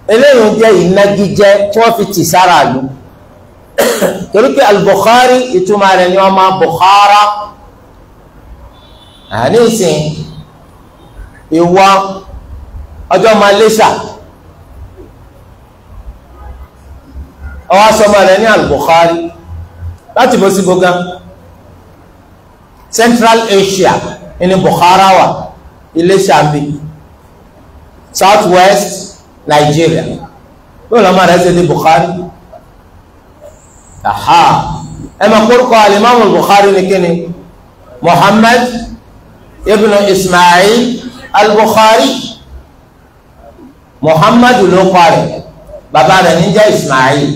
eléyìí jẹ ìnagijẹ tí wọn fi tì sára lu torí pé Al-Bukhari ìtumọ̀ rẹ̀ ni wọn máa Bukhara àníìsìn ìwọ ọjọ́ máa lẹ́sà ọwọ́ sọmọ rẹ̀ ní al láti bó sí gbogbo Central Asia ní Bukhara wà Iléṣà bíi south west Nigeria ló lọ́mọ rẹ̀ ṣe ní Bukhari aha ẹ máa kórúkọ alimami Bukhari ní kíni Muhammad ibn Ismail al-Bukhari Muhammad ló kọ́ rẹ̀ bàbá rẹ̀ ní jẹ́ Ismail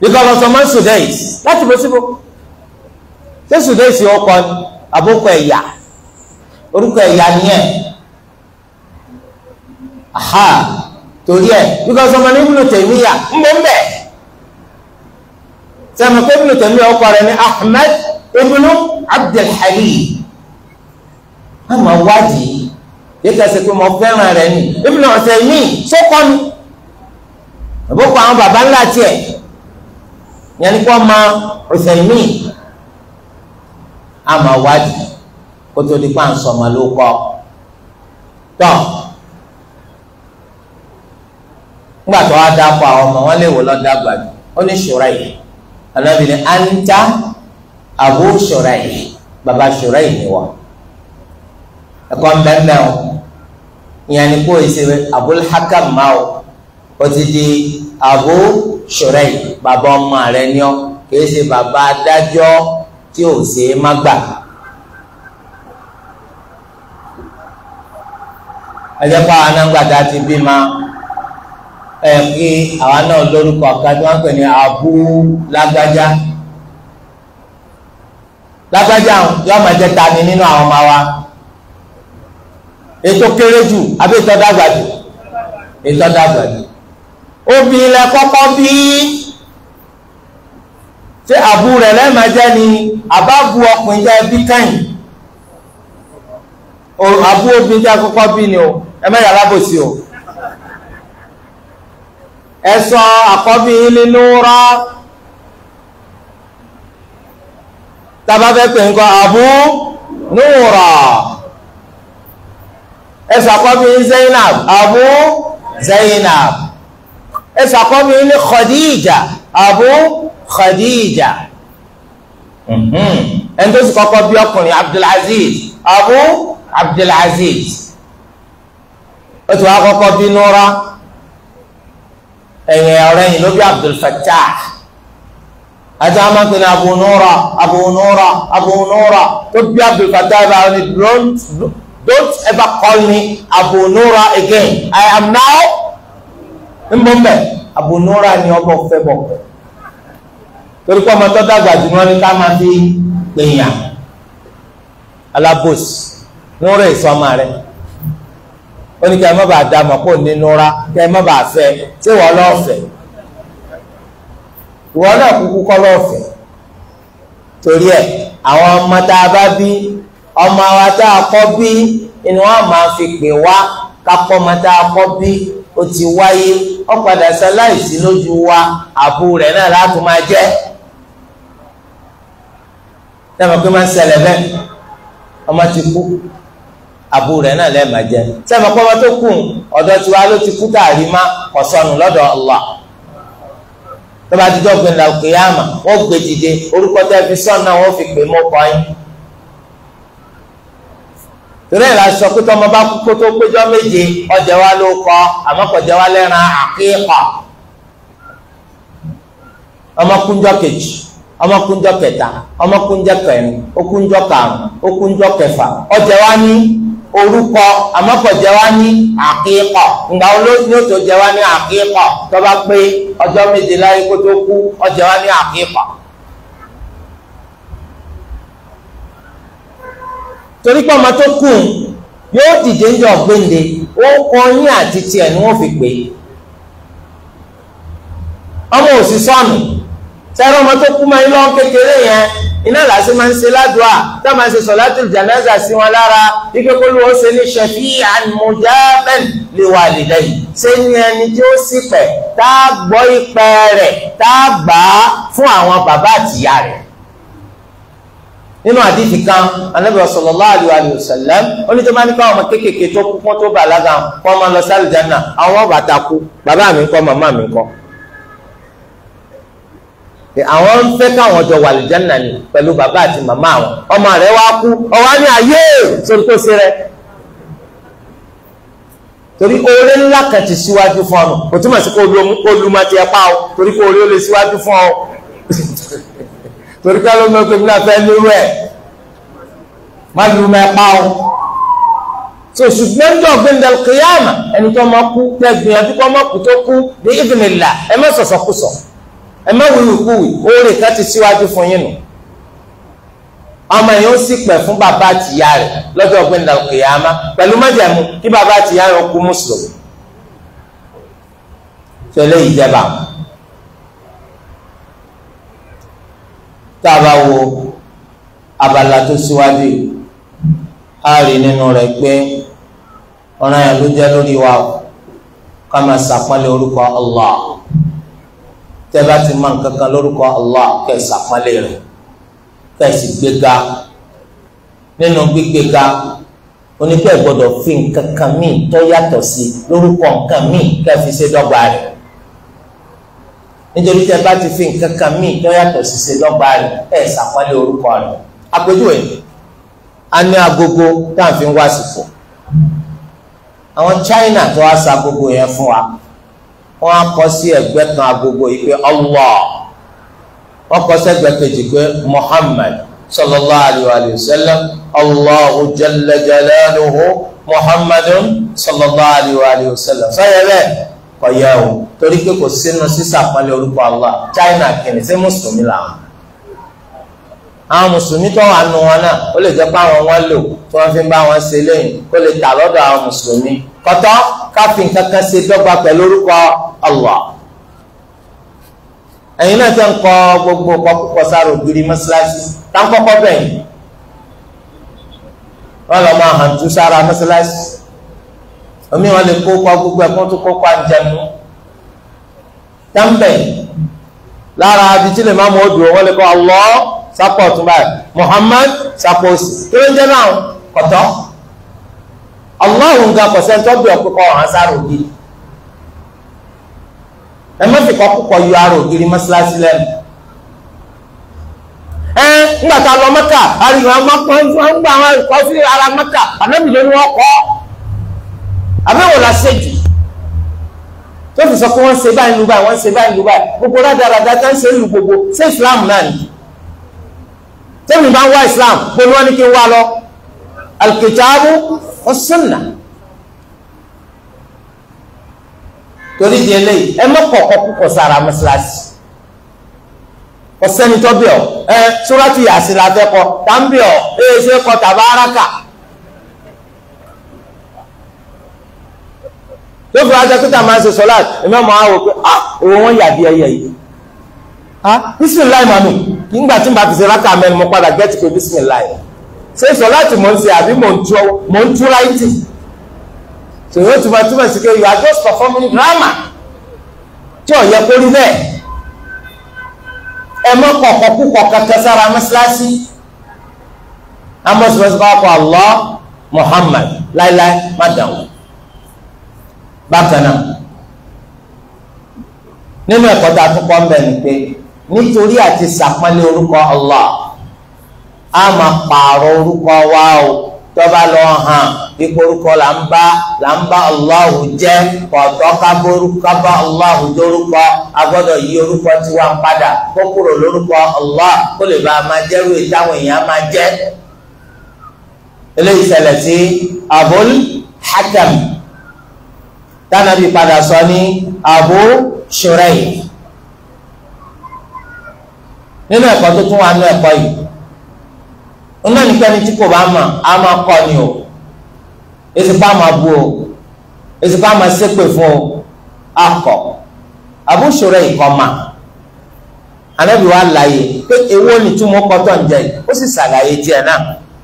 bíkọ́lọ́ sọ mọ́ Sudais láti bó síbò ṣé Sudais yóò kọ́ ni ẹ̀yà orúkọ ẹ̀yà ni ẹ̀ aha torí ẹ̀ because ọmọ ní Ibn Taymiyyah ń bọ̀ ń bẹ̀ sẹ́mi pé Ibn Taymiyyah ọkọ rẹ̀ ní Ahmad Ibn Abdul Halim àmọ́ wádìí yìí kà sí pé mo fẹ́ràn rẹ̀ ni Ibn Taymiyyah sọ́kọ́ ni àbúkọ àwọn baba ńlá tiẹ̀ yẹn ni kò ma Uthaymin àmọ́ wádìí kótó di pa nsọ̀mọ́ ló kọ́ tọ́ nígbà tó wá dápọ̀ àwọn ọmọ wọn lè wò lọ dàgbà jù ó ní Ṣùráì Ànábì ní anta Abu Ṣùráì bàbá Ṣùráì ni wọ́n ẹ̀kọ́ mbẹ́mbẹ́ o ìyẹn ni kó o ṣe Abul Hakam máa o o ti di Abu Ṣùráì bàbá ọmọ rẹ ni ọ kìí ṣe bàbá adájọ́ tí ò ṣe é má gbà. ẹ jẹ́ pa anágbàdá ti bí ma ẹ pé àwa náà lórúkọ kan wọ́n pè ní abu lágbájá lágbájá yóò máa jẹ tani nínú àwọn ọmọ wa ètò kéré jù àbí ètò dàgbà jù ètò dàgbà jù obìnrin lẹ kọ́kọ́ bí ṣé àbú rẹ̀ lẹ́ẹ̀ma jẹ́ ni àbá ọkùnrin jẹ́ bí kẹ́yìn àbú obìnrin jẹ́ kọ́kọ́ bí ni o ẹ mẹ́rin alábòsí o ẹ̀sọ́ àkọ́bí ilé núra tàbábẹ́ pè ń kọ́ àbú núra ẹ̀sọ́ àkọ́bí Zainab àbú Zainab ẹ̀sọ́ àkọ́bí ilé Khadija àbú Khadija mhm. ẹni tó sì kọ́kọ́ bí ọkùnrin Abdulaziz àbú Abdulaziz ó ti wá kọ́kọ́ bí núra ẹ̀yìn ọ̀rẹ́ yìí ló bí Abdul Fattah àti àwọn máa pè ní Abu Nura Abu Nura Abu Nura tó bí Abdul Fattah bá ni don't don't ever call me Abu Nura again I am now ń bọ́ Abu Nura ni ọmọ fẹ́ bọ̀ torí pé ọmọ tó dàgbà jù wọn ni ká máa fi gbìyàn alábòsí Nura ìsọmọ rẹ̀. ó ní kí ẹ má bàa da mọ̀ kó nínú ra kí ẹ má bàa fẹ́ ṣé wọ́n lọ́ọ̀fẹ́ wọ́n náà kúkú kọ́ lọ́ọ̀fẹ́ torí ẹ̀ àwọn ọmọ tá a bá bí ọmọ wa tá a kọ́ bí máa fi pè wá ọmọ tá a bí ó ti wáyé ó padà ṣaláìsí lójú wa àbú náà láti máa pé ń ti kú. abu rẹ̀ náà lẹ́ẹ̀ma jẹ́ sẹ́mi ọpọlọ tó kù ọ̀dọ̀ tiwa ló ti kú tààrí má kọ̀ sọnù lọ́dọ̀ Allah tọ́ba àtijọ́ gbé ní alùkìyàmà wọ́n gbé dìde orúkọ tẹ́ fi wọ́n fi pè mọ́ torí ẹ̀ la sọ pé tọmọ bá kó tó péjọ méje ọjà wa ló kọ àmọ́ kọjá wa orúkọ àmọ́kọ̀ jẹ́ wá ní àkíkọ̀ ǹgbà olóṣèlú tó jẹ́ wá ní àkíkọ̀ tó bá pé ọjọ́ méje láyé kó tó kú ó ní àkíkọ̀. torí ọmọ tó kù yóò dìde ń kọ yín àti tiẹ̀ ni wọ́n fi pè é ọmọ òsì sọnù sẹ́rọ ọmọ tó kú máa ń lọ kékeré iná làásì máa ń ṣe ládùá tá máa ń ṣe sọ̀látùl jànáza sí wọn lára wípé kó ló ṣe ní shafi'an mujaban li walidayhi ṣé ní ẹni tí ó sì pẹ̀ tá a gbọ́ ìpè rẹ̀ tá a gbà á fún àwọn bàbá àtìyá rẹ̀ nínú àdìsí kan anábì sallallahu alaihi wa sallam ó tó máa ní káwọn ọmọ kéékèèké tó kú kó tó bàlágà kó ọmọ lọ sí àlùjánnà àwọn bàtà kú bàbá mi ńkọ́ màmá mi ńkọ́ àwọn ń fẹ́ káwọn jọ wà lìjánà ni pẹ̀lú bàbá àti màmá àwọn ọmọ rẹ̀ wá kú ọwọ́ ní ayé sórí tó ṣe rẹ̀ torí oore ńlá kan ti síwájú fún ọ kò túmọ̀ sí kó olùmọ̀ ti ẹ pa ọ torí kó oore ó lè síwájú fún ọ torí ká ló mọ̀ pé mi náà fẹ́ nírú ẹ̀ má lu mọ̀ ẹ pa so ṣùgbọ́n ní ọ̀gbìn ní alkiyama ẹni tó máa kú lẹ́gbìyànjú kó máa kú tó kú ní ìdìnnìlà ẹ má sọ̀sọ̀ kú sọ̀rọ̀. ẹ má wíwì kúwì oore kan ti síwájú fún yín nù ọmọ yìí ó sì pẹ̀ fún bàbá àtìyá rẹ̀ lọ́jọ́ ọ̀gbìn ìdàgbìyàmá pẹ̀lú májẹ̀mú kí bàbá àtìyá rẹ̀ kú mùsùlùmí tẹ̀lé ìjẹba tá a bá wo abala tó síwájú a rí nínú rẹ pé ọ̀ràn yẹn ló jẹ́ wa máa Allah. tẹ́lá ti máa nǹkan kan lórúkọ Allah kẹsà pálẹ̀ rẹ̀ kẹsì gbéga nínú gbígbéga oníkẹ́ gbọ́dọ̀ fi nǹkan kan míì tó yàtọ̀ sí lórúkọ nǹkan míì kẹfì ṣe dọ́gba rẹ̀ nítorí tẹ́ bá ti fi nǹkan kan míì tó yàtọ̀ sí ṣe dọ́gba rẹ̀ kẹsà pálẹ̀ orúkọ rẹ̀ àpèjúwe a ní agogo tá à ń wá sí fò àwọn China tó wá sa agogo yẹn fún wa. wọn á kọ sí ẹ̀gbẹ́ kan agogo yìí pé Allah wọn kọ sí ẹ̀gbẹ́ kejì pé Muhammad sallallahu alayhi wa sallam Allahu jalla jalaluhu Muhammadun sallallahu alayhi wa sallam sọyẹ bẹ́ẹ̀ kọyẹ o torí pé kò sínú sísàpálẹ orúkọ Allah China kìnnì sí mùsùlùmí làwọn àwọn mùsùlùmí tó wà nù wọn náà ó lè jẹ́ pé àwọn wọn lò tí wọ́n fi bá wọn ṣe lẹ́yìn kó lè tà lọ́dọ̀ àwọn mùsùlùmí kọ́tọ́ káfí nǹkan kan ṣe dọ́gba pẹ̀lú orúkọ Allah ẹ̀yin náà tẹ́ ń kọ gbogbo kọkúkọ sára ògiri mọ́ṣáláṣí tá ń kọ́kọ́ bẹ̀yìn wọ́n lọ máa hàn tú sára mọ́ṣáláṣí omi wọn lè kó kọ gbogbo ẹ̀kọ́ tó kó kọ àjẹmú tá ń bẹ̀yìn lára abití lè má mú odò wọn lè kọ Allah sápọ̀ tó báyìí Muhammad sápọ̀ òsì kí ló ń jẹ́ náà kọ̀tọ́. Allahu nǹkan kọ̀sẹ́ńtọ́ bí ọ̀pẹ́kọ̀ ọ̀hán sára ògiri ẹ má fi kọ́kọ́ yọ ara ògiri mọ́ṣáláṣí lẹ́nu ẹ ńgbà tá a lọ mẹ́kà àríwá mọ́kàn ń gbà wọn kọ́ sí ara mẹ́kà ànábì ló ní wọ́n kọ́ àbẹ́wò la ṣe jù tó fi sọ pé wọ́n ṣe báyìí lùbáyìí wọ́n ṣe báyìí lùbáyìí gbogbo rádaràdá tá ń ṣe lù gbogbo ṣé Islam náà ni tẹ́mi bá ń wá Islam gbogbo wọn ni kí n wá lọ al-kitabu ọ̀sánà torí di eléyìí ẹ mọ́kọ̀ọ́kọ́ kúkọ̀ sára mọ́sálásí ọ̀sẹ́ni tó bẹ̀ ọ́ ẹ sọ́láṣí àṣìlá fẹ́kọ̀ tá ń bẹ̀ ọ́ ẹ ṣe kọ́ tàbá aráka. tó fi ajá pété àmà ṣe sọ́láṣ ìmọ̀ọ́mọ́ àwọ̀ pé á ah, òwò wọn yà bí ẹyẹ yìí á bísí ńlá ìmọ̀ mi nígbà tí n bá fi ṣe rákà mẹ́rin mo padà gẹ́tì pé bísí ńlá yìí ṣé sọ láti mọ̀ ń ṣe àbí mọ̀ ń tú ráìtì ṣèwé túmọ̀ túmọ̀ sí pé you are just performing grammar tí ò yẹ kó rí bẹ́ẹ̀ ẹ mọ́ kọ̀kọ́ púpọ̀ kankan sára mọ́ṣáláṣí amọ́sọ̀rọ̀sọ bá kọ Allah Muhammad láíláí má dànù bákan náà nínú ẹ̀kọ́ tá a tún pọ́ ń bẹ̀ ni pé nítorí àti sàpọ́nlé orúkọ Allah a máa pààrọ̀ orúkọ wa o tọ́ba lọ hàn ipò orúkọ là ń bá là ń bá Allahu jẹ́ kọ̀tọ́ ká bá Allahu lórúkọ a gbọ́dọ̀ yí orúkọ tiwa padà kó kúrò lórúkọ Allah kó lè bá a máa jẹ́rú ìtàwọn èèyàn máa jẹ́ eléyìí ṣẹlẹ̀ sí Abul Hakam tánàbí padà sọ ní Abu Shuraih nínú ẹ̀kọ́ tó tún wà nínú ẹ̀kọ́ yìí ńlá nìkan ni tí kò bá mọ̀ á máa kọ́ ni o èsìpá máa bu o èsìpá máa ṣépè fún o akọ àbúṣòro ìkọ́ anabi wa láàyè pé èwo ni tí mo kọ́ tọ̀ ń jẹ yìí ó sì ṣàlàyé tiẹ̀ náà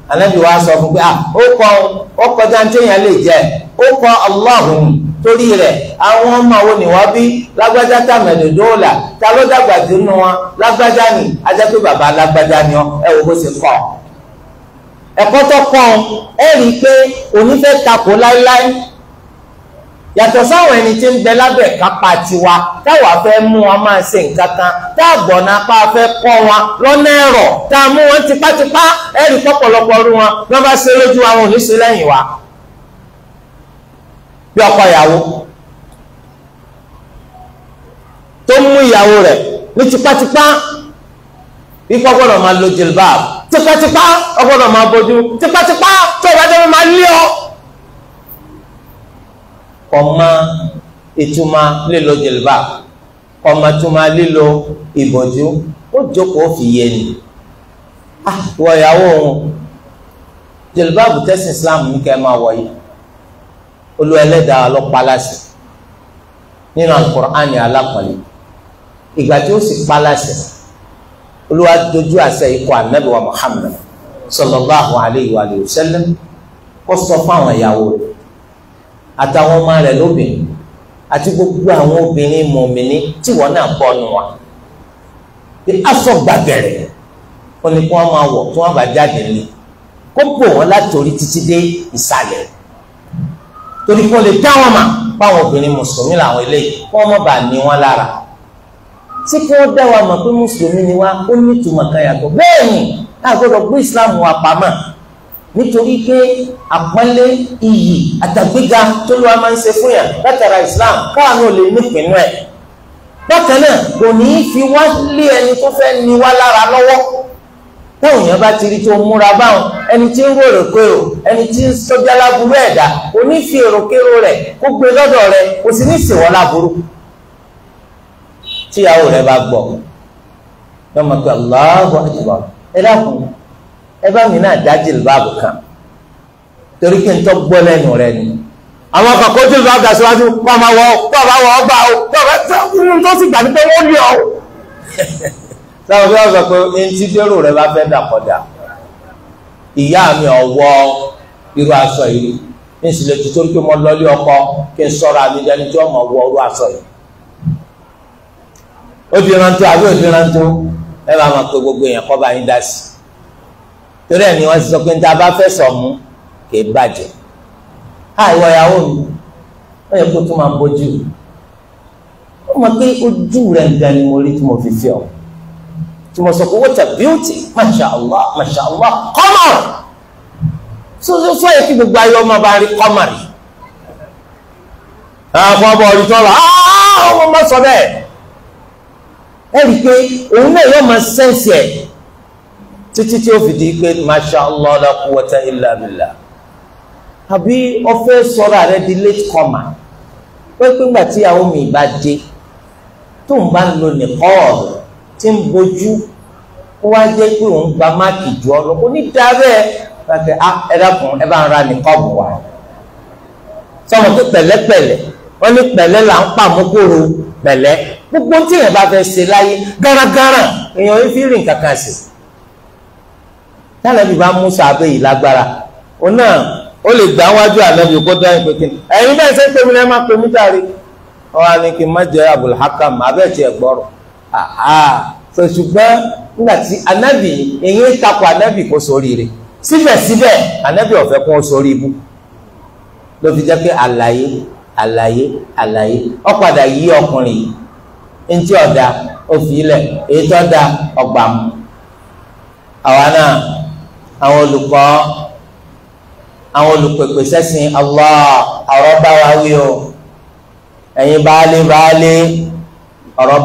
anabi wa sọ fún pé à ó kọ ó kọjá ní téèyàn lè jẹ ó kọ ọlọ́hun torí rẹ̀ àwọn ọmọ wo ni wọ́n bí lágbájá tàmẹ̀lẹ̀ dóòlà ta ló dàgbà dínú wọn lágbájá ni ajá pé bàbá lágbájá ni ọ ẹ wo bó ṣe kọ́ ọ ẹ̀kọ́ tó kàn ẹ́ rí i pé onífẹ́ takò láíláí yàtọ̀ sáwọn ẹni tí ń bẹ lábẹ́ kápá tiwa táwa fẹ́ mú wọn máa ṣe nǹkan kan tá àgbọ̀nà apá fẹ́ kọ́ wọn lọ́nà ẹ̀rọ tá a mú wọn tipátipá ẹ̀rí pọ̀pọ̀lọpọ̀ rú wọn lọ́n bá ṣe lójú àwọn oníṣe lẹ́yìn wa bí ọkọ ìyàwó tó mú ìyàwó rẹ̀ ní tipátipá bí pọ́pọ́lọ́ máa lo jilbab tipẹ́tipá ọgbọ́dọ̀ máa bójú tipẹ́tipá tó bá jẹ́ máa lé ọ. kọ̀ọ̀mà ìtumà lílo jìlbà kọ̀ọ̀mà ìtumà lílo ìbòjú ó jókòó fi yé ni. Ah, wọ ìyàwó òun jìlbà bùtẹ́sì Islam ní kẹ́ máa wọ̀ yìí olú ẹlẹ́dàá lọ́pàá láṣẹ nínú Al-Qur'ani alápọ̀lẹ́ ìgbà tí ó sì pa olúwa dojú àṣẹ ikọ̀ anabi wa muhammed sallallahu alayhi wa sallam kó sọ fún àwọn ìyàwó rẹ̀ àtàwọn ọmọ rẹ̀ lóbìnrin àti gbogbo àwọn obìnrin mọ̀mìnì tí wọ́n náà bọ́ nu wa bí aṣọ gbàgẹ̀rẹ̀ ó ní kí wọ́n máa wọ̀ kí wọ́n bá jáde ní kó bò wọ́n látòrí títí dé ìsàlẹ̀ torí kó lè dá wọn mà báwọn obìnrin mùsùlùmí làwọn eléyìí kó wọ́n má bàa ní wọn lára tí kí wọ́n dá wa mọ̀ pé mùsùlùmí ni wá ó ní ìtumọ̀ kan yàtọ̀ bẹ́ẹ̀ ni a gbọ́dọ̀ gbé islam wa pamọ́ nítorí pé àpọ́nlé iyì àtàgbéga tó ló wa máa ń ṣe fún yàn látara islam káwọn ò lè nípìnú ẹ̀ bákan náà kò ní í fi wá lé ẹni tó fẹ́ ni wá lára lọ́wọ́ táwọn èèyàn bá ti rí tó múra báwọn ẹni tí ń rò èròkérò ẹni tí ń sọjá láburú ẹ̀dá kò ní rẹ̀ kó gbé lọ́dọ̀ rẹ̀ kò sì ní ìsìnwọ́ láburú tíyàwó rẹ bá gbọ́ yọ mọ pé Allahu akbar ẹ dákun ẹ bá mi náà dájú ìlúbàbù kan torí kí n tọ́ gbọ́ lẹ́nu rẹ ni àwọn kan kó tó lọ́ọ́ gàṣíwájú kó ọmọ wọ kó ọmọ wọ ọgbà o kó ọmọ tó sì gbà pé wọ́n yọ o. sáwọn bí wọ́n sọ pé ẹni tí dérò rẹ bá fẹ́ dàkọ̀dà ìyá mi ọ̀wọ́ irú aṣọ yìí ní ìsìlẹ̀ tuntun pé mo lọ́ọ́ ọkọ kí n sọ̀rọ̀ àmì ó di rántó àbí ó di rántó ẹ máa ma pé gbogbo èèyàn kọ́ bá yín dá sí torí ẹ̀ ni wọ́n ti sọ pé níta bá fẹ́ sọ mú kì í bàjẹ́ àìwọ ìyàwó mi ó yẹ kó tún máa bójú ó mọ pé ojú rẹ̀ gan ni mo rí tí mo fi fi ọ tí mo sọ pé what a beauty masha allah masha allah kọ́mọ̀ sọ́sọ́ sọ́ yẹ kí gbogbo ayé ọmọ bá rí kọ́mọ̀ rí àwọn ọmọ ọ̀rí tọ́lọ̀ ah, ọmọ ọmọ sọ bẹ́ẹ̀ ẹ rí i pé òun náà yóò máa sẹ́ǹsì ẹ̀ títí tí ó fi di pé masha allah la quwwata illa billah àbí ọfẹ́ sọ̀rọ̀ rẹ di late comer pẹ́pẹ́ ńgbà tí àwọn mi bá dé tó ń bá ń lo nìkọ́ọ̀lù tí ń bojú kó wá jẹ́ pé òun gba máàkì jù ọ lọ kó ní dábẹ́ pàtẹ ah, ẹ dákun ẹ bá ń ra nìkọ́ọ̀lù wa sọmọ tó pẹ̀lẹ́pẹ̀lẹ́ wọ́n ní pẹ̀lẹ́ là ń pàmò pẹ̀lẹ́ gbogbo tí èèyàn bá fẹ́ ṣe láyé gánragánra èèyàn yìí fi rìn kankan sí tálẹ́bí bá mú sàbẹ̀ yìí lágbára òun náà ó lè gbà wájú ànábì kó dá ìpè kí ni ẹ̀yin bẹ́ẹ̀ ṣe ń pè mí lẹ́ẹ̀ má pè mí tàrí ọ̀hún ni kí n má jẹ́ Abul Hakam abẹ́ẹ̀ tiẹ̀ gbọ́rọ̀ àhà ṣùgbọ́n nígbà tí ànábì èèyàn takò ànábì kó sórí síbẹ̀síbẹ̀ ànábì ọ̀fẹ́ kún sórí ibú ló fi jẹ́ pé àlàyé àlàyé àlàyé ó padà yí ọkùnrin yìí ntí ọ̀dà òfìlẹ̀ èyí tó da ọgbà mu Awọn náà àwọn olùkọ́ àwọn olùpèpè sẹ́sìn Allah ọ̀rọ̀ bá wa wí o ẹ̀yin bá yín o ẹ̀yin ara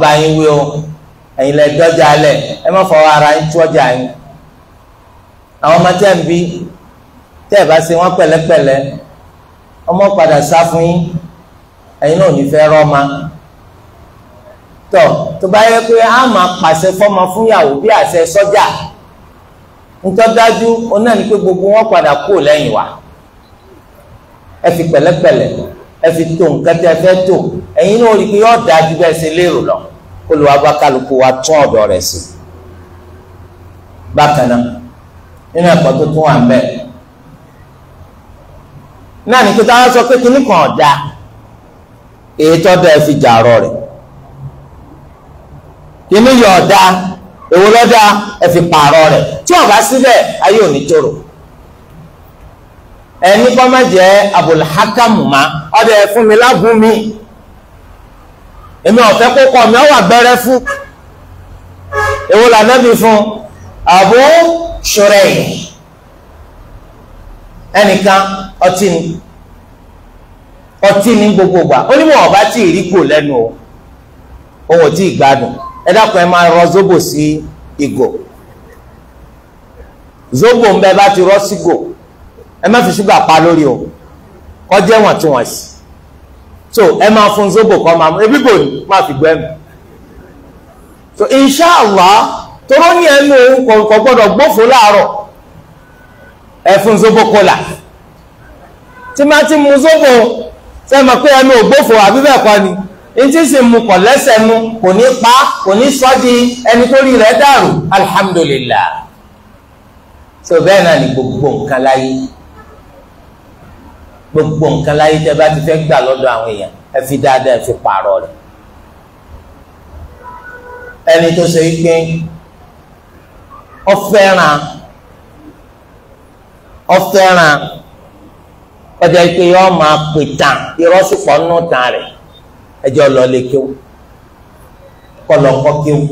bá wọ́n padà sá fún ẹ̀yin náà ò ní tọ tó bá yẹ pé a máa pàṣẹ fọmọ fúnyàwó bí àṣẹ sọ́jà ntọ́dájú onáà ní gbogbo wọn padà kú lẹ́yìn wa ẹ fi pẹ̀lẹ́pẹ̀lẹ́ ẹ fi tó nǹkan tẹ́ fẹ́ tó ẹ̀yin náà rí i pé yóò dájú wa tún ọ̀dọ̀ rẹ̀ sí bákan náà nínú ẹ̀kọ́ tó tún wà náà pé táwọn sọ pé kan inú yọ ọ̀dà èwo lọ́dà ẹ fi pààrọ̀ rẹ̀ tí ọ̀gá síbẹ̀ ayé ò tòrò ẹni kọ́ má jẹ́ Abul Hakam ma ọdẹ fún mi lágùn mi èmi ọ̀fẹ́ kókọ mi ọ̀wà bẹ́rẹ́ fún èwo lànà bí fún Abu Shuraih ẹnìkan ọtí ni ọtí ni gbogbogbà ó ní mọ̀ ọ̀bá tí ì rí kò lẹ́nu o òun ò tí ì gbádùn ẹ dákun ẹ máa rọ zobo sí ìgò zobo ń bẹ bá ti rọ sígò ẹ má fi ṣúgà pa lórí o kó jẹ́ wọ̀ntúnwọ̀nsì so ẹ máa fún zobo kó máa mú ebi gò ní má fi gbẹ mú so inshallah toró ní ẹnu kò gbọ́dọ̀ gbófo láàárọ̀ ẹ fún zobo kọlà tí má ti mú zobo sẹ ma pé ẹnu ògbófo àbí bẹ́ẹ̀ kọ́ ni ntí sì mu kọ̀ lẹ́sẹ̀ mu kò ní pa kò ní sọ́ di ẹni tó rí rẹ̀ dàrú alhamdulillah tó bẹ́ẹ̀ náà ni gbogbo nǹkan láyé gbogbo nǹkan láyé tẹ́ bá ti fẹ́ gbà lọ́dọ̀ àwọn èèyàn ẹ fi dáadáa ẹ fi pààrọ̀ rẹ̀ ẹni tó ṣe wípé ọfẹ́ràn ọfẹ́ràn ọjà ìpè yọ máa pè tán irọ́ sì nù tán rẹ̀ ẹjọ́ lọlé kéwú kọlọ́kọ́ kéwú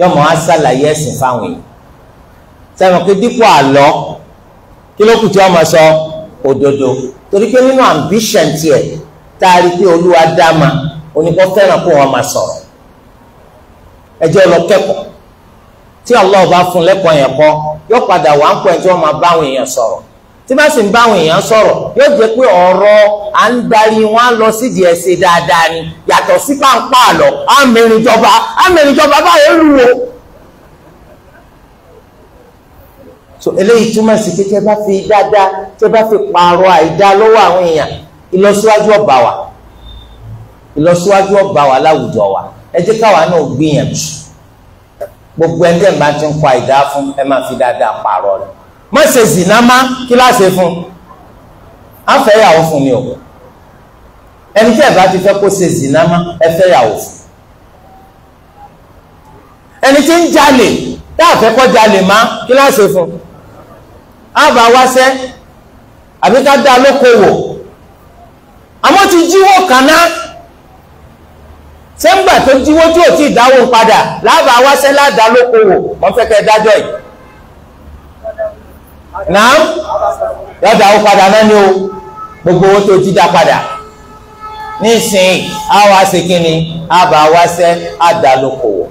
yọmọ asàlàyé ẹ̀sìn fáwọn yìí sẹ́wọ̀n pé dípò àlọ́ kí ló kù tí ọmọ sọ òdodo torí pé nínú ambition tiẹ̀ tá a rí pé olúwa dá ma oníkọ́ kó wọn máa sọ̀rọ̀ ẹjọ́ lọ kẹ́kọ̀ọ́ tí Allah bá fún lẹ́kọ̀ọ́ yẹn kọ́ yóò padà wà ń pọ̀ ẹ̀ tí wọ́n máa bá àwọn èèyàn sọ̀rọ̀ tí bá sì ń bá àwọn èèyàn sọ̀rọ̀ yóò jẹ́ pé ọ̀rọ̀ à ń darí wọn lọ sídìí ẹ̀sẹ̀ dáadáa ni yàtọ̀ sí páńpá àlọ́ àmẹ́rinjọba àmẹ́rinjọba báyìí lù wọ́n. so eléyìí túmọ̀ sí pé tẹ́ bá fi dáadáa tẹ́ bá fi pààrọ̀ àìdá lọ́wọ́ àwọn èèyàn ìlọsíwájú ọ̀bà wa ìlọsíwájú ọ̀bà wa láwùjọ wa ẹ jẹ́ káwa náà gbìyànjú gbogbo ẹgbẹ́ máa ti ń kọ àìdá fún ẹ máa fi dáadáa pààrọ̀ rẹ̀ má ṣe zìnà má kí la ṣe fún á fẹ́ yàwó fún ni o ẹni tí ẹ bá ti fẹ́ kó ṣe zìnà má ẹ fẹ́ yàwó fún ẹni tí ń jalè tá a fẹ́ kó jalè má kí la ṣe fún á bá wáṣẹ́ àbí ká dá lókòwò àmọ́ ti jíwó kaná sẹ́ńgbà tó jíwó tí ò tí ì dáwó padà lábàá wáṣẹ́ ládàá lókòwò wọ́n fẹ́ kẹ́ dájọ́ yìí náà yọ̀dà ó padà náà ni o gbogbo owó tó ti dá padà nísìnyí á wá sí kínní a bá wá sẹ́ á dá lókòwò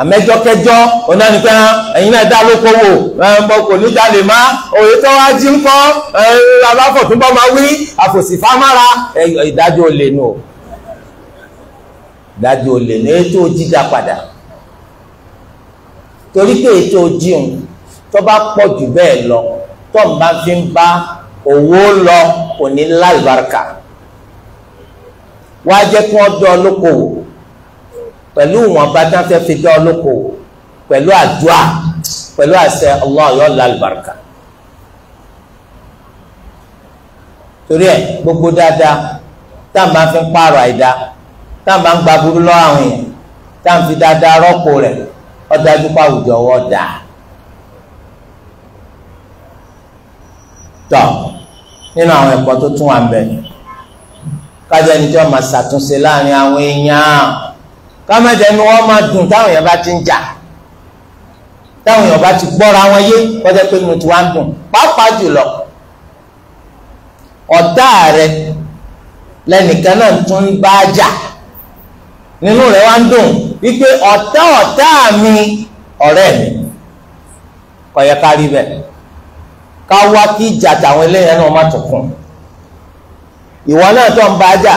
àmẹjọkẹjọ onáníkẹ ah, ẹyin náà dá lókòwò ẹnbọ kò ní jalè má òye tó wá jí ń kọ abáfọtúnbọ máa wí àfòsífámára ìdájọ́ olè nù ìdájọ́ olè nù ètò jíjà padà torí pé ètò jíun tó bá pọ̀ jù bẹ́ẹ̀ lọ tó ń bá fi ń bá owó lọ kò ní lálùbáríkà wá jẹ́ kí wọ́n dán olókòwò pẹ̀lú wọn bá dán fẹ́ fi dán olókòwò pẹ̀lú àdúrà pẹ̀lú àṣẹ Allah yóò lálùbáríkà. torí ẹ gbogbo dáadáa tá a máa fi ń pààrọ̀ àìda tá a máa ń gba burú lọ́wọ́ àwọn èèyàn tá a fi dáadáa rọ́pò rẹ̀ ọdájú pa àwùjọ ọwọ́ dà tọ nínú àwọn ẹ̀kọ́ tó tún wà bẹ kájọ ẹni tí wọn máa ṣàtúnṣe láàrin àwọn èèyàn kámẹjẹ ni wọn máa dùn táwọn èèyàn bá ti ń jà táwọn èèyàn bá ti gbọ́ra wọn yé kọjá pé mo ti wá ń dùn pàápàá jùlọ ọ̀tá rẹ lẹnìkan náà tún bá jà nínú rẹ wá ń dùn wípé ọ̀tá ọ̀tá mi ọ̀rẹ́ mi kò yẹ ká rí bẹ́ẹ̀ ká wá kí ìjà tàwọn eléyìí náà má tún kún ìwọ náà tó ń bá jà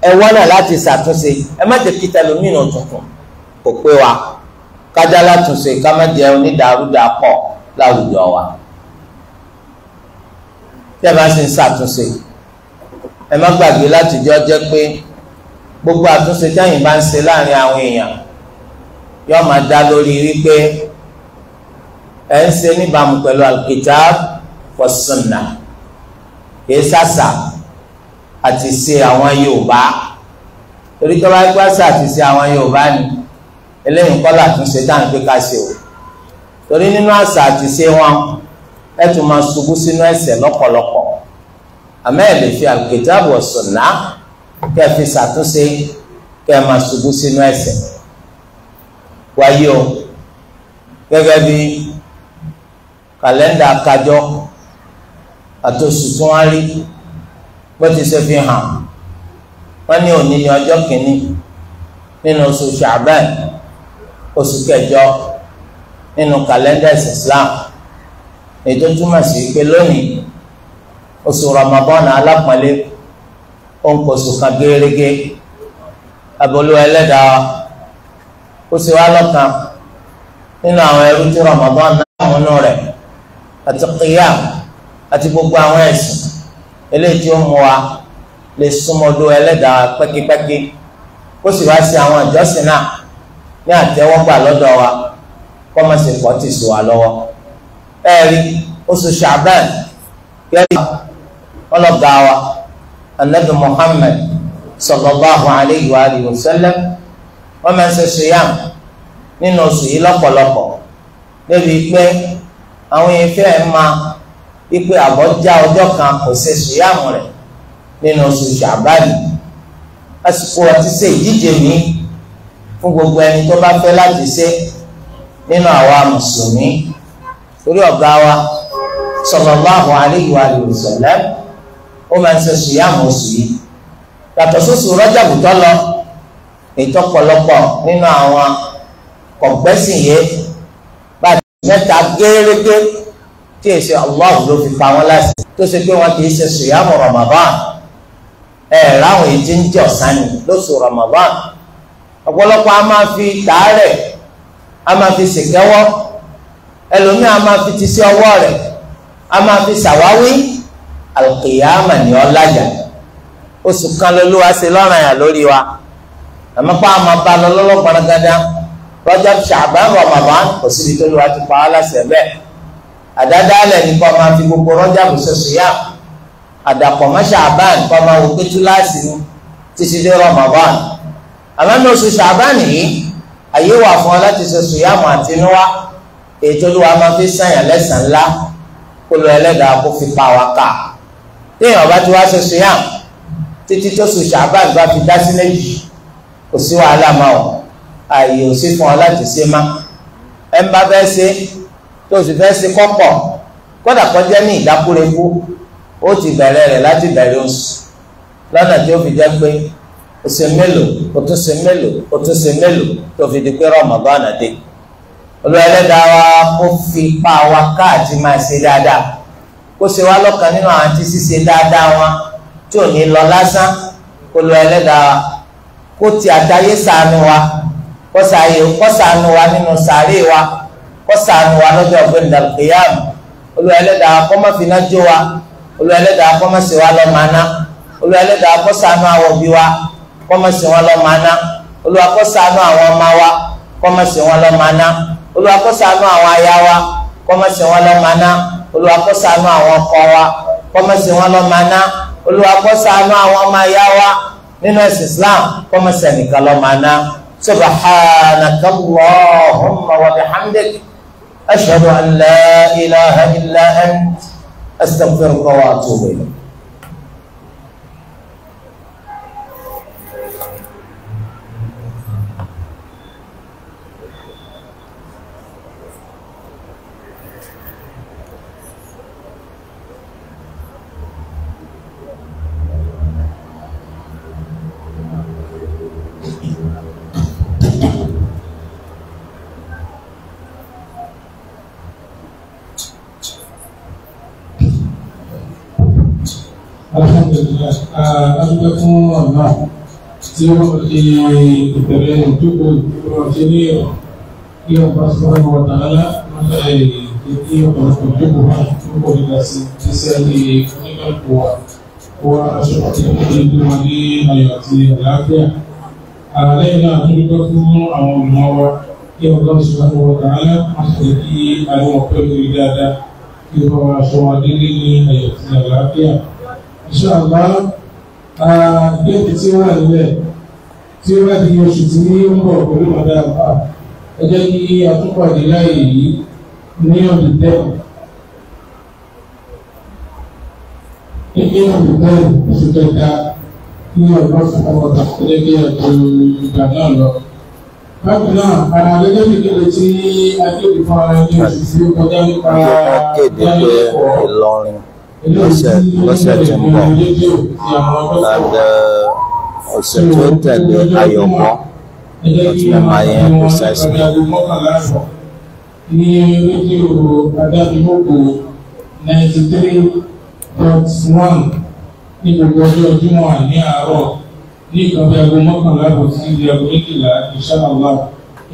ẹ wọ́n náà láti ṣàtúnṣe ẹ má jẹ́ kí tẹlómìnà tuntun kò pé wa kájà látúnṣe ká má jẹ́ onídàárúdàpọ̀ láwùjọ wa tí bá sì ń ṣàtúnṣe ẹ má gbàgbé láti jọ jẹ́ pé gbogbo àtúnṣe táyìn bá ń ṣe láàrin àwọn èèyàn yóò máa dá lórí wípé ẹ ń ṣe níbàámu pẹ̀lú al-kitab wa sunnah kì í sàṣà àti ṣe àwọn Yorùbá torí tó bá gbá sà àti ṣe àwọn Yorùbá ni eléyìí kọ́ làtúnṣe táyìn pé ká ṣe o torí nínú àṣà àti ṣe wọn ẹ tún máa ṣubú sínú ẹ̀ṣẹ̀ lọ́pọ̀lọpọ̀ àmọ́ ẹ lè wa sunnah kẹ́ fi ṣàtúnṣe kẹ́ máa ṣubú sínú ẹ̀ṣẹ̀ wáyé o gẹ́gẹ́ bí kàlẹ́ndà kájọ àtòsù tí wọ́n rí bó ti ṣe fi hàn wọ́n ní òní ní ọjọ́ kìíní nínú oṣù Ṣàbẹ́ẹ̀ oṣù kẹjọ nínú kàlẹ́ndà ẹ̀sìn Islam èyí tó túmọ̀ sí pé lónìí oṣù Ramadan alápọ̀nlé ó ń pọ̀ sùn kan gẹ́gẹ́ abọ́lú ẹlẹ́dàá ó sì wá lọ́kàn nínú àwọn ẹrú tí Ramadan náà wọn náà rẹ̀ àti kíyà àti gbogbo àwọn ẹ̀sìn eléyìí tí ó mú wa lè súnmọ́dọ̀ ẹlẹ́dàá pẹ́kípẹ́kí ó sì wá sí àwọn ìjọsìn náà ní àtẹ́wọ́gbà lọ́dọ̀ wa kọ́ máa ṣe pọ̀ lọ́wọ́ ẹ̀rí oṣù Sha'ban yẹ́rì ọlọ́gàá wa. النبي محمد صلى الله عليه وآله وسلم ومن wọ́n من ń إلى ṣèyàm nínú oṣù yìí lọ́pọ̀lọpọ̀ débi pé àwọn ìfẹ́ ẹ̀ máa wípé àbọ̀já ọjọ́ kan kò ṣe ṣèyàm rẹ̀ nínú oṣù ṣàbáàlì àsìkò àti ṣe ìdíje mi fún gbogbo ẹni tó bá fẹ́ láti ṣe nínú àwa mùsùlùmí torí ọ̀gá wa sallallahu alayhi wa alihi wa ó máa ń ṣe sùyàmù oṣù yìí yàtọ̀ sóṣù rọ́jàbù tó lọ ètò ọ̀pọ̀lọpọ̀ nínú àwọn kọ̀gbẹ́sìn yìí bá mẹ́ta gẹ́rẹ́gẹ́ tí èsì Allah ló fi pa wọn láti tó ṣe pé wọn kì í ṣe sùyàmù Ramadan ẹ̀ ráwọn èjì ń jẹ́ ọ̀sán ni lóṣù Ramadan ọ̀pọ̀lọpọ̀ a máa fi tàárẹ̀ a máa fi ṣèkẹ́wọ́ ẹlòmíì a máa fi ti sí ọwọ́ rẹ̀ a máa fi ṣàwáwí alùkìyàmà ni ọ lájà oṣù kan lolúwa ṣe lọ́ranyàn lórí wa àmọ́ pa àmọ́ bá lọ lọ́lọ́gbọ̀n gángan Rajab Sha'ban Ramadan kò síbi tó lùwà ti pa á láṣẹ bẹ́ẹ̀ àdádálẹ̀ ní kọ́ máa fi gbogbo Rajab ṣoṣù yá àdàpọ̀ mọ́ Sha'ban kọ́ máa wò pé túláàsì ni títí dé Ramadan àmọ́ ní oṣù Sha'ban yìí àyè wà fún ọ láti ṣoṣù yá mọ́ àtinúwá èyí tó lùwà máa fi sàyàn lẹ́sàn-án ńlá kó lọ ẹlẹ́dàá kó fi pa wa káà téèyàn bá ti wá ṣe siyam títí tó sùn ṣàbàn bá fi dá sí méjì kò sí wàhálà máa ọ̀ ààyè ò sí fún ọ láti ṣe má ẹ ń bá fẹ́ ṣe tó sì fẹ́ ṣe kọ́pọ̀ kódà kó jẹ́ ní ìdákúrekú ó ti bẹ̀rẹ̀ rẹ̀ láti bẹ̀rẹ̀ oṣù lọ́nà tí ó fi jẹ́ pé ó mélòó ó tún mélòó ó tún mélòó tó fi di pé Ramadan dé olú wa kó fi pa wa káàtì máa ṣe dáadáa kó ṣe wá lọ́kàn nínú àwọn àti ṣíṣe dáadáa wọn tí ò ní lọ lásán kó lọ ẹlẹ́dàá wa kó ti àtayé ṣàánú wa kó ṣàánú wa nínú sàárè wa kó ṣàánú wa lọ́jọ́ ọ̀gbẹ́ni dàlùkìyàmù Olúwa ẹlẹ́dàá kó má fi iná jó wa Olúwa ẹlẹ́dàá kó má ṣe wá lọ́mọ aná Olúwa ẹlẹ́dàá kó ṣàánú àwọn òbí wa kó má ṣe wọn lọ́mọ aná Olúwa kó ṣàánú àwọn ọmọ wa kó má ṣe wọn lọ́mọ aná Olúwa kó ṣàánú àwọn aya wa kó má ṣe wọn lọ́mọ aná olúwa kó ṣàánú àwọn ọkọ wa kọ́mọ̀sí wọn lọ́ máa ná olúwa kó ṣàánú àwọn ọmọ ayá wa nínú ẹ̀sìn Islam kọ́mọ̀sí ẹnìkan lọ́ máa ná subhanaka Allahumma wa bihamdik ashhadu an la ilaha illa ant astaghfiruka wa atubu ilayk. fún àgbà tí ó fi ìbẹ̀rẹ̀ ìjókòó ìgbìmọ̀ ṣe ní kí ọba sọ́nà ọ̀tà ńlá ní ọ̀pọ̀lọpọ̀ ìjókòó máa ń bọ̀ nígbà sí iṣẹ́ ní onígbàgbọ́ wa kó wá aṣọ àti ìpínlẹ̀ ìgbìmọ̀ ní ayọ̀ àti àlàáfíà. àlẹ́ náà tó dúpẹ́ fún àwọn ọmọ wa kí ọba sọ́nà ọ̀tà ńlá máa ṣe kí àwọn ọ̀pẹ́ lórí déètì tí ó wà nílẹ̀ tí ó bá di oṣù tí ó ń bọ̀ pẹ̀lú mọ̀dáàbà ẹ jẹ́ kí àtúpàdé láàyè yìí ní ọ̀dẹ̀ tẹ́wọ̀n. ní ọ̀dẹ̀ tẹ́wọ̀n oṣù kẹta ní ọ̀dọ́ fún ọ̀tà ẹ jẹ́ kí ẹ̀tọ́ ìgbà náà lọ. bákan náà ara gẹ́gẹ́ bí kéde tí akéde fún ara ní oṣù tí ó kọjá nípa ìdánilẹ́kọ̀ọ́ Ìlọrin lọ́sẹ̀ lọ́sẹ̀ tó ń bọ̀ and uh, ọ̀sẹ̀ tó tẹ̀lé ayọ̀mọ́ láti lè máa yẹn precisely. ní rédíò adájúmọ́kò ninety three dot one ní gbogbo ọjọ́ ojúmọ́ àní àárọ̀ ní ìkànnì aago mọ́kànlá àbọ̀ sí ilé aago méjìlá ìṣáàlá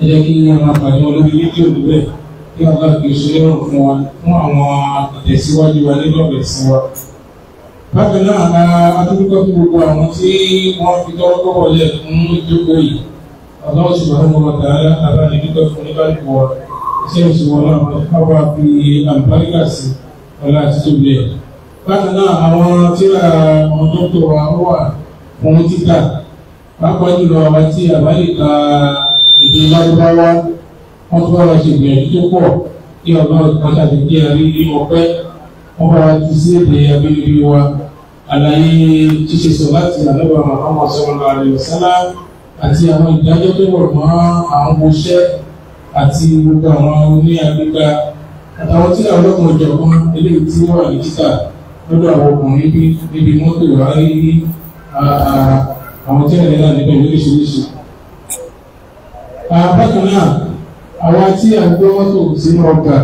ẹ kí ẹ máa pàdé wọn lórí rédíò níbẹ̀ kí ọlọ́run kì í ṣe lérò fún wa fún àwọn àtẹ̀síwájú wa nígbàgbẹ̀ sí wa. bákan náà la adúgbò fún gbogbo àwọn tí wọ́n fi tọ́wọ́ tọ́wọ́ lẹ̀ fún ìjókòó yìí ọlọ́run sì wọ́n mọ̀ dáadáa abánidúgbò fún nígbàgbọ́ wa tí ó sì náà wọ́n wá fi àlùbáríkà sí ọlá àti tóbi ẹ̀. bákan náà àwọn tí àwọn dókítà wa wà fún títà pápá jùlọ àwọn tí àbáyé ka èdè wọ́n tún bára ṣe ìgbìyànjú tó pọ̀ kí ọlọ́run kan ṣàtìkí àrí ọpẹ́ wọ́n bára ti sí èdè abínibí wa àlàyé ṣíṣe sọ láti àlọ́bà àwọn ọ̀sọ̀rọ̀ àlẹ́sálá àti àwọn ìdájọ́ tó wọ̀ mọ́ àwọn oṣẹ́ àti gbogbo àwọn oní àgbéga àtàwọn tí àwọn ọlọ́kùnrin ìjọ̀kan eléyìí tí wọ́n wà ní títà lọ́dọ̀ àwọn ọkùnrin bí níbi mọ́tò ráyé ní àwọn tí ẹ̀rẹ́ náà níbẹ̀ lóríṣiríṣi. bákan náà àwa tí a gbé mọ́tò sínú ọgbà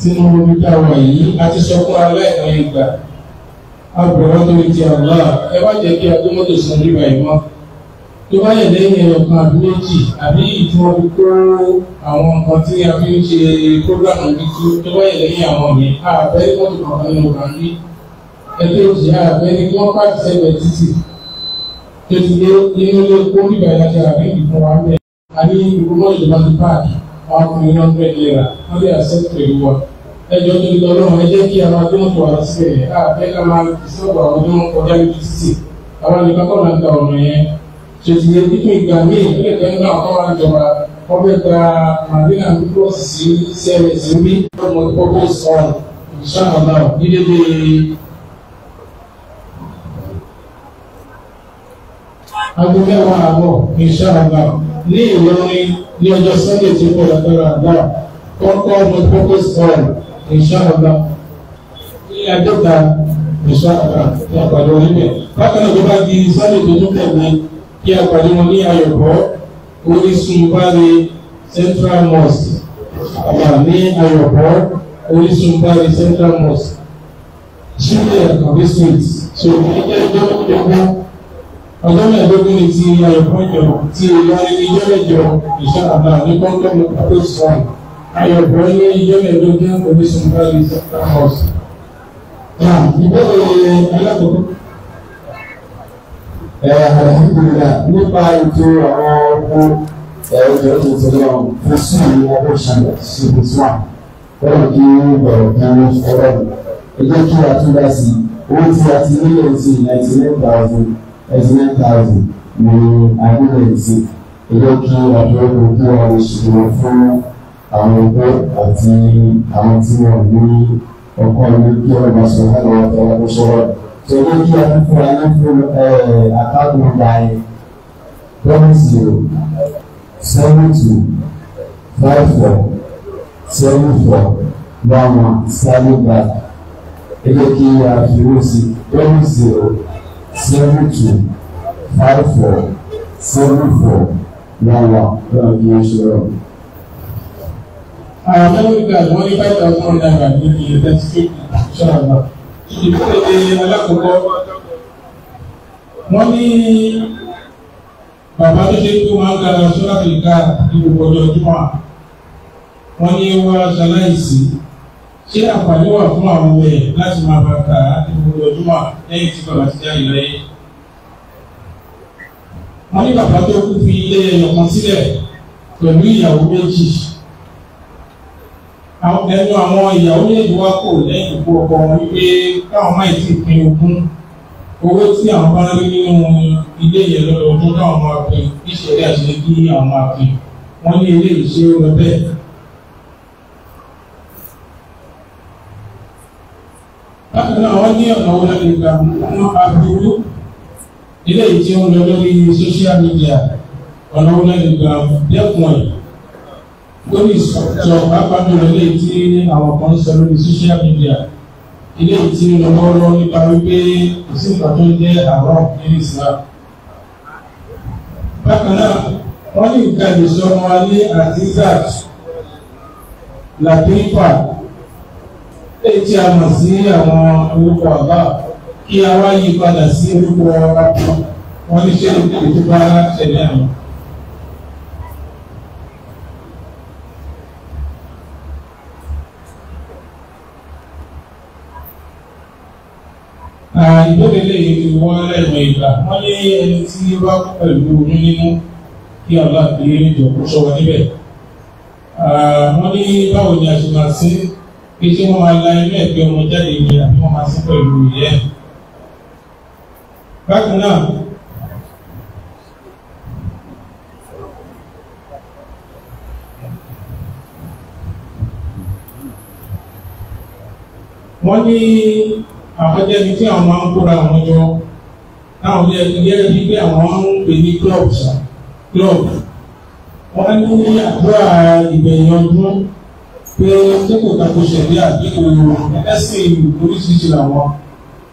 sínú omi dáwà yìí a ti sọ fún aláìmọ̀ ìgbà agbọ̀rọ̀ tó ti àlá ẹ wá jẹ́ kí a gbé mọ́tò sínú ìgbà yìí mọ́ tó bá yẹ lẹ́yìn ẹ̀yọ̀kan àbí méjì àbí ìtumọ̀ fi kó àwọn nǹkan tí a fi ń ṣe prógrámù tuntun tó bá yẹ lẹ́yìn àwọn mi àbẹ́ mọ́tò kankan nínú ọ̀gá ní ẹgbẹ́ òjì àbẹ́ ni kí wọ́n pàṣẹ ẹgbẹ́ títì tó ti dé nínú ilé kó nígbà yàtọ̀ àbí ìfún wa bẹ́ẹ̀ a ní gbogbo ìjọba ti páàkì àwọn ọkùnrin náà bẹ̀rẹ̀ lera wọ́n lè àṣẹ pẹ̀lú wa ẹjọ́ tó ti lọ lọ́wọ́ ẹ jẹ́ kí àwọn adúmọ̀tò wà sílẹ̀ àbẹ́ ká máa ìṣòro àwọn tó ń kọjá lójú títì àwọn àgbẹ̀ kọ́kọ́ náà gba ọ̀nà yẹn ṣètì yẹn nínú ìgbà míì ìpínlẹ̀ kan náà kọ́ máa jọba wọ́n fẹ́ gba màdínà dúró sí cls ní ọmọ ìkọ́kọ́ sọ̀rọ̀ ìṣàkànnà nídéédéé aago mẹ́wàá àbọ̀ ìṣáàlà ní Ìlọrin ní ọjọ́ sunday tí kò lágbára àgbà kọ́kọ́ ọmọ pọ́pọ́ sọ̀rọ̀ ìṣáàlà ní àdọ́ta ìṣáàlà ní àpàdé wọn níbẹ̀. bákan náà tó bá di sunday tó tún tẹ̀lé kí àpàdé wọn ní ayọ̀bọ̀ orísun báre central mosque àbà ní ayọ̀bọ̀ orísun báre central mosque sílẹ̀ àkàbí street so ìjẹ́ ìjọba ìjọba ọjọ́ mẹ́ẹ̀ẹ́dógún ni ti ayọ̀ fún ìjọ ti ìlọrin ní ìjọ́lẹ̀jọ ìṣàlàdà ní kọ́ńtọ́mù àtòsùn ayọ̀ fún ní ìjọ́lẹ̀dógún oníṣun báyìí sọ́kà house. Náà ìbéèrè alákòókò. Ẹ àlàyé nípa ètò àwọn ọkọ ẹ̀rọ tó ti lọ fún sí ìwọ̀n bó ṣàlẹ̀ sí ìbùsùn ọ̀rọ̀ kí ó bẹ̀rẹ̀ kí wọ́n fọ́rọ̀. Ẹ jẹ́ kí a túbọ̀ sí owó tí a ti nílò ti ninety thousand eighty-nine thousand ní agbẹ́rẹ́ǹtì ẹjọ́ kí àbúrò kí àwọn ìṣòro fún àwọn ẹgbẹ́ àti àwọn tí wọ́n ní ọkọ̀ ní kí wọ́n bá sọ fún àwọn ọ̀tọ̀ ọ̀tọ̀ sọ̀rọ̀ tó ẹjọ́ kí afẹ́fẹ́ aláfẹ́ àkáàbò dáì one zero seven two five four seven four one one sáré gbà ẹjọ́ kí a fi wọ́n sí one zero seven two five four seven four one one lọ́nà kí n ṣe rọ̀. àwọn mẹ́rìndínlá ni wọ́n ní five thousand naira ní iye thirty two ṣọ́ọ̀nà ìdílé alákòókò wọ́n ní bàbá tó ṣe tó máa ń gara sọ́lá fìlíkà ní gbogbo jùmọ̀ wọ́n ní wọ́n aṣáláìsì tí àǹfààní wà fún àwọn ọmọ ẹ̀ láti máa bá ka ìfowópamọ́ lẹ́yìn tí bàbá ti jáde láyé. wọ́n ní bàbá tó kú fi ilé ẹyọ kan sílẹ̀ pẹ̀lú ìyàwó méjì. ẹnu àwọn ìyàwó méjì wá kò lẹ́yìn òkú ọkọ wọn wípé káwọn máa ti pín ogún owó tí àwọn bá rí nínú ilé yẹn lọ́dọọdún káwọn máa pín ìṣẹ̀lẹ̀ àṣẹ kí àwọn máa pín wọ́n ní ilé ìṣe ọ̀rọ̀ bẹ́ẹ̀. bákan náà wọ́n ní ọ̀nà wọn láti gba àwọn aburú ilé yìí tí ó ń lọ lórí social media ọ̀nà wọn láti gba dẹ́kun ẹ̀ lórí ìsọ̀tọ̀ pápá lórí ilé tí àwọn kan ń sọ lórí social media ilé yìí tí ó lọ lọ́wọ́ nípa wípé kò sí nǹkan tó ń jẹ́ àrọ́ nínú Islam bákan náà wọ́n ní nǹkan ìṣọ́ wọn ní àti zax làpínpà èyí tí a mọ̀ sí àwọn orúkọ àbá kí a wá yí padà sí orúkọ ọba wọn ní ṣé èyí tó bá ṣẹlẹ̀ àwọn. ìbéèrè lẹ́yìn tí wọ́n lẹ́nu ìgbà wọ́n ní ẹni tí ó bá pẹ̀lú oyún nínú kí ọlá kí ìjọ kó ṣọwọ́ níbẹ̀. wọ́n ní báwo ni a ṣe máa ṣe pé tí wọ́n máa la inú ẹ̀gbẹ́ ọmọ jáde ní àbí wọ́n máa sí pẹ̀lú ìyẹ́. Bákan náà, wọ́n ní àwọn jẹ́bi tí àwọn máa ń kóra àwọn jọ táwọn jẹ́bi jẹ́bi pé àwọn máa ń pè ní club wọ́n ní àdúrà ìgbẹ̀yìn ọdún pé dípò tako ṣẹ̀rí àdínkù ẹ̀sìn oríṣiríṣi làwọn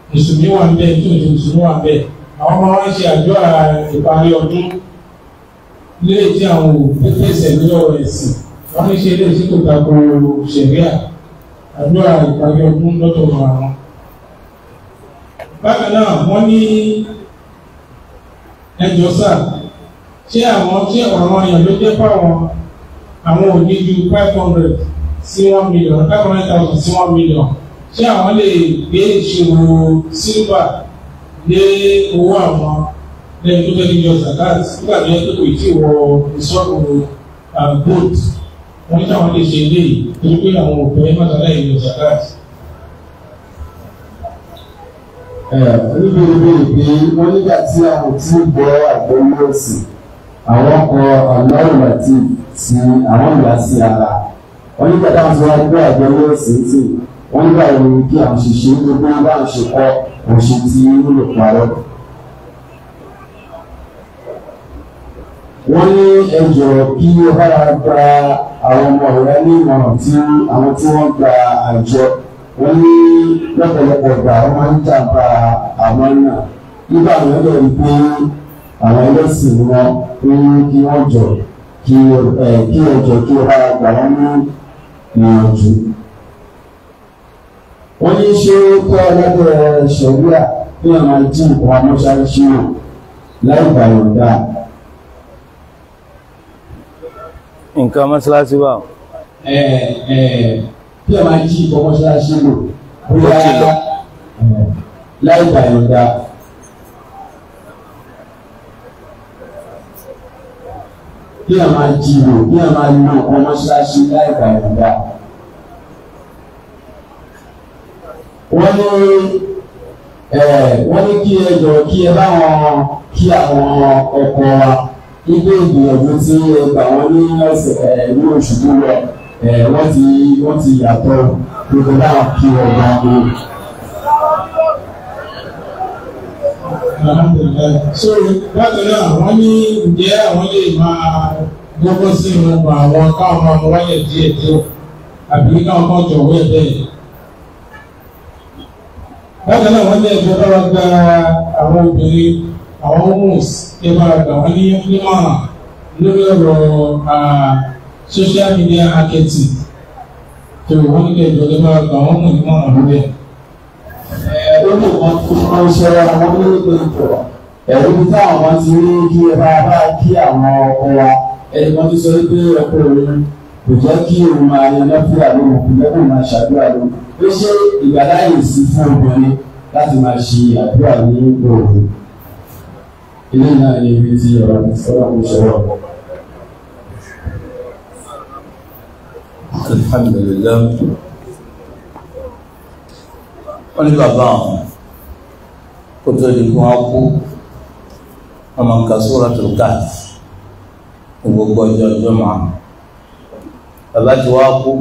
mùsùlùmí wà ń bẹ tí òjò mùsùlùmí wà ń bẹ àwọn ọmọ wa ń ṣe àdúrà ìparí ọdún léè tí àwọn òpépè ṣẹ̀rí ọ̀rọ̀ ẹ̀sìn wọ́n ń ṣe léè tí kò tako ṣẹ̀rí àdúrà ìparí ọdún lọ́tọ̀ àwọn. bákan náà wọ́n ní ẹjọ́ sáà ṣé àwọn ṣé àwọn èèyàn ló jẹ́ fáwọn àwọn ò ní ju five hundred sí one million five hundred thousand sí one million ṣé àwọn lè gbé ìṣòro silver lé owó àwọn lẹ́yìn tó fẹ́ kí n yọ zakat nígbà tó yẹ kó ìtì wọ ìṣòro gold wọ́n ní káwọn lè ṣe eléyìí torí pé àwọn òbẹ̀rẹ̀ mọ́ta lẹ́yìn yọ zakat. níbi ìbéèrè pé wọ́n nígbà tí àwọn tí ń bọ́ àgbọ̀wé ọ̀sìn àwọn kan aláwọ̀ àti àwọn ìlà ara wọ́n nígbà tá a ti wá gbé àjọ lẹ́sìn tì wọ́n nígbà ìròyìn kí àwọn òṣìṣẹ́ gbogbo bá ń ṣe kọ́ òṣì tí wúlò parọ́. wọ́n ní ẹjọ́ kí ó bára gba àwọn ọmọ rẹ ní ìmọ̀ràn tí àwọn tí wọ́n gba àjọ wọ́n ní lọ́pọ̀lọpọ̀ ìgbà wọ́n máa ń jàǹbá àwọn náà nígbà wọn lè rí pé àwọn ẹlẹ́sìn wọn ń kí wọ́n jọ kí ẹjọ́ kí ó bára gba wọn ní yanjú wọ́n ní ṣe kọ́ ọlọ́dọ̀ ṣẹ̀ríà ní ọ̀nà ìdí nǹkan amọ́ṣáláṣí náà láì bàyọ̀dá. nǹkan amọ́ṣáláṣí wà. ẹ ẹ bí ọ̀nà ìdí nǹkan amọ́ṣáláṣí lò bóyá láì bàyọ̀dá. kí ẹ máa jìbò kí ẹ máa lo ọkọ mọ́ṣáláṣí láì gbà ìgbà. wọ́n ní wọ́n ní kí ẹ jọ kí ẹ bá wọn kí àwọn ọkọ wa nígbà ìgbìyànjú tí ẹ gbà wọ́n ní ọ̀sẹ̀ ní oṣù tó lọ wọ́n ti yàtọ̀ gbogbo náà kí ọ̀gá wọn. so bákan náà wọ́n ní ǹjẹ́ àwọn lè máa lọ́kọ́ sí ìrọ̀gbọ̀n àwọn káwọn máa wáyẹ̀ díẹ̀ díẹ̀ àbí káwọn máa jọ̀wọ́ ẹ̀ bẹ́ẹ̀. bákan náà wọ́n ní ẹjọ́ bá wa gba àwọn obìnrin àwọn homes ẹ bá gbà wọ́n ní nímọ̀ràn lórí ọ̀rọ̀ social media marketing tó wọ́n ní ẹjọ́ bá wa gba wọ́n mú nímọ̀ràn lórí ẹ̀ lórí ìkan tí wọ́n ṣe àwọn onílé ìpò ẹ̀rú bí táwọn ọmọ ti rí kí ẹ bá bá kí àwọn ọkọ wa ẹni wọ́n ti sọ pé ọkọ òun kò jẹ́ kí òun máa yan lọ́fíà lóhùn kò jẹ́ kó máa ṣàdúrà lóhùn ó ṣe ìgbàláyè sí fún obìnrin láti máa ṣe àdúrà ní òòrùn ilé náà ní ibi tí ọ̀rọ̀ mi sọ́dọ̀ mi ṣọwọ́. alhamdulilayi wọ́n ní bàbá àwọn kó tó di kó wọ́n kú wọ́n máa ń ka Suratul Kahf gbogbo ọjọ́ ọjọ́ máa bàbá tí wọ́n kú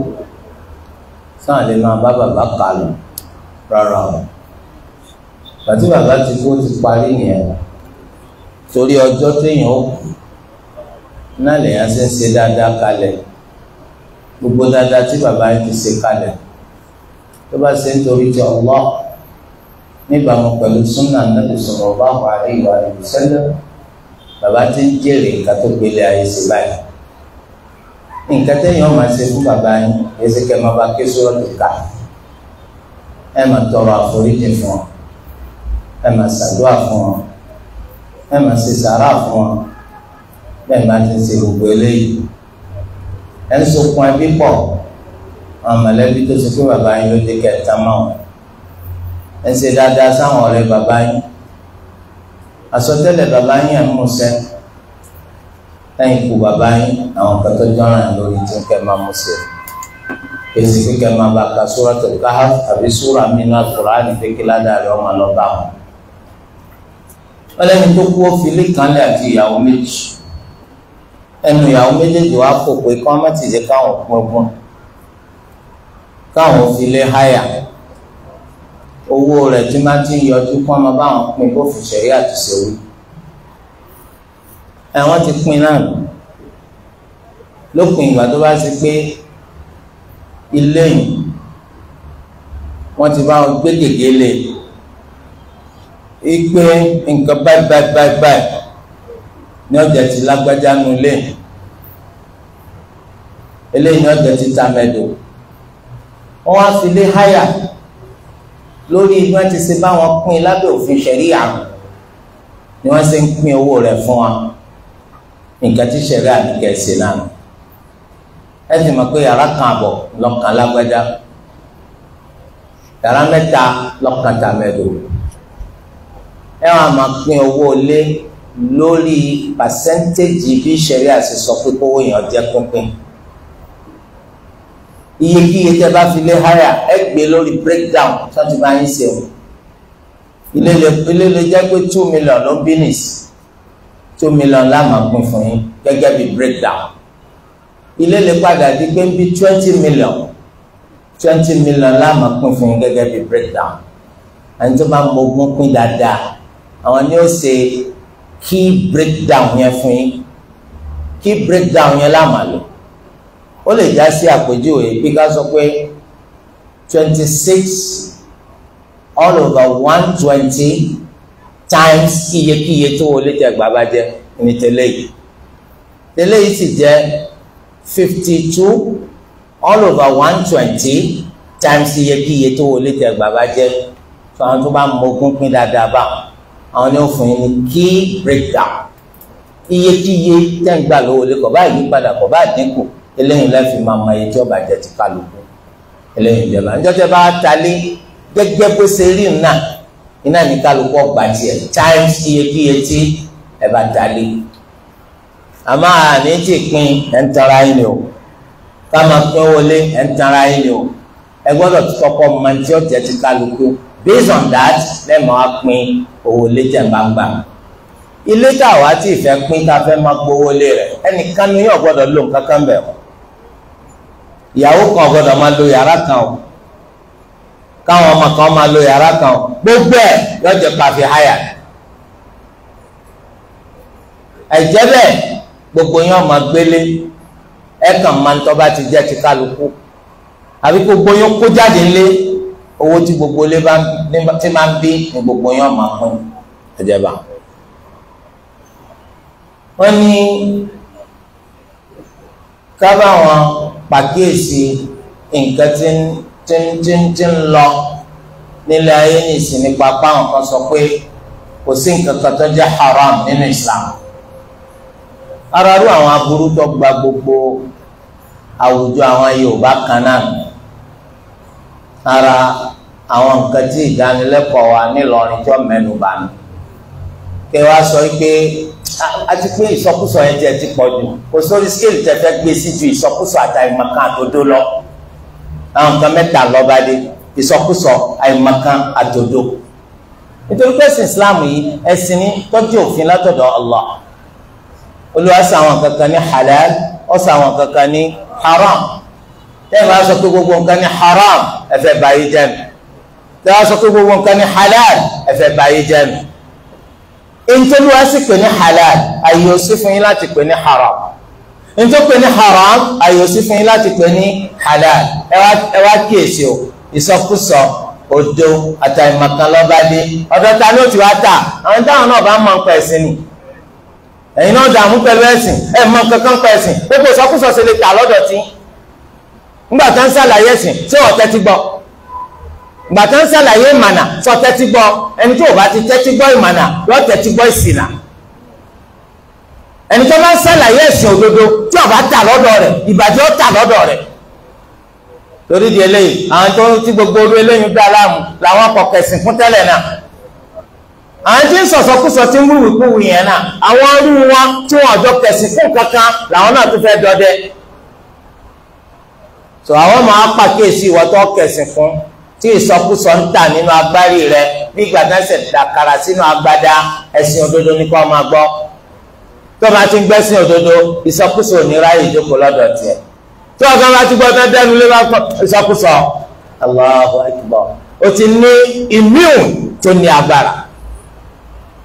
sáà lè máa bá bàbá kà lọ rárá o bàtí bàbá ti kú ti parí yẹn torí ọjọ́ téèyàn ó kú náà lèèyàn ṣe ń ṣe dáadáa kalẹ̀ gbogbo dáadáa tí bàbá yẹn ti ṣe kalẹ̀ tó bá ṣe nítorí ti Allah níbàámu pẹ̀lú súnà nàbì sallallahu alaihi wa sallam bàbá ti ń jèrè nǹkan tó gbélé ayé sí báyìí nǹkan tẹ́yìn ọmọ ṣe fún bàbá yín èsì kẹ́ máa bá ké sọ́rọ́ tó ká ẹ máa tọrọ àforíjì fún ọ ẹ máa ṣàdúrà fún ọ ẹ máa ṣe sàárà fún ọ bẹ́ẹ̀ máa ti ṣe gbogbo eléyìí ẹ ń sokun ẹbí pọ̀ àwọn mọ̀lẹ́bí tó ṣe pé bàbá yín ló dé kẹta mọ́ wọn ẹ ṣe dáadáa sáwọn ọ̀rẹ́ bàbá yín àsọtẹ́lẹ̀ bàbá yín ẹ̀ múṣẹ lẹ́yìn ikú bàbá yín àwọn kan tó jọràn lórí tí ń kẹ́ máa múṣẹ èsì kíkẹ́ máa bá ka Suratul Kahf àbí súra mínú Al-Qur'ani kékeré ládàrí ọmọ lọ bá wọn. ọlẹ́ni tó kú ó fi àti ìyàwó méjì ẹnu ìyàwó méjèèjì wá kó pé kí wọ́n káwọn pín ogún káwọn fi lé háyà owó rẹ̀ tí máa ti ń yọjú kó ọmọ báwọn pín bófin ṣẹ̀rí àti ṣèwé àwọn ti pín náà lópin ìgbà tó bá ṣe pé ilé yìí wọ́n ti bá wọn gbé gègé lé igbe nǹkan báyìí báyìí báyìí báyìí ní ọjà ti lágbájá nulẹ̀ eléyìí ní ọjà ti tàmẹ̀dò wọ́n wá fi lé háyà lórí bí wọ́n ti ṣe bá wọn pín lábẹ́ òfin ṣẹ̀ríà ni wọ́n ṣe ń pín owó rẹ̀ fún wa nǹkan tí ṣẹ̀ríà ní kẹ̀sì náà ẹ sì mọ̀ pé yàrá kan àbọ̀ lọ́kàn lágbájá yàrá mẹ́ta lọ́kàn tàmẹ́dò ẹ wàá máa pín owó lé lórí pàṣẹ́ntéèjì bí ṣẹ̀ríà ṣe sọ pé kówó yẹn jẹ́ pínpín iyekíye tẹ bá fi lé háyà ẹ gbé lórí breakdown tọ́jú bá yín ṣe o ilé lè jẹ́ pé two million ló business two million lámàpín fún yín gẹ́gẹ́ bí breakdown ilé lè padà di pé bí twenty million twenty million lámàpín fún yín gẹ́gẹ́ bí breakdown ẹni tó bá mọ̀gbọ́n pín dáadáa àwọn ni ó ṣe key breakdown yẹn fún yín key breakdown yẹn lámàlú ó lè já sí àpèjúwe bí ká sọ pé twenty six all over one twenty times iyekíye tó wọlé jẹ gbàgbà jẹ ní tẹ́lẹ̀ yìí tẹ́lẹ̀ yìí sì jẹ fifty two all over one twenty times iyekíye tó wọlé jẹ gbàgbà jẹ fún àwọn tó bá mọ ogún pín dáadáa báwọn àwọn ni ó fún yín ní key breakdown iyekíye tẹ́ ń gbà lówó lé kọ̀ bá yí padà kọ̀ bá dínkù eléyìí lẹ́fi máa mọ iye tí ọba jẹ ti kálukú eléyìí jẹba níjọ́ tẹ bá talé gẹ́gẹ́ bó ṣe rí nà iná ní kálukú ọgbà tiẹ̀ times iyekíye tí ẹ bá talé àmọ́ àní tí pin ẹ̀ ń tara yín ni o ká máa pín wọlé ẹ̀ ń tara yín ni o ẹ gbọ́dọ̀ tọkọ máa tí ọ̀jẹ̀ ti kálukú based on that lẹ́ẹ̀mọ́ á pín owó létẹ̀ bá gbà ilé tá a wá tí ìfẹ́ pín tá a fẹ́ máa gbowó lé rẹ̀ ẹnìkan ni yóò gbọ́dọ̀ lò nǹkan kan bẹ̀ wọ́n ìyàwó kan gbọ́dọ̀ máa lo yàrá kan o káwọn ọmọ kan máa lo yàrá kan o gbogbo ẹ lọ́jọ́ pàfi háyà ẹ̀jẹ̀ bẹ́ẹ̀ gbogbo yín ọmọ gbélé ẹ kàn máa ń tọ́ba ti jẹ́ ti kálukú àbí gbogbo yín kó jáde ńlé owó tí gbogbo ilé tí máa ń bí ni gbogbo yín ọmọ pín ẹ̀jẹ̀ bá wọ́n ní ká pàkíyèsí nǹkan tí ń tí ń tí ń tí ń lọ nílé ayé ní ìsìn nípa báwọn kan sọ pé kò sí nǹkan kan tó jẹ́ haram nínú Islam ara rú àwọn aburú tó gba gbogbo àwùjọ àwọn Yorùbá kan náà ara àwọn nǹkan tí ìdánilẹ́kọ̀ọ́ wa nílọrin tó mẹ́nu bá mi kí wàá sọ pé àti pé ìsọkúsọ yẹn tiẹ̀ ti pọ̀ jù kò sórí scale tẹ̀fẹ́ gbé sí ju ìsọkúsọ àtàìmọ̀kan àtòdó lọ àwọn nǹkan mẹ́ta lọ́ba dé ìsọkúsọ àìmọ̀kan àtòdó nítorí pé ẹ̀sìn Islam yìí ẹ̀sìn ní tọ́jú òfin látọ̀dọ̀ Allah Olúwa ṣe àwọn kankan ní halal ó ṣe àwọn kankan ní haram tẹ́ẹ̀ bá sọ pé gbogbo nǹkan ní haram ẹ̀fẹ̀ báyìí jẹ́ mi tẹ́ẹ̀ bá sọ pé gbogbo nǹkan ní halal ẹ̀fẹ̀ báyìí jẹ́ mi ntọ́lúwa sì pè ní halal àyè ò sí fún yín láti pè ní haram ntọ́ pè ní haram àyè ò sí fún yín láti pè ní halal ẹ wá kíyèsí o ìsọkúsọ odo àtàìmọ̀kan lọ́ba dé ọ̀dọ̀ ta ló ti wá tà àwọn táwọn náà bá mọ̀ nípa ẹ̀sìn ni ẹ̀yin náà dààmú pẹ̀lú ẹ̀sìn ẹ̀ mọ̀ kankan pa ẹ̀sìn gbogbo ìsọkúsọ sì lè tà lọ́dọ̀ tí ńgbà tó ń ṣàlàyé ẹ̀sìn tí wọ́n tẹ́tí gbọ́ gbàtà ń ṣàlàyé ìmànà sọ tẹ́tí gbọ́ ẹni tó o bá ti tẹ́tí gbọ́ ìmànà yọ tẹ́tí gbọ́ ìṣìnà ẹni tó bá ń ṣàlàyé ẹ̀sìn òdodo tí o bá tà lọ́dọ̀ rẹ̀ ìbàjẹ́ ó tà lọ́dọ̀ rẹ̀ torí di eléyìí àwọn tó ti gbogbo orú eléyìí dá láàmú làwọn akọkọ ẹ̀sìn fún tẹ́lẹ̀ náà àwọn tí ń sọ̀sọ̀kúsọ tí ń wúwìkúwì yẹn náà àwọn ọdún wọn tí wọn ọjọ́ kẹsìn fún kankan làwọn náà tún fẹ́ dọdẹ so àwọn máa pàkíyèsí ìwọ́tọ́ kẹsìn fún tí ìsọkúsọ ń tà nínú agbárí rẹ bí gbàdánsẹ̀ dàkàrà sínú agbádá ẹ̀sìn òdodo ní kó máa gbọ́ tó o bá ti ń gbẹ́sìn òdodo ìsọkúsọ ò ní ráyè ìjókòó lọ́dọ̀ tiẹ̀ tó o bá ti gbọ́ tán dẹnu lé wá ìsọkúsọ Allahu Akbar o ti ní immune tó ní agbára.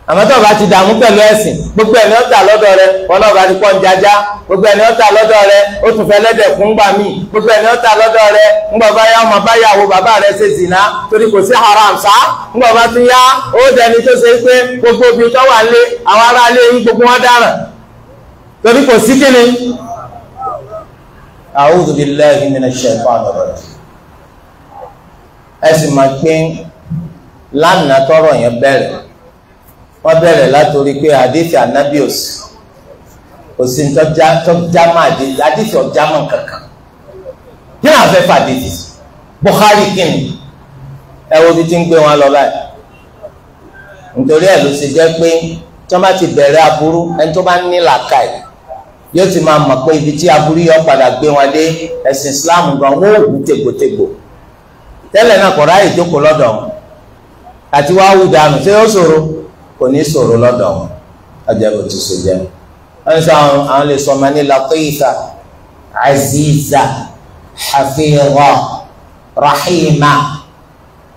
àmọ́ tó o bá ti dààmú pẹ̀lú ẹ̀sìn gbogbo ẹni ọ̀tà lọ́dọ̀ rẹ wọn ti pọ́n jájá gbogbo ẹni ọ̀tà lọ́dọ̀ rẹ ó tún fẹ́ lẹ́dẹ̀ fún gbà gbogbo ẹni ọ̀tà lọ́dọ̀ rẹ ńgbà bá yá ọmọ wo bàbá rẹ ṣe zìnà torí kò sí haram sá ńgbà bá tún yá ó dẹni tó ṣe pé gbogbo obi tó wà lé àwọn ará lé yín gbogbo wọn dáràn torí kò sí ẹ wọ́n bẹ̀rẹ̀ látòrí pé àdéhìí anabios òsì tọ́jámà àdéhìí ọ̀jámà kankan kí ni àfẹ́ fàdéhìí Bukhari kí ni ẹ wo bí ti ń gbé wọn lọ báyìí nítorí ẹ̀ ló ṣe jẹ́ pé tó bá ti bẹ̀rẹ̀ aburú ẹni tó bá ní làákàyè yóò ti máa mọ̀ pé ibi tí aburú yọ padà gbé wọn dé ẹ̀sìn Islam gan wọ́n ò wú tegbòtegbò tẹ́lẹ̀ náà kọ̀ ráyè jókòó lọ́dọ̀ àti wàá wù dànù ṣé ó ṣòro kò ní sọ̀rọ̀ lọ́dọ̀ wọn ajẹ́bù ti ṣe jẹ́ wọ́n sọ àwọn àwọn lè sọ ọmọ ní latifa aziza hafiza rahima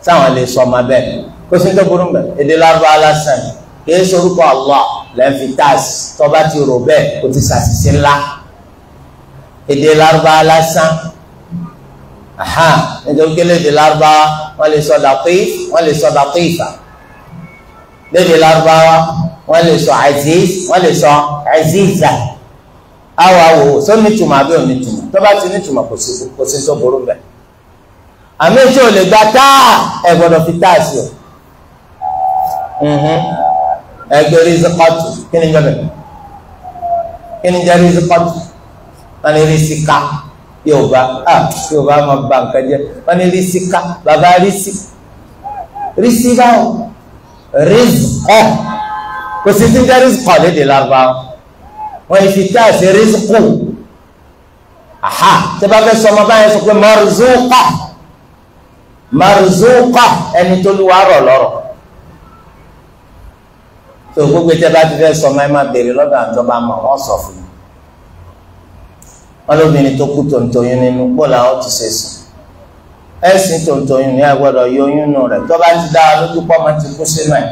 sáwọn lè sọ ọmọ bẹ́ẹ̀ kó sí tó burú mẹ́ èdè lárúbá lásán kìí sorúkọ Allah lẹ́ẹ̀fi táàsì tọ́ba ti rò bẹ́ẹ̀ kò ti ṣàṣìṣe ńlá èdè lárúbá lásán nítorí kí lè èdè lárúbá wọ́n lè sọ latif wọ́n lè sọ latifa lédè lárúbáwá wọ́n lè sọ aziz wọ́n lè sọ aziza awo awo sọ nítumọ̀ àbí ò nítumọ̀ tó bá ti nítumọ̀ kò sí kò sí sọ burú bẹ́ẹ̀ àmì tí o lè gba táà ẹ gbọ́dọ̀ fi táà sí o ẹgbẹ́ rizikọ́tù kí ni jẹ́ bẹ̀rẹ̀ kí ni jẹ́ rizikọ́tù wọ́n ní rizika yorùbá a yorùbá máa ba nǹkan jẹ́ wọ́n ní rizika bàbá risi risi báwo rizqọ kò sí ti jẹ́ rizqọ lédè Lárúbáwá wọ́n fi tá a ṣe rizqọ aha tí a bá fẹ́ sọmọ báyẹn sọ pé marzuqa marzuqa ẹni tó lù wá rọ̀ lọ́rọ̀ tó gbogbo tí a bá ti fẹ́ sọmọ ẹ má béèrè lọ́dọ̀ àjọba mọ̀ wọ́n sọ fún mi wọ́n lóbìnrin tó kú tòǹtòyún nínú pọ̀ làwọn ti ṣe sùn ẹ̀sìn tòǹtòyìn ní agbọ́dọ̀ yọ oyún nù rẹ̀ tó bá ti dá lójú pọ́ máa ti kú sínú ẹ̀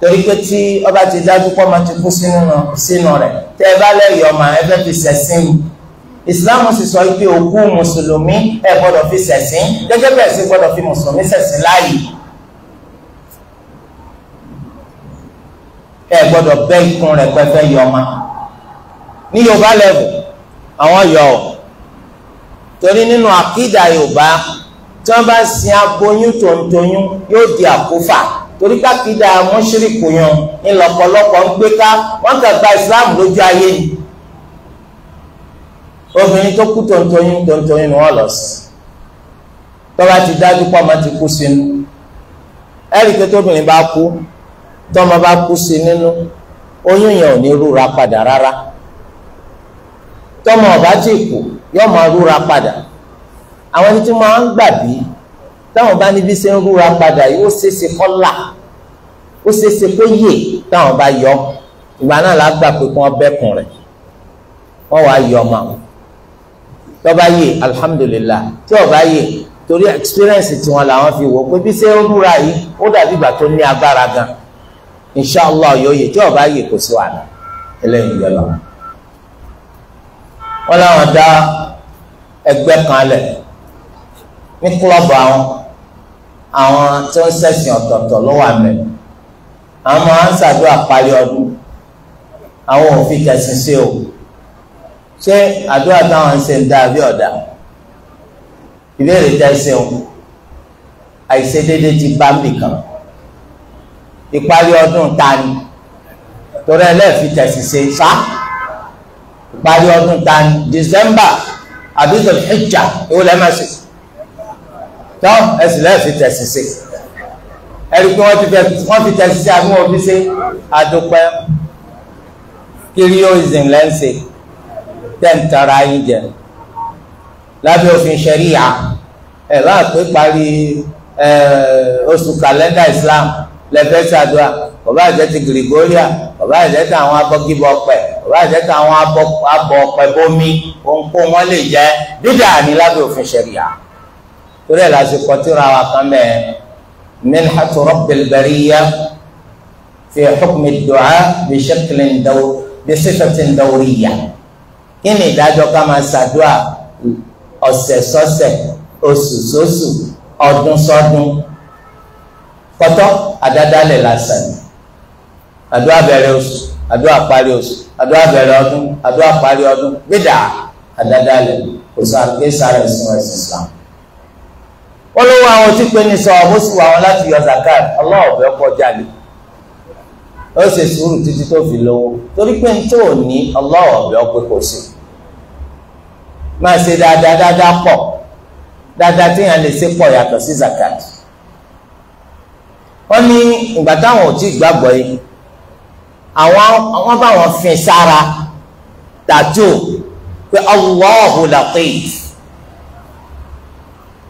torí pé tí ọba ti dájú pọ́ máa ti kú sínú rẹ̀ tẹ́ ẹ bá lẹ́yìn ọmọ ẹ fẹ́ fi ṣẹ̀sìn ìsìláàmù sì sọ pé òkú mùsùlùmí ẹ gbọ́dọ̀ fi ṣẹ̀sìn gẹ́gẹ́ bẹ́ẹ̀ sì gbọ́dọ̀ fi mùsùlùmí ṣẹ̀sìn láàyè ẹ gbọ́dọ̀ bẹ́ ikùn rẹ̀ pẹ́fẹ́ yọ ọmọ ní Yorùbá lẹ́wọ̀ àwọn yọ̀ ọ́ torí nínú àkídà yorùbá tí wọ́n bá sin aboyún tòǹtòyún yóò di àkófà torí kákídà mọ́ṣíríkù yan ní lọ́pọ̀lọpọ̀ ń gbé ká wọ́n kàn gba islam lójú ayé ni obìnrin tó kú tòǹtòyún tòǹtòyún ni wọ́n lọ sí tọ́ba ti dájú pọ́ ọmọ ti kú sínú ẹ̀rí pé tóbìnrin bá kú tọ́mọ bá kú sí nínú oyún yẹn ò ní rúra padà rárá tọ́mọ ọ̀bá ti kú yóò máa rúra padà àwọn ẹni tí máa ń gbàgbé táwọn bá níbi ṣe ń rúra padà yìí ó ṣeéṣe kọ́là ó ṣeéṣe pé yè táwọn bá yọ ìgbà náà la gbà pé kí wọ́n bẹ́kùn rẹ̀ wọ́n wàá yọ ọmọ àwọn tó bá yè alhamdulillah tí ó bá yè torí experience tiwọn làwọn fi wò pé bí ṣe ń rúra yìí ó dàbí ìgbà tó ní agbára gan inshallah yóò yè tí ó yè kò sí wàhálà eléyìí yọ wọ́n láwọn dá ẹgbẹ́ kan lẹ̀ ní kílọ̀bù àwọn àwọn tó ń ṣẹ̀sìn ọ̀tọ̀ọ̀tọ̀ ló wà mẹ́ àwọn máa ń ṣàdúrà parí ọdún àwọn òfin tẹ̀sìn sí o ṣé àdúrà táwọn ń ṣe ń dá àbí ọ̀dà ìbéèrè tẹ̀sìn o àìṣedéédé ti bá mi kàn ìparí ọdún ta ni torí ẹlẹ́ẹ̀fi tẹ̀sìn ṣe sá parí ọdún ta ni December àbí Dhul-Hijjah ewu lẹ́ẹ̀ máa ṣe tọ́ ẹ̀sìn lẹ́ẹ̀ fi tẹ̀sí ṣe ẹ̀rí pé wọ́n fi tẹ̀sí ṣe àbí wọ́n fi ṣe àdópẹ́ kirioism lẹ́ǹsẹ̀ tẹ̀ǹtara yín jẹ lábẹ́ òfin ṣẹ̀ríyà ẹ̀ bá pé parí oṣù kàlẹ́ndà Islam lẹ́fẹ̀ẹ́ ṣàdúrà bàbá àjẹ́ ti Gregorian bàbá àjẹ́ ti àwọn abọ́gibọ̀ pẹ̀ ọ̀rá ìjẹ́ta àwọn abọ ọ̀pẹ bómi ohunkóhun wọn lè jẹ́ dídà ní lábẹ́ òfin ṣẹ̀ríà torí ẹ̀ lásìkò tí ra wa kan bẹ́ẹ̀ minhatu rabbil bariyya fi hukmi du'a bi shaklin daw bi sifatin dawriyya kí ni ìdájọ́ ká máa ṣàdúrà ọ̀sẹ̀ sọ́sẹ̀ oṣù sóṣù ọdún sọ́dún pọ́tọ́ àdádálẹ̀ lásán àdúrà bẹ̀rẹ̀ oṣù àdúrà parí oṣù àdúrà bẹ̀rẹ̀ ọdún àdúrà parí ọdún gbéjà àdádálẹ̀ kò sọ àgbé sára ẹ̀sìn ẹ̀sìn Islam. ó lówó àwọn tí pé ní sọ ọmọ sì wà wọn láti yọ zakat ọlọ́ọ̀bẹ ọkọ̀ jáde ó ṣe sùúrù títí tó fi lówó torí pé ní tó ní ọlọ́ọ̀bẹ ọpẹ kò sí. máa ṣe dáadáa dáadáa pọ̀ dáadáa téèyàn lè ṣe pọ̀ yàtọ̀ sí zakat. wọ́n ní ìgbà táwọn ò tí gbàgbọ́ yìí àwọn àwọn bá wọn fi sára tàtó pé Allahu Latif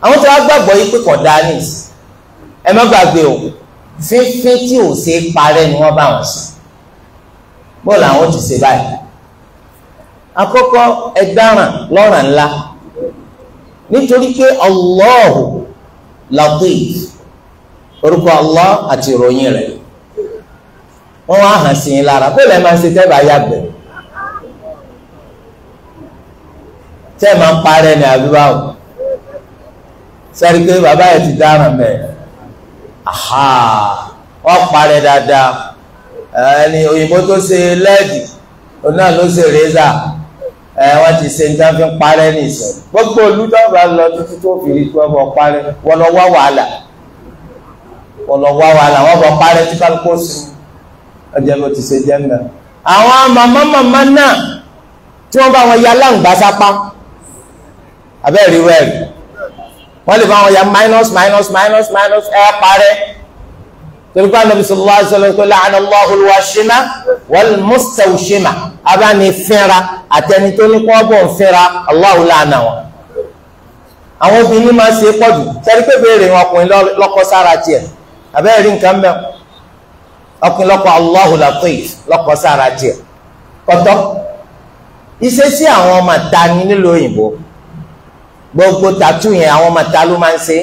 àwọn tí wọn gbàgbọ́ yìí pé kọ̀dánis ẹ má gbàgbé o fínfín tí ò ṣe parẹ́ ni wọ́n bá wọn sùn bóòlù àwọn ti ṣe báyìí àkọ́kọ́ ẹgbẹ́ràn lọ́ràn ńlá nítorí pé Allahu Latif orúkọ Allah àti ìròyìn rẹ̀ wọ́n wá hàn sí yín lára kó lè máa ṣe tẹ́bà yàgbẹ́ tẹ́ ẹ̀ máa ń parẹ́ ní àdúrà o sẹ́rí pé bàbá yẹn ti dáràn mẹ́ aha wọ́n parẹ́ dáadáa ẹni òyìnbó tó ṣe lẹ́ẹ̀dì òun náà ló ṣe rẹ́zà ẹ wọ́n ti ṣe nǹkan fi ń parẹ́ ní ìsọ̀rọ̀ gbogbo olùdọ́gba lọ títí tó fi rí tí wọ́n bọ̀ parẹ́ wọ́n lọ wá wàhálà wọ́n lọ wá wàhálà wọ́n bọ̀ parẹ́ tí kálukú sí ọjọ́ bó ti ṣe jẹ́ ń bẹ̀. àwọn màmá màmá náà tí wọ́n bá wọn ya láǹgbá sápá abẹ́rẹ́ wọ́n lè bá wọn ya minus minus minus minus ẹ̀ parẹ́ torípa nàbí sọlá sọlọ́kọ́ láàánú lọ́hùn wá ṣímá wọ́n mọ́sẹ̀ ò ṣímá abáni fínra àtẹni tó ní kọ́ bọ̀ ń fínra ọlọ́hùn láàánú wọn. àwọn obìnrin máa ń ṣe pọ̀jù sẹ́rí ọkùnrin lọ́kọ Allahu Latif lọ́kọ sára tiẹ̀ kọ́tọ́ iṣẹ́ sí àwọn ọmọ ta ni nílùú òyìnbó gbogbo tàtú yẹn àwọn ọmọ ta ló máa ń ṣe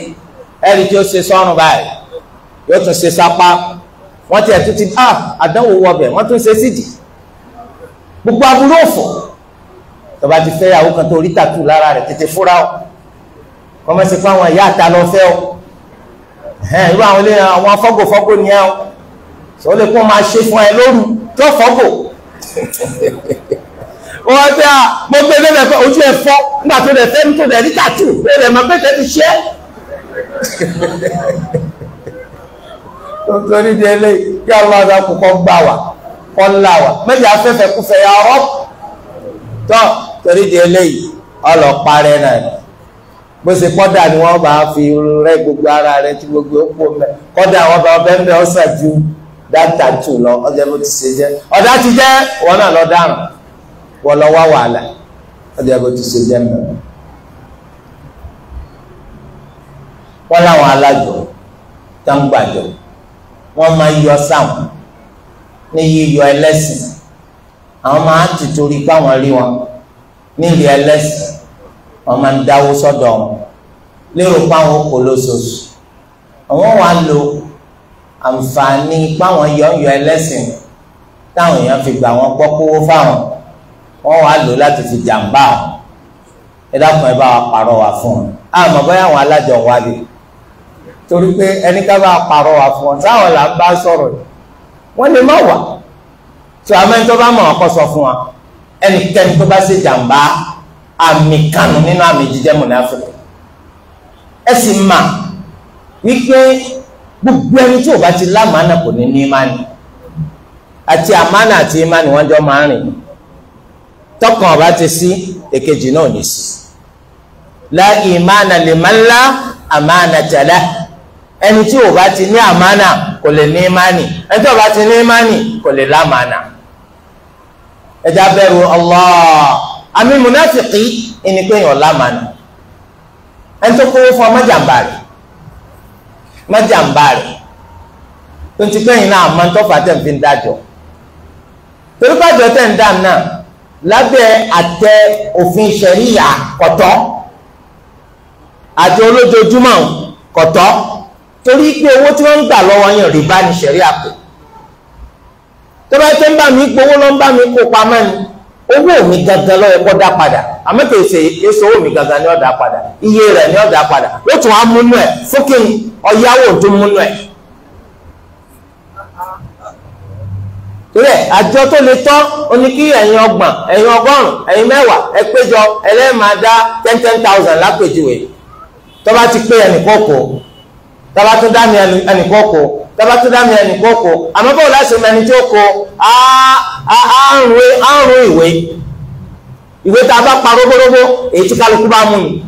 ẹ̀rí tí ó ṣe sọ́run báyìí yóò tún ṣe sápá wọ́n ti ẹ̀tún ti bá àdánwò wọbẹ̀ wọ́n tún ṣe sídì gbogbo aburú òfò tọba ti fẹ́ ìyàwó kan tó rí tàtú lára rẹ̀ tètè fúra o kọ́mọ́sí fún àwọn ìyá àta lọ fẹ́ o irú àwọn ilé àwọn afọ́gòfọ́gò ni ẹ o sọ lè kó máa ṣe fún ẹ lóru tó fọ́kò wọ́n tẹ́ à gbogbo ẹgbẹ́ rẹ̀ fọ́ ojú ẹ̀ fọ́ nígbà tó rẹ̀ fẹ́ tó rẹ̀ rí tàtù pé rẹ̀ máa pẹ́tẹ́ ti ṣe é. nítorí di eléyìí kí àwọn àdàkù kọ́ gbà wá kọ́ là wá méjì afẹ́fẹ́ kú fẹ́ ya ọ́ tọ́ torí di eléyìí ọlọ́parẹ́ náà ni bó ṣe kọ́dà ni wọ́n bá fi rẹ́ gbogbo ara rẹ̀ tí gbogbo ó pò mẹ́ kọ́dà wọn bá ọbẹ̀ mẹ́ ọ̀sà ju dáńtà tù lọ ọjọ́ bó ti ṣe jẹ́ ọ̀dà ti jẹ́ wọn náà lọ dáràn wọ́n lọ wá wàhálà ọjọ́ bó ti ṣe jẹ́ mẹ́rin. wọ́n láwọn alájọ tó ń gbàjọ wọ́n máa yọ sáwọn ní yíyọ ẹlẹ́sìn àwọn máa ti torí páwọn rí wọn nílé ẹlẹ́sìn wọ́n máa ń dáwó sọ́dọ̀ wọn lérò páwọn kò lóṣooṣù àwọn wàá lo àǹfààní páwọn yọ̀ọ̀yọ̀ ẹlẹ́sìn táwọn èèyàn fi gbà wọ́n gbọ́ kówó fáwọn wọ́n wàá lò láti fi jàǹbá wọn ẹ dákun ẹ bá wa pàrọwà fún wọn àmọ́ bóyá àwọn alájọ wà lè torí pé ẹni ká bá pàrọwà fún wọn táwọn là ń bá sọ̀rọ̀ wọ́n lè má wà tó amẹ́ńtọ́ bá mọ̀ ọkọ sọ fún wa ẹnikẹ́ni tó bá ṣe jàǹbá àmì kanu nínú àmì jíjẹ́ mọ̀nàfẹ́ ẹ sì mà wípé gbogbo ẹni tí ò bá ti lámàánà kò ní ní ìmánì àti àmánà àti ìmánì wọn jọ máa ń rìn tọkàn ọba ti sí èkejì náà ní sí la ìmánà liman la àmánà tẹlẹ ẹni tí ò bá ti ní àmánà kò lè ní ìmánì ẹni tí ò bá ti ní ìmánì kò lè lámàánà ẹja bẹ̀rù Allah àmì múnáfìkì ẹni pé èèyàn lámàánà ẹni tó kówó fún ọmọ jàǹbá rẹ̀ májàmbá rẹ̀ tó ti pẹ́yìn náà àmọ́ tọ́fà tẹ̀ ń fi dájọ́ torí pàjọ́ tẹ̀ ń dà náà lábẹ́ àtẹ òfin ṣẹ̀ríyà kọ̀tọ́ àti olójoojúmọ́ kọ̀tọ́ torí pé owó tí wọ́n ń gbà lọ́wọ́ yẹn rìbá ni ṣẹ̀ríyà pè tó bá tẹ́ ń bá mi gbowó lọ́ ń bá mi kó pamọ́ ni owó mi gangan lọ́yẹ kó dá padà àmọ́ kì í ṣe èso owó mi gangan ni ó dá padà iye rẹ̀ ni ó dá padà ó tún á múnú ẹ̀ fúkin ọ̀yáwó tún múnú ẹ̀. torí ẹ̀ àjọ tó lè tọ́ oní kí ẹ̀yin ọgbọ̀n ẹ̀yin ọgọ́rùn ẹ̀yin mẹ́wàá ẹ péjọ ẹlẹ́màá dá ten ten thousand lápèjúwe tó bá ti pé ẹnìkọ́kọ́ tó bá tún dá ní ẹnìkọ́kọ́ tọ́ba tó dá mi ẹnì kó kó àmọ́ báwo láti ṣe mẹni tí ó kó àrùn ìwé ìwé tá a bá pa rógbórógbó èyí tí kálukú bá mú ni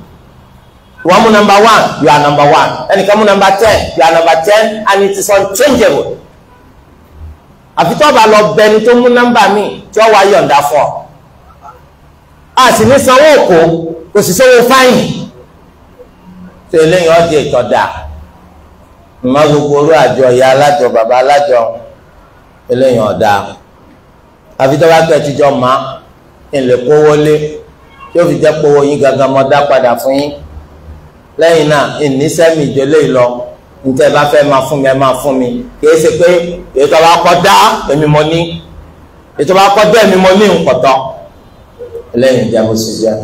wọ́n mú number one you are number one ẹnìkan mú number ten you are number ten and it is unchangeable àfi tó bá lọ bẹni tó mú nọ́mbà mi tí ó wá yọ̀ǹda fún ọ a sì ní sanwó òkò kò sì sanwó fáyìn tó eléyìí ọdí ètò dáa mọ gbogbo orú àjọ ìyá alájọ bàbá alájọ eléyìí ọ̀dà àfi tó bá pẹ́ tíjọ́ máa ń lè kówó lé tí ó fi jẹ́ kówó yín gangan mọ́ dá padà fún yín lẹ́yìn náà ìnísẹ́mi ìdílé ìlọ níta ẹ bá fẹ́ máa fún mi ẹ máa fún mi kìí ṣe pé èyí tó bá kọ́ dá ní èyí tó bá kọ́ dá èmi mọ ní nǹkan tán lẹ́yìn ìjẹ́bù sí jẹ́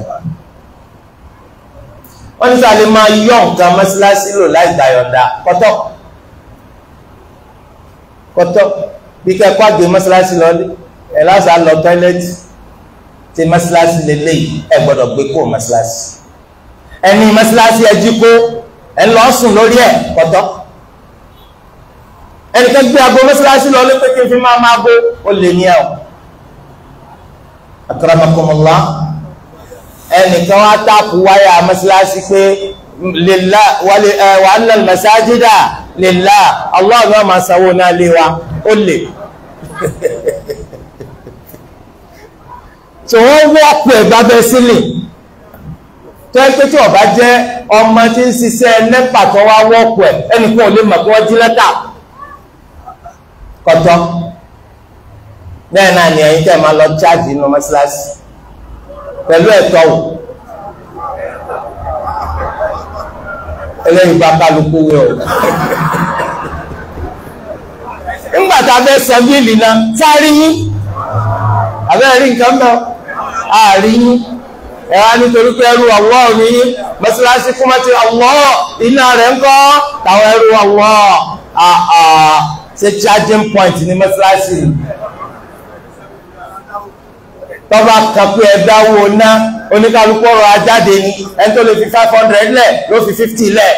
wọ́n ní sàlẹ̀ máa yọ nǹkan mọ́sálásí lò láì gbàyọ̀ǹda kọ́tọ́ kọ́tọ́ bí kẹ́kọ́ àgbè mọ́sálásí lọ ẹ̀ lásà lọ tọ́ílẹ́tì tí mọ́sálásí lélẹ́yìí ẹ gbọ́dọ̀ gbé kó mọ́sálásí ẹni mọ́sálásí ẹ jí kó ẹ lọ sùn lórí ẹ kọ́tọ́ ẹnìkan gbé aago mọ́sálásí lọ lé pé kí n fi máa máa bó ó lè ní ẹ̀ ọ́ akramakumullah ẹnìkan wá tápù wáyà mọ́síláṣí pé lillah wa eh, anna al-masajida lillah Allah náà máa sanwó náà lé wa ó lè tí wọ́n wọ́pù ẹ̀gbá bẹ́ sílẹ̀ tó ẹ́ pé tí ọ̀bá jẹ́ ọmọ tí ń ṣiṣẹ́ nẹ́pà tó wá wọ́pù ẹ̀ ẹnìkan ò lè mọ̀ kí wọ́n jí lẹ́tà kọ́tọ́ náà ni ẹ̀yin tẹ̀ máa lọ chájì nínú mọ́ṣáláṣí pẹ̀lú ẹ̀tọ́ o ẹlẹ́yìn bá kálukú wẹ̀ o ńgbà tá a sọ taa náà sáré yín àbẹ́ nǹkan mọ́ àárí yín ẹ̀rá nítorí pé ẹrú ọ̀wọ́ mi mọ́sálásí fún mọ́tí ọ̀wọ́ iná rẹ̀ ń kọ́ táwọn ẹrú ọ̀wọ́ ṣe charging point tọ́ba kan pé ẹ̀dáwó ná oníkálukú ọ̀rọ̀ ajáde ni ẹni tó lè fi five hundred lẹ̀ ló fi fifty lẹ̀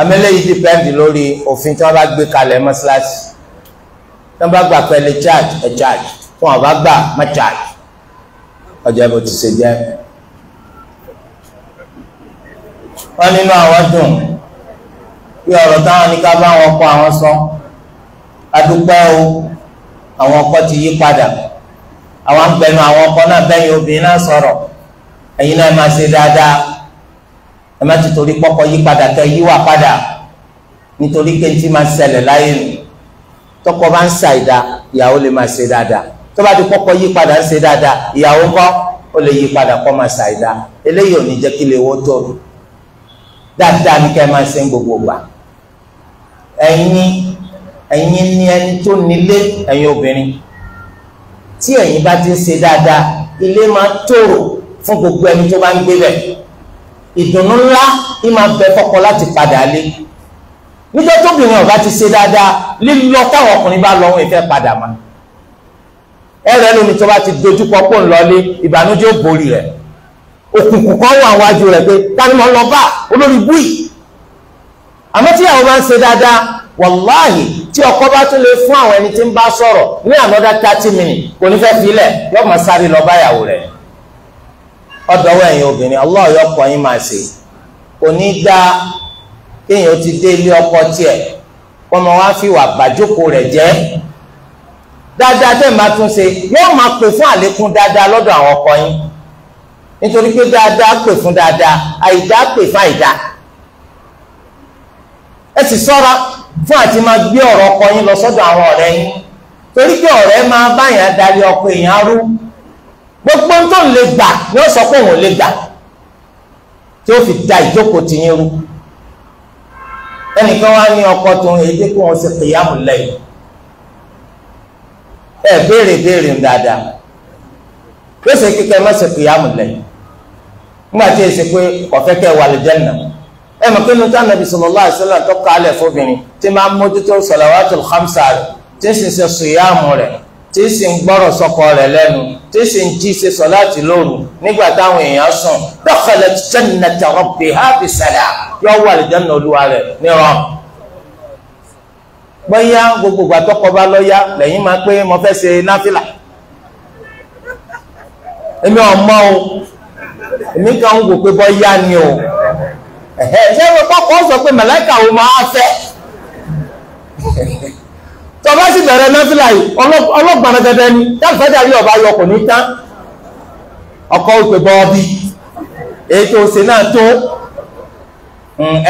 amẹ́lẹ́ yìí dìpẹ́ndì lórí òfin tí wọ́n bá gbé kalẹ̀ mọ́ṣáláṣí tí wọ́n bá gbà pẹ̀lú charge ẹ̀ charge tí wọ́n bá gbà má charge ọjọ́ ìbò ti ṣe jẹ́ wọ́n nínú àwọn dùn bí ọ̀rọ̀ táwọn ní ká bá wọn kọ àwọn sọ adúpẹ́ o àwọn ọkọ ti yí padà àwọn agbẹnu àwọn ọkọ náà bẹ́yìn obìnrin náà sọ̀rọ̀ ẹ̀yin náà máa ṣe dáadáa ẹ má ti torí pọ́kọ yí padà kẹ́ yíwà padà nítorí kéńtì máa ṣẹlẹ̀ láyé nù tọkọ bá ń ṣàìdá ìyàwó lè máa ṣe dáadáa tó bá ti pọ́kọ yí padà ń ṣe dáadáa ìyàwó ńkọ́ ó lè yí padà kọ́ máa ṣàìdá eléyìí ò ní jẹ́ kí lè wó tóru dáadáa ní kẹ́ máa ṣe ń gbogbo gbà ẹ̀yin ẹ̀yin ni ẹni tó nílé ẹ̀yin obìnrin tí ẹ̀yin bá ti ṣe dáadáa ilé máa tòrò fún gbogbo ẹni tó bá ń gbé bẹ̀ ìdùnnú ńlá ní máa bẹ fọ́kọ láti padà lé nígbà tóbìnrin ọba ti ṣe dáadáa lílọ táwọn ọkùnrin bá lọ wọn ìfẹ́ padà mọ́ ẹrẹ lómi tó bá ti dojúkọ pò ń lọlé ìbànújẹ́ ò borí òkùnkùn kan wà wájú rẹ̀ pé tani lọ bá olórí búì àmọ́ tíyàwó bá ń ṣe dáadáa wàláhì tí ọkọ bá tún lè fún àwọn ẹni tí ń bá sọ̀rọ̀ ní another thirty minutes kò ní fẹ́ filẹ̀ yọ mọ̀ sáré lọ báyàwó rẹ̀ ọ̀dọ́wọ́ ẹ̀yin obìnrin Allah kọ́ yín máa ṣe kò ní dá kéèyàn ti dé ilé ọkọ tiẹ̀ fi wà rẹ̀ jẹ́ dáadáa máa tún ṣe yóò pè fún àlékún dáadáa lọ́dọ̀ àwọn ọkọ yín nítorí ẹ fún àti máa gbé ọ̀rọ̀ ọkọ yín lọ sọ́dọ̀ àwọn ọ̀rẹ́ yín torí pé ọ̀rẹ́ máa báyàn darí ọkọ èèyàn rú gbogbo ń tó lè gbà ni ó sọ pé òun lè gbà tí ó fi da ìjókòó ti yín rú ẹnìkan wá ní ọkọ tó ń èdè kó wọn ṣe kìyàmù ẹ béèrè béèrè ń dáadáa ẹ mọ̀ pé nínú tá nàbì sallallahu alaihi wasallam tó kálẹ̀ fóbìnrin tí máa ń mójútó salawatul khamsa rẹ̀ tí sì ń ṣe sùyàmù rẹ̀ tí sì ń gbọ́rọ̀ sọ́kọ rẹ̀ lẹ́nu tí sì ń jí ṣe sọ̀láàtì lóru nígbà táwọn èèyàn sùn dakhalat jannata rabbiha bisalam yọ wà lìjẹ́nà olúwa rẹ̀ nírọ̀. bóyá gbogbo ìgbà tọkọ lọ́yà lẹ́yìn máa pé mo fẹ́ ṣe náfìlà èmi ò mọ̀ o èmi kàn ń wò pé bóyá ni o ṣé wọn kọ́kọ́ sọ pé mẹ̀lẹ́kà ò máa fẹ́ tọba sì bẹ̀rẹ̀ mẹ́fìlà yìí ọlọ́gbọ̀n gẹ́gẹ́ ni dáàfẹ́ dàrí ọba yọ kò ní tán ọkọ̀ òpè bọ́ọ̀bì ètò òsè náà tó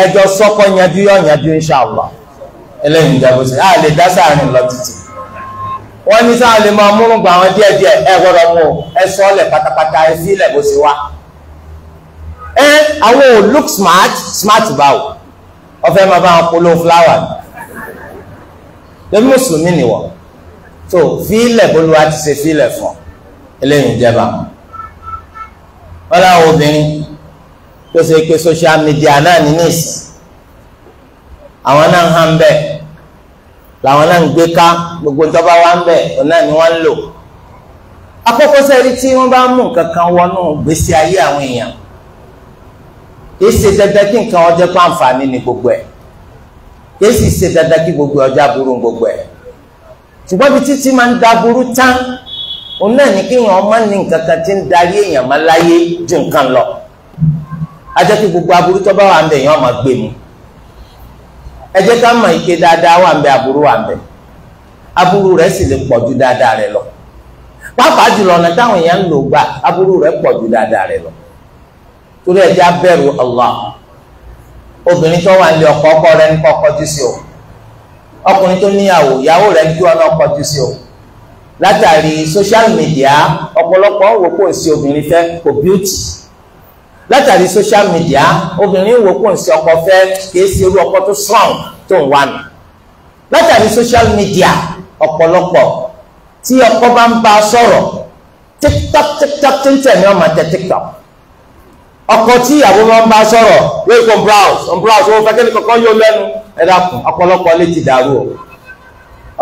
ẹjọ́ sọ́kọ́ yanjú yọ yanjú inṣàlá eléyìí ìjàgbọ́ sí a lè dá sáàrin lọ títì wọ́n ní sáà lè máa múrùngbà àwọn díẹ̀díẹ̀ ẹ gbọ́dọ̀ mú ẹ sọ́ọ̀lẹ̀ pátápátá ẹ sílẹ̀ bó ṣe wá ẹ àwọn ò look smart smart báwo ọfẹ máa bá wọn polo flower lórí mùsùlùmí nìwọ tó fílẹ̀ bolúwa ti ṣe fílẹ̀ fún eléyìí jẹba wọn láwọn obìnrin tó ṣe pé social media náà ní nísì àwọn náà ń hàn bẹ́ẹ̀ làwọn náà ń gbé ká gbogbo tó bá wà ń bẹ ọ̀nà ni wọ́n ń lò akọ́kọ́ sẹ́rí tí wọ́n bá mú nǹkan kan wọnú gbèsè ayé àwọn èèyàn ese ṣe dandan kí nǹkan ọjọ́ pa àǹfààní ni gbogbo ẹ̀ kìí sì kí gbogbo ọjọ́ aburú gbogbo ẹ̀ ṣùgbọ́n bí títí máa ń da aburú tán òun náà ní kí wọn má ní nǹkan kan ti ń darí èèyàn láyé ju nǹkan lọ a jẹ́ kí gbogbo aburú tó bá wà yẹn ọmọ ike dáadáa wà aburú wà aburú rẹ̀ lọ jùlọ ọ̀nà táwọn èèyàn ń lò gbà aburú rẹ̀ lọ. torí ẹ̀jẹ̀ abẹ́rù Allah obìnrin tó wà ní ọkọ ọkọ rẹ ń kọ́ kọjú sí o ọkùnrin tó níyàwó ìyàwó rẹ ń kí ọ náà sí o látàrí social media ọ̀pọ̀lọpọ̀ wò kó n sí obìnrin fẹ́ kò beauty látàrí social media obìnrin wò kó n sí ọkọ fẹ́ kì í sí irú ọkọ tó strong tó ń wà nù látàrí social media ọ̀pọ̀lọpọ̀ tí ọkọ bá ń bá a sọ̀rọ̀ tiktok tiktok tí ń tẹ̀ ní ọmọ tiktok ọkọ tí ìyàwó máa ń bá sọ̀rọ̀ wake on browse on browse owó fẹ́kẹ́ ní kankan yóò lẹ́nu ẹ dákun ọ̀pọ̀lọpọ̀ lè ti dàrú o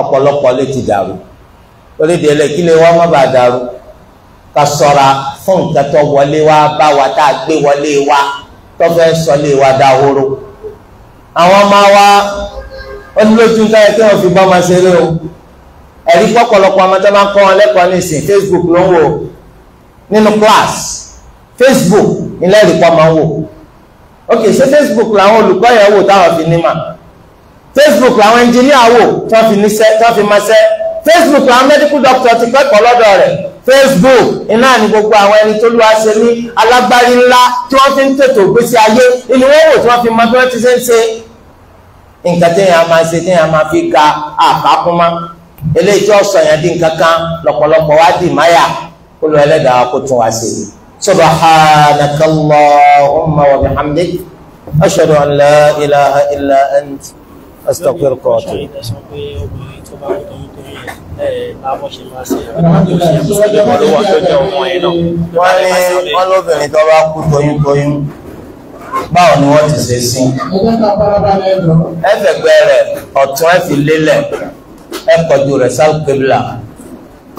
ọ̀pọ̀lọpọ̀ lè ti dàrú lórí ìdílé kí lè wá má bàa dàrú ká ṣọ́ra fún nǹkan tó wọlé wá bá wa tá a gbé wọlé wá tó fẹ́ sọlé wa dáhóró àwọn ọmọ wa ó ní lójú táyà kí wọ́n fi bọ́ ọmọ o ẹ̀rí pọ̀pọ̀lọpọ̀ ọmọ tó máa ń kọ́ wọn lẹ́kọ̀ọ́ nísìn Facebook ló ń wò nínú class Facebook nílẹ̀ ìrìpọ̀ máa ń wò ok ṣé Facebook làwọn olùkọ́ yẹn wò táwọn fi ní mà Facebook làwọn ẹnjìníà wò tó fi máṣẹ́ Facebook làwọn medical doctor ti kẹ́kọ̀ọ́ lọ́dọ̀ rẹ̀ Facebook iná ni gbogbo àwọn ẹni tó lúwa ṣe ní alágbárí ńlá tí wọ́n fi ń tètò gbèsè ayé ìlú wọ́n wò tí wọ́n fi máa bí wọ́n ti ṣe ń ṣe nǹkan téèyàn máa ṣe téèyàn máa fi ka àkákúnmá eléyìí tí ọ̀sán yẹn dín kankan lọ́pọ̀lọpọ̀ wá dì máyà kó lọ ẹlẹ́dàá kó tún wá ṣe yìí. سبحانك اللهم وبحمدك أشهد أن لا إله إلا أنت أستغفرك وأتوب wọ́n ní wọ́n lóbìnrin tó bá kú toyúntoyún báwo ni wọ́n ti ṣe sí ẹ̀fẹ̀gbẹ́ rẹ̀ ọ̀tún ẹ̀fì lélẹ̀ ẹ̀kọ̀jú rẹ̀ sálùkébìlà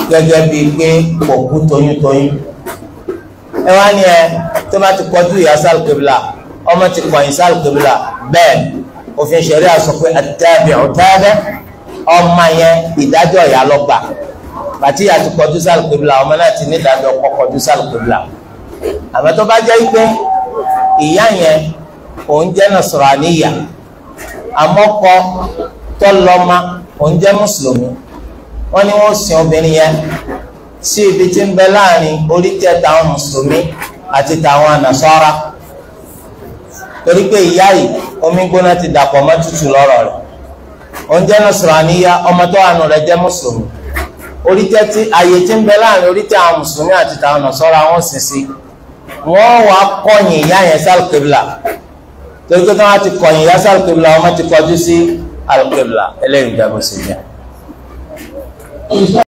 gẹ́gẹ́ bíi pé kò kú toyúntoyún ẹ wá ní ẹ tó bá ti kọjú ìyá sálù kébìlà ọmọ ti kọyìn sálù kébìlà bẹ́ẹ̀ òfin ṣẹ̀ríà sọ pé àtẹ́bẹ̀ ọ̀tẹ́bẹ̀ ọmọ yẹn ìdájọ́ ìyá lọ́gbà bàtí ìyá ti kọjú sálù kébìlà ọmọ náà ti ní ìdájọ́ kọ́ kọjú sálù kébìlà àmọ́ tó bá jẹ́ pé ìyá yẹn òun jẹ́ Nasraniya àmọ́kọ tọ́lọ́mà òun jẹ́ mùsùlùmí wọ́n ní wọ́n sin obìnrin yẹn sí ibi tí ń bẹ láàrin orí tẹ táwọn mùsùlùmí àti táwọn ànàsọ́ra torí pé ìyá yìí omi gbóná ti dàpọ̀ mọ́ tútù lọ́rọ̀ rẹ̀ oúnjẹ Nasraniya ọmọ tó wà nù rẹ̀ jẹ́ mùsùlùmí orí tẹ tí àyè tí ń bẹ láàrin orí tẹ àwọn mùsùlùmí àti táwọn ànàsọ́ra wọn sì sí wọ́n wàá kọ̀yìn ìyá yẹn sálùkébìlà torí pé táwọn ti kọ̀yìn ìyá sálùkébìlà ọmọ ti kọjú sí alùkébìlà eléyìí ìjàgbọ́sẹ̀ yẹn.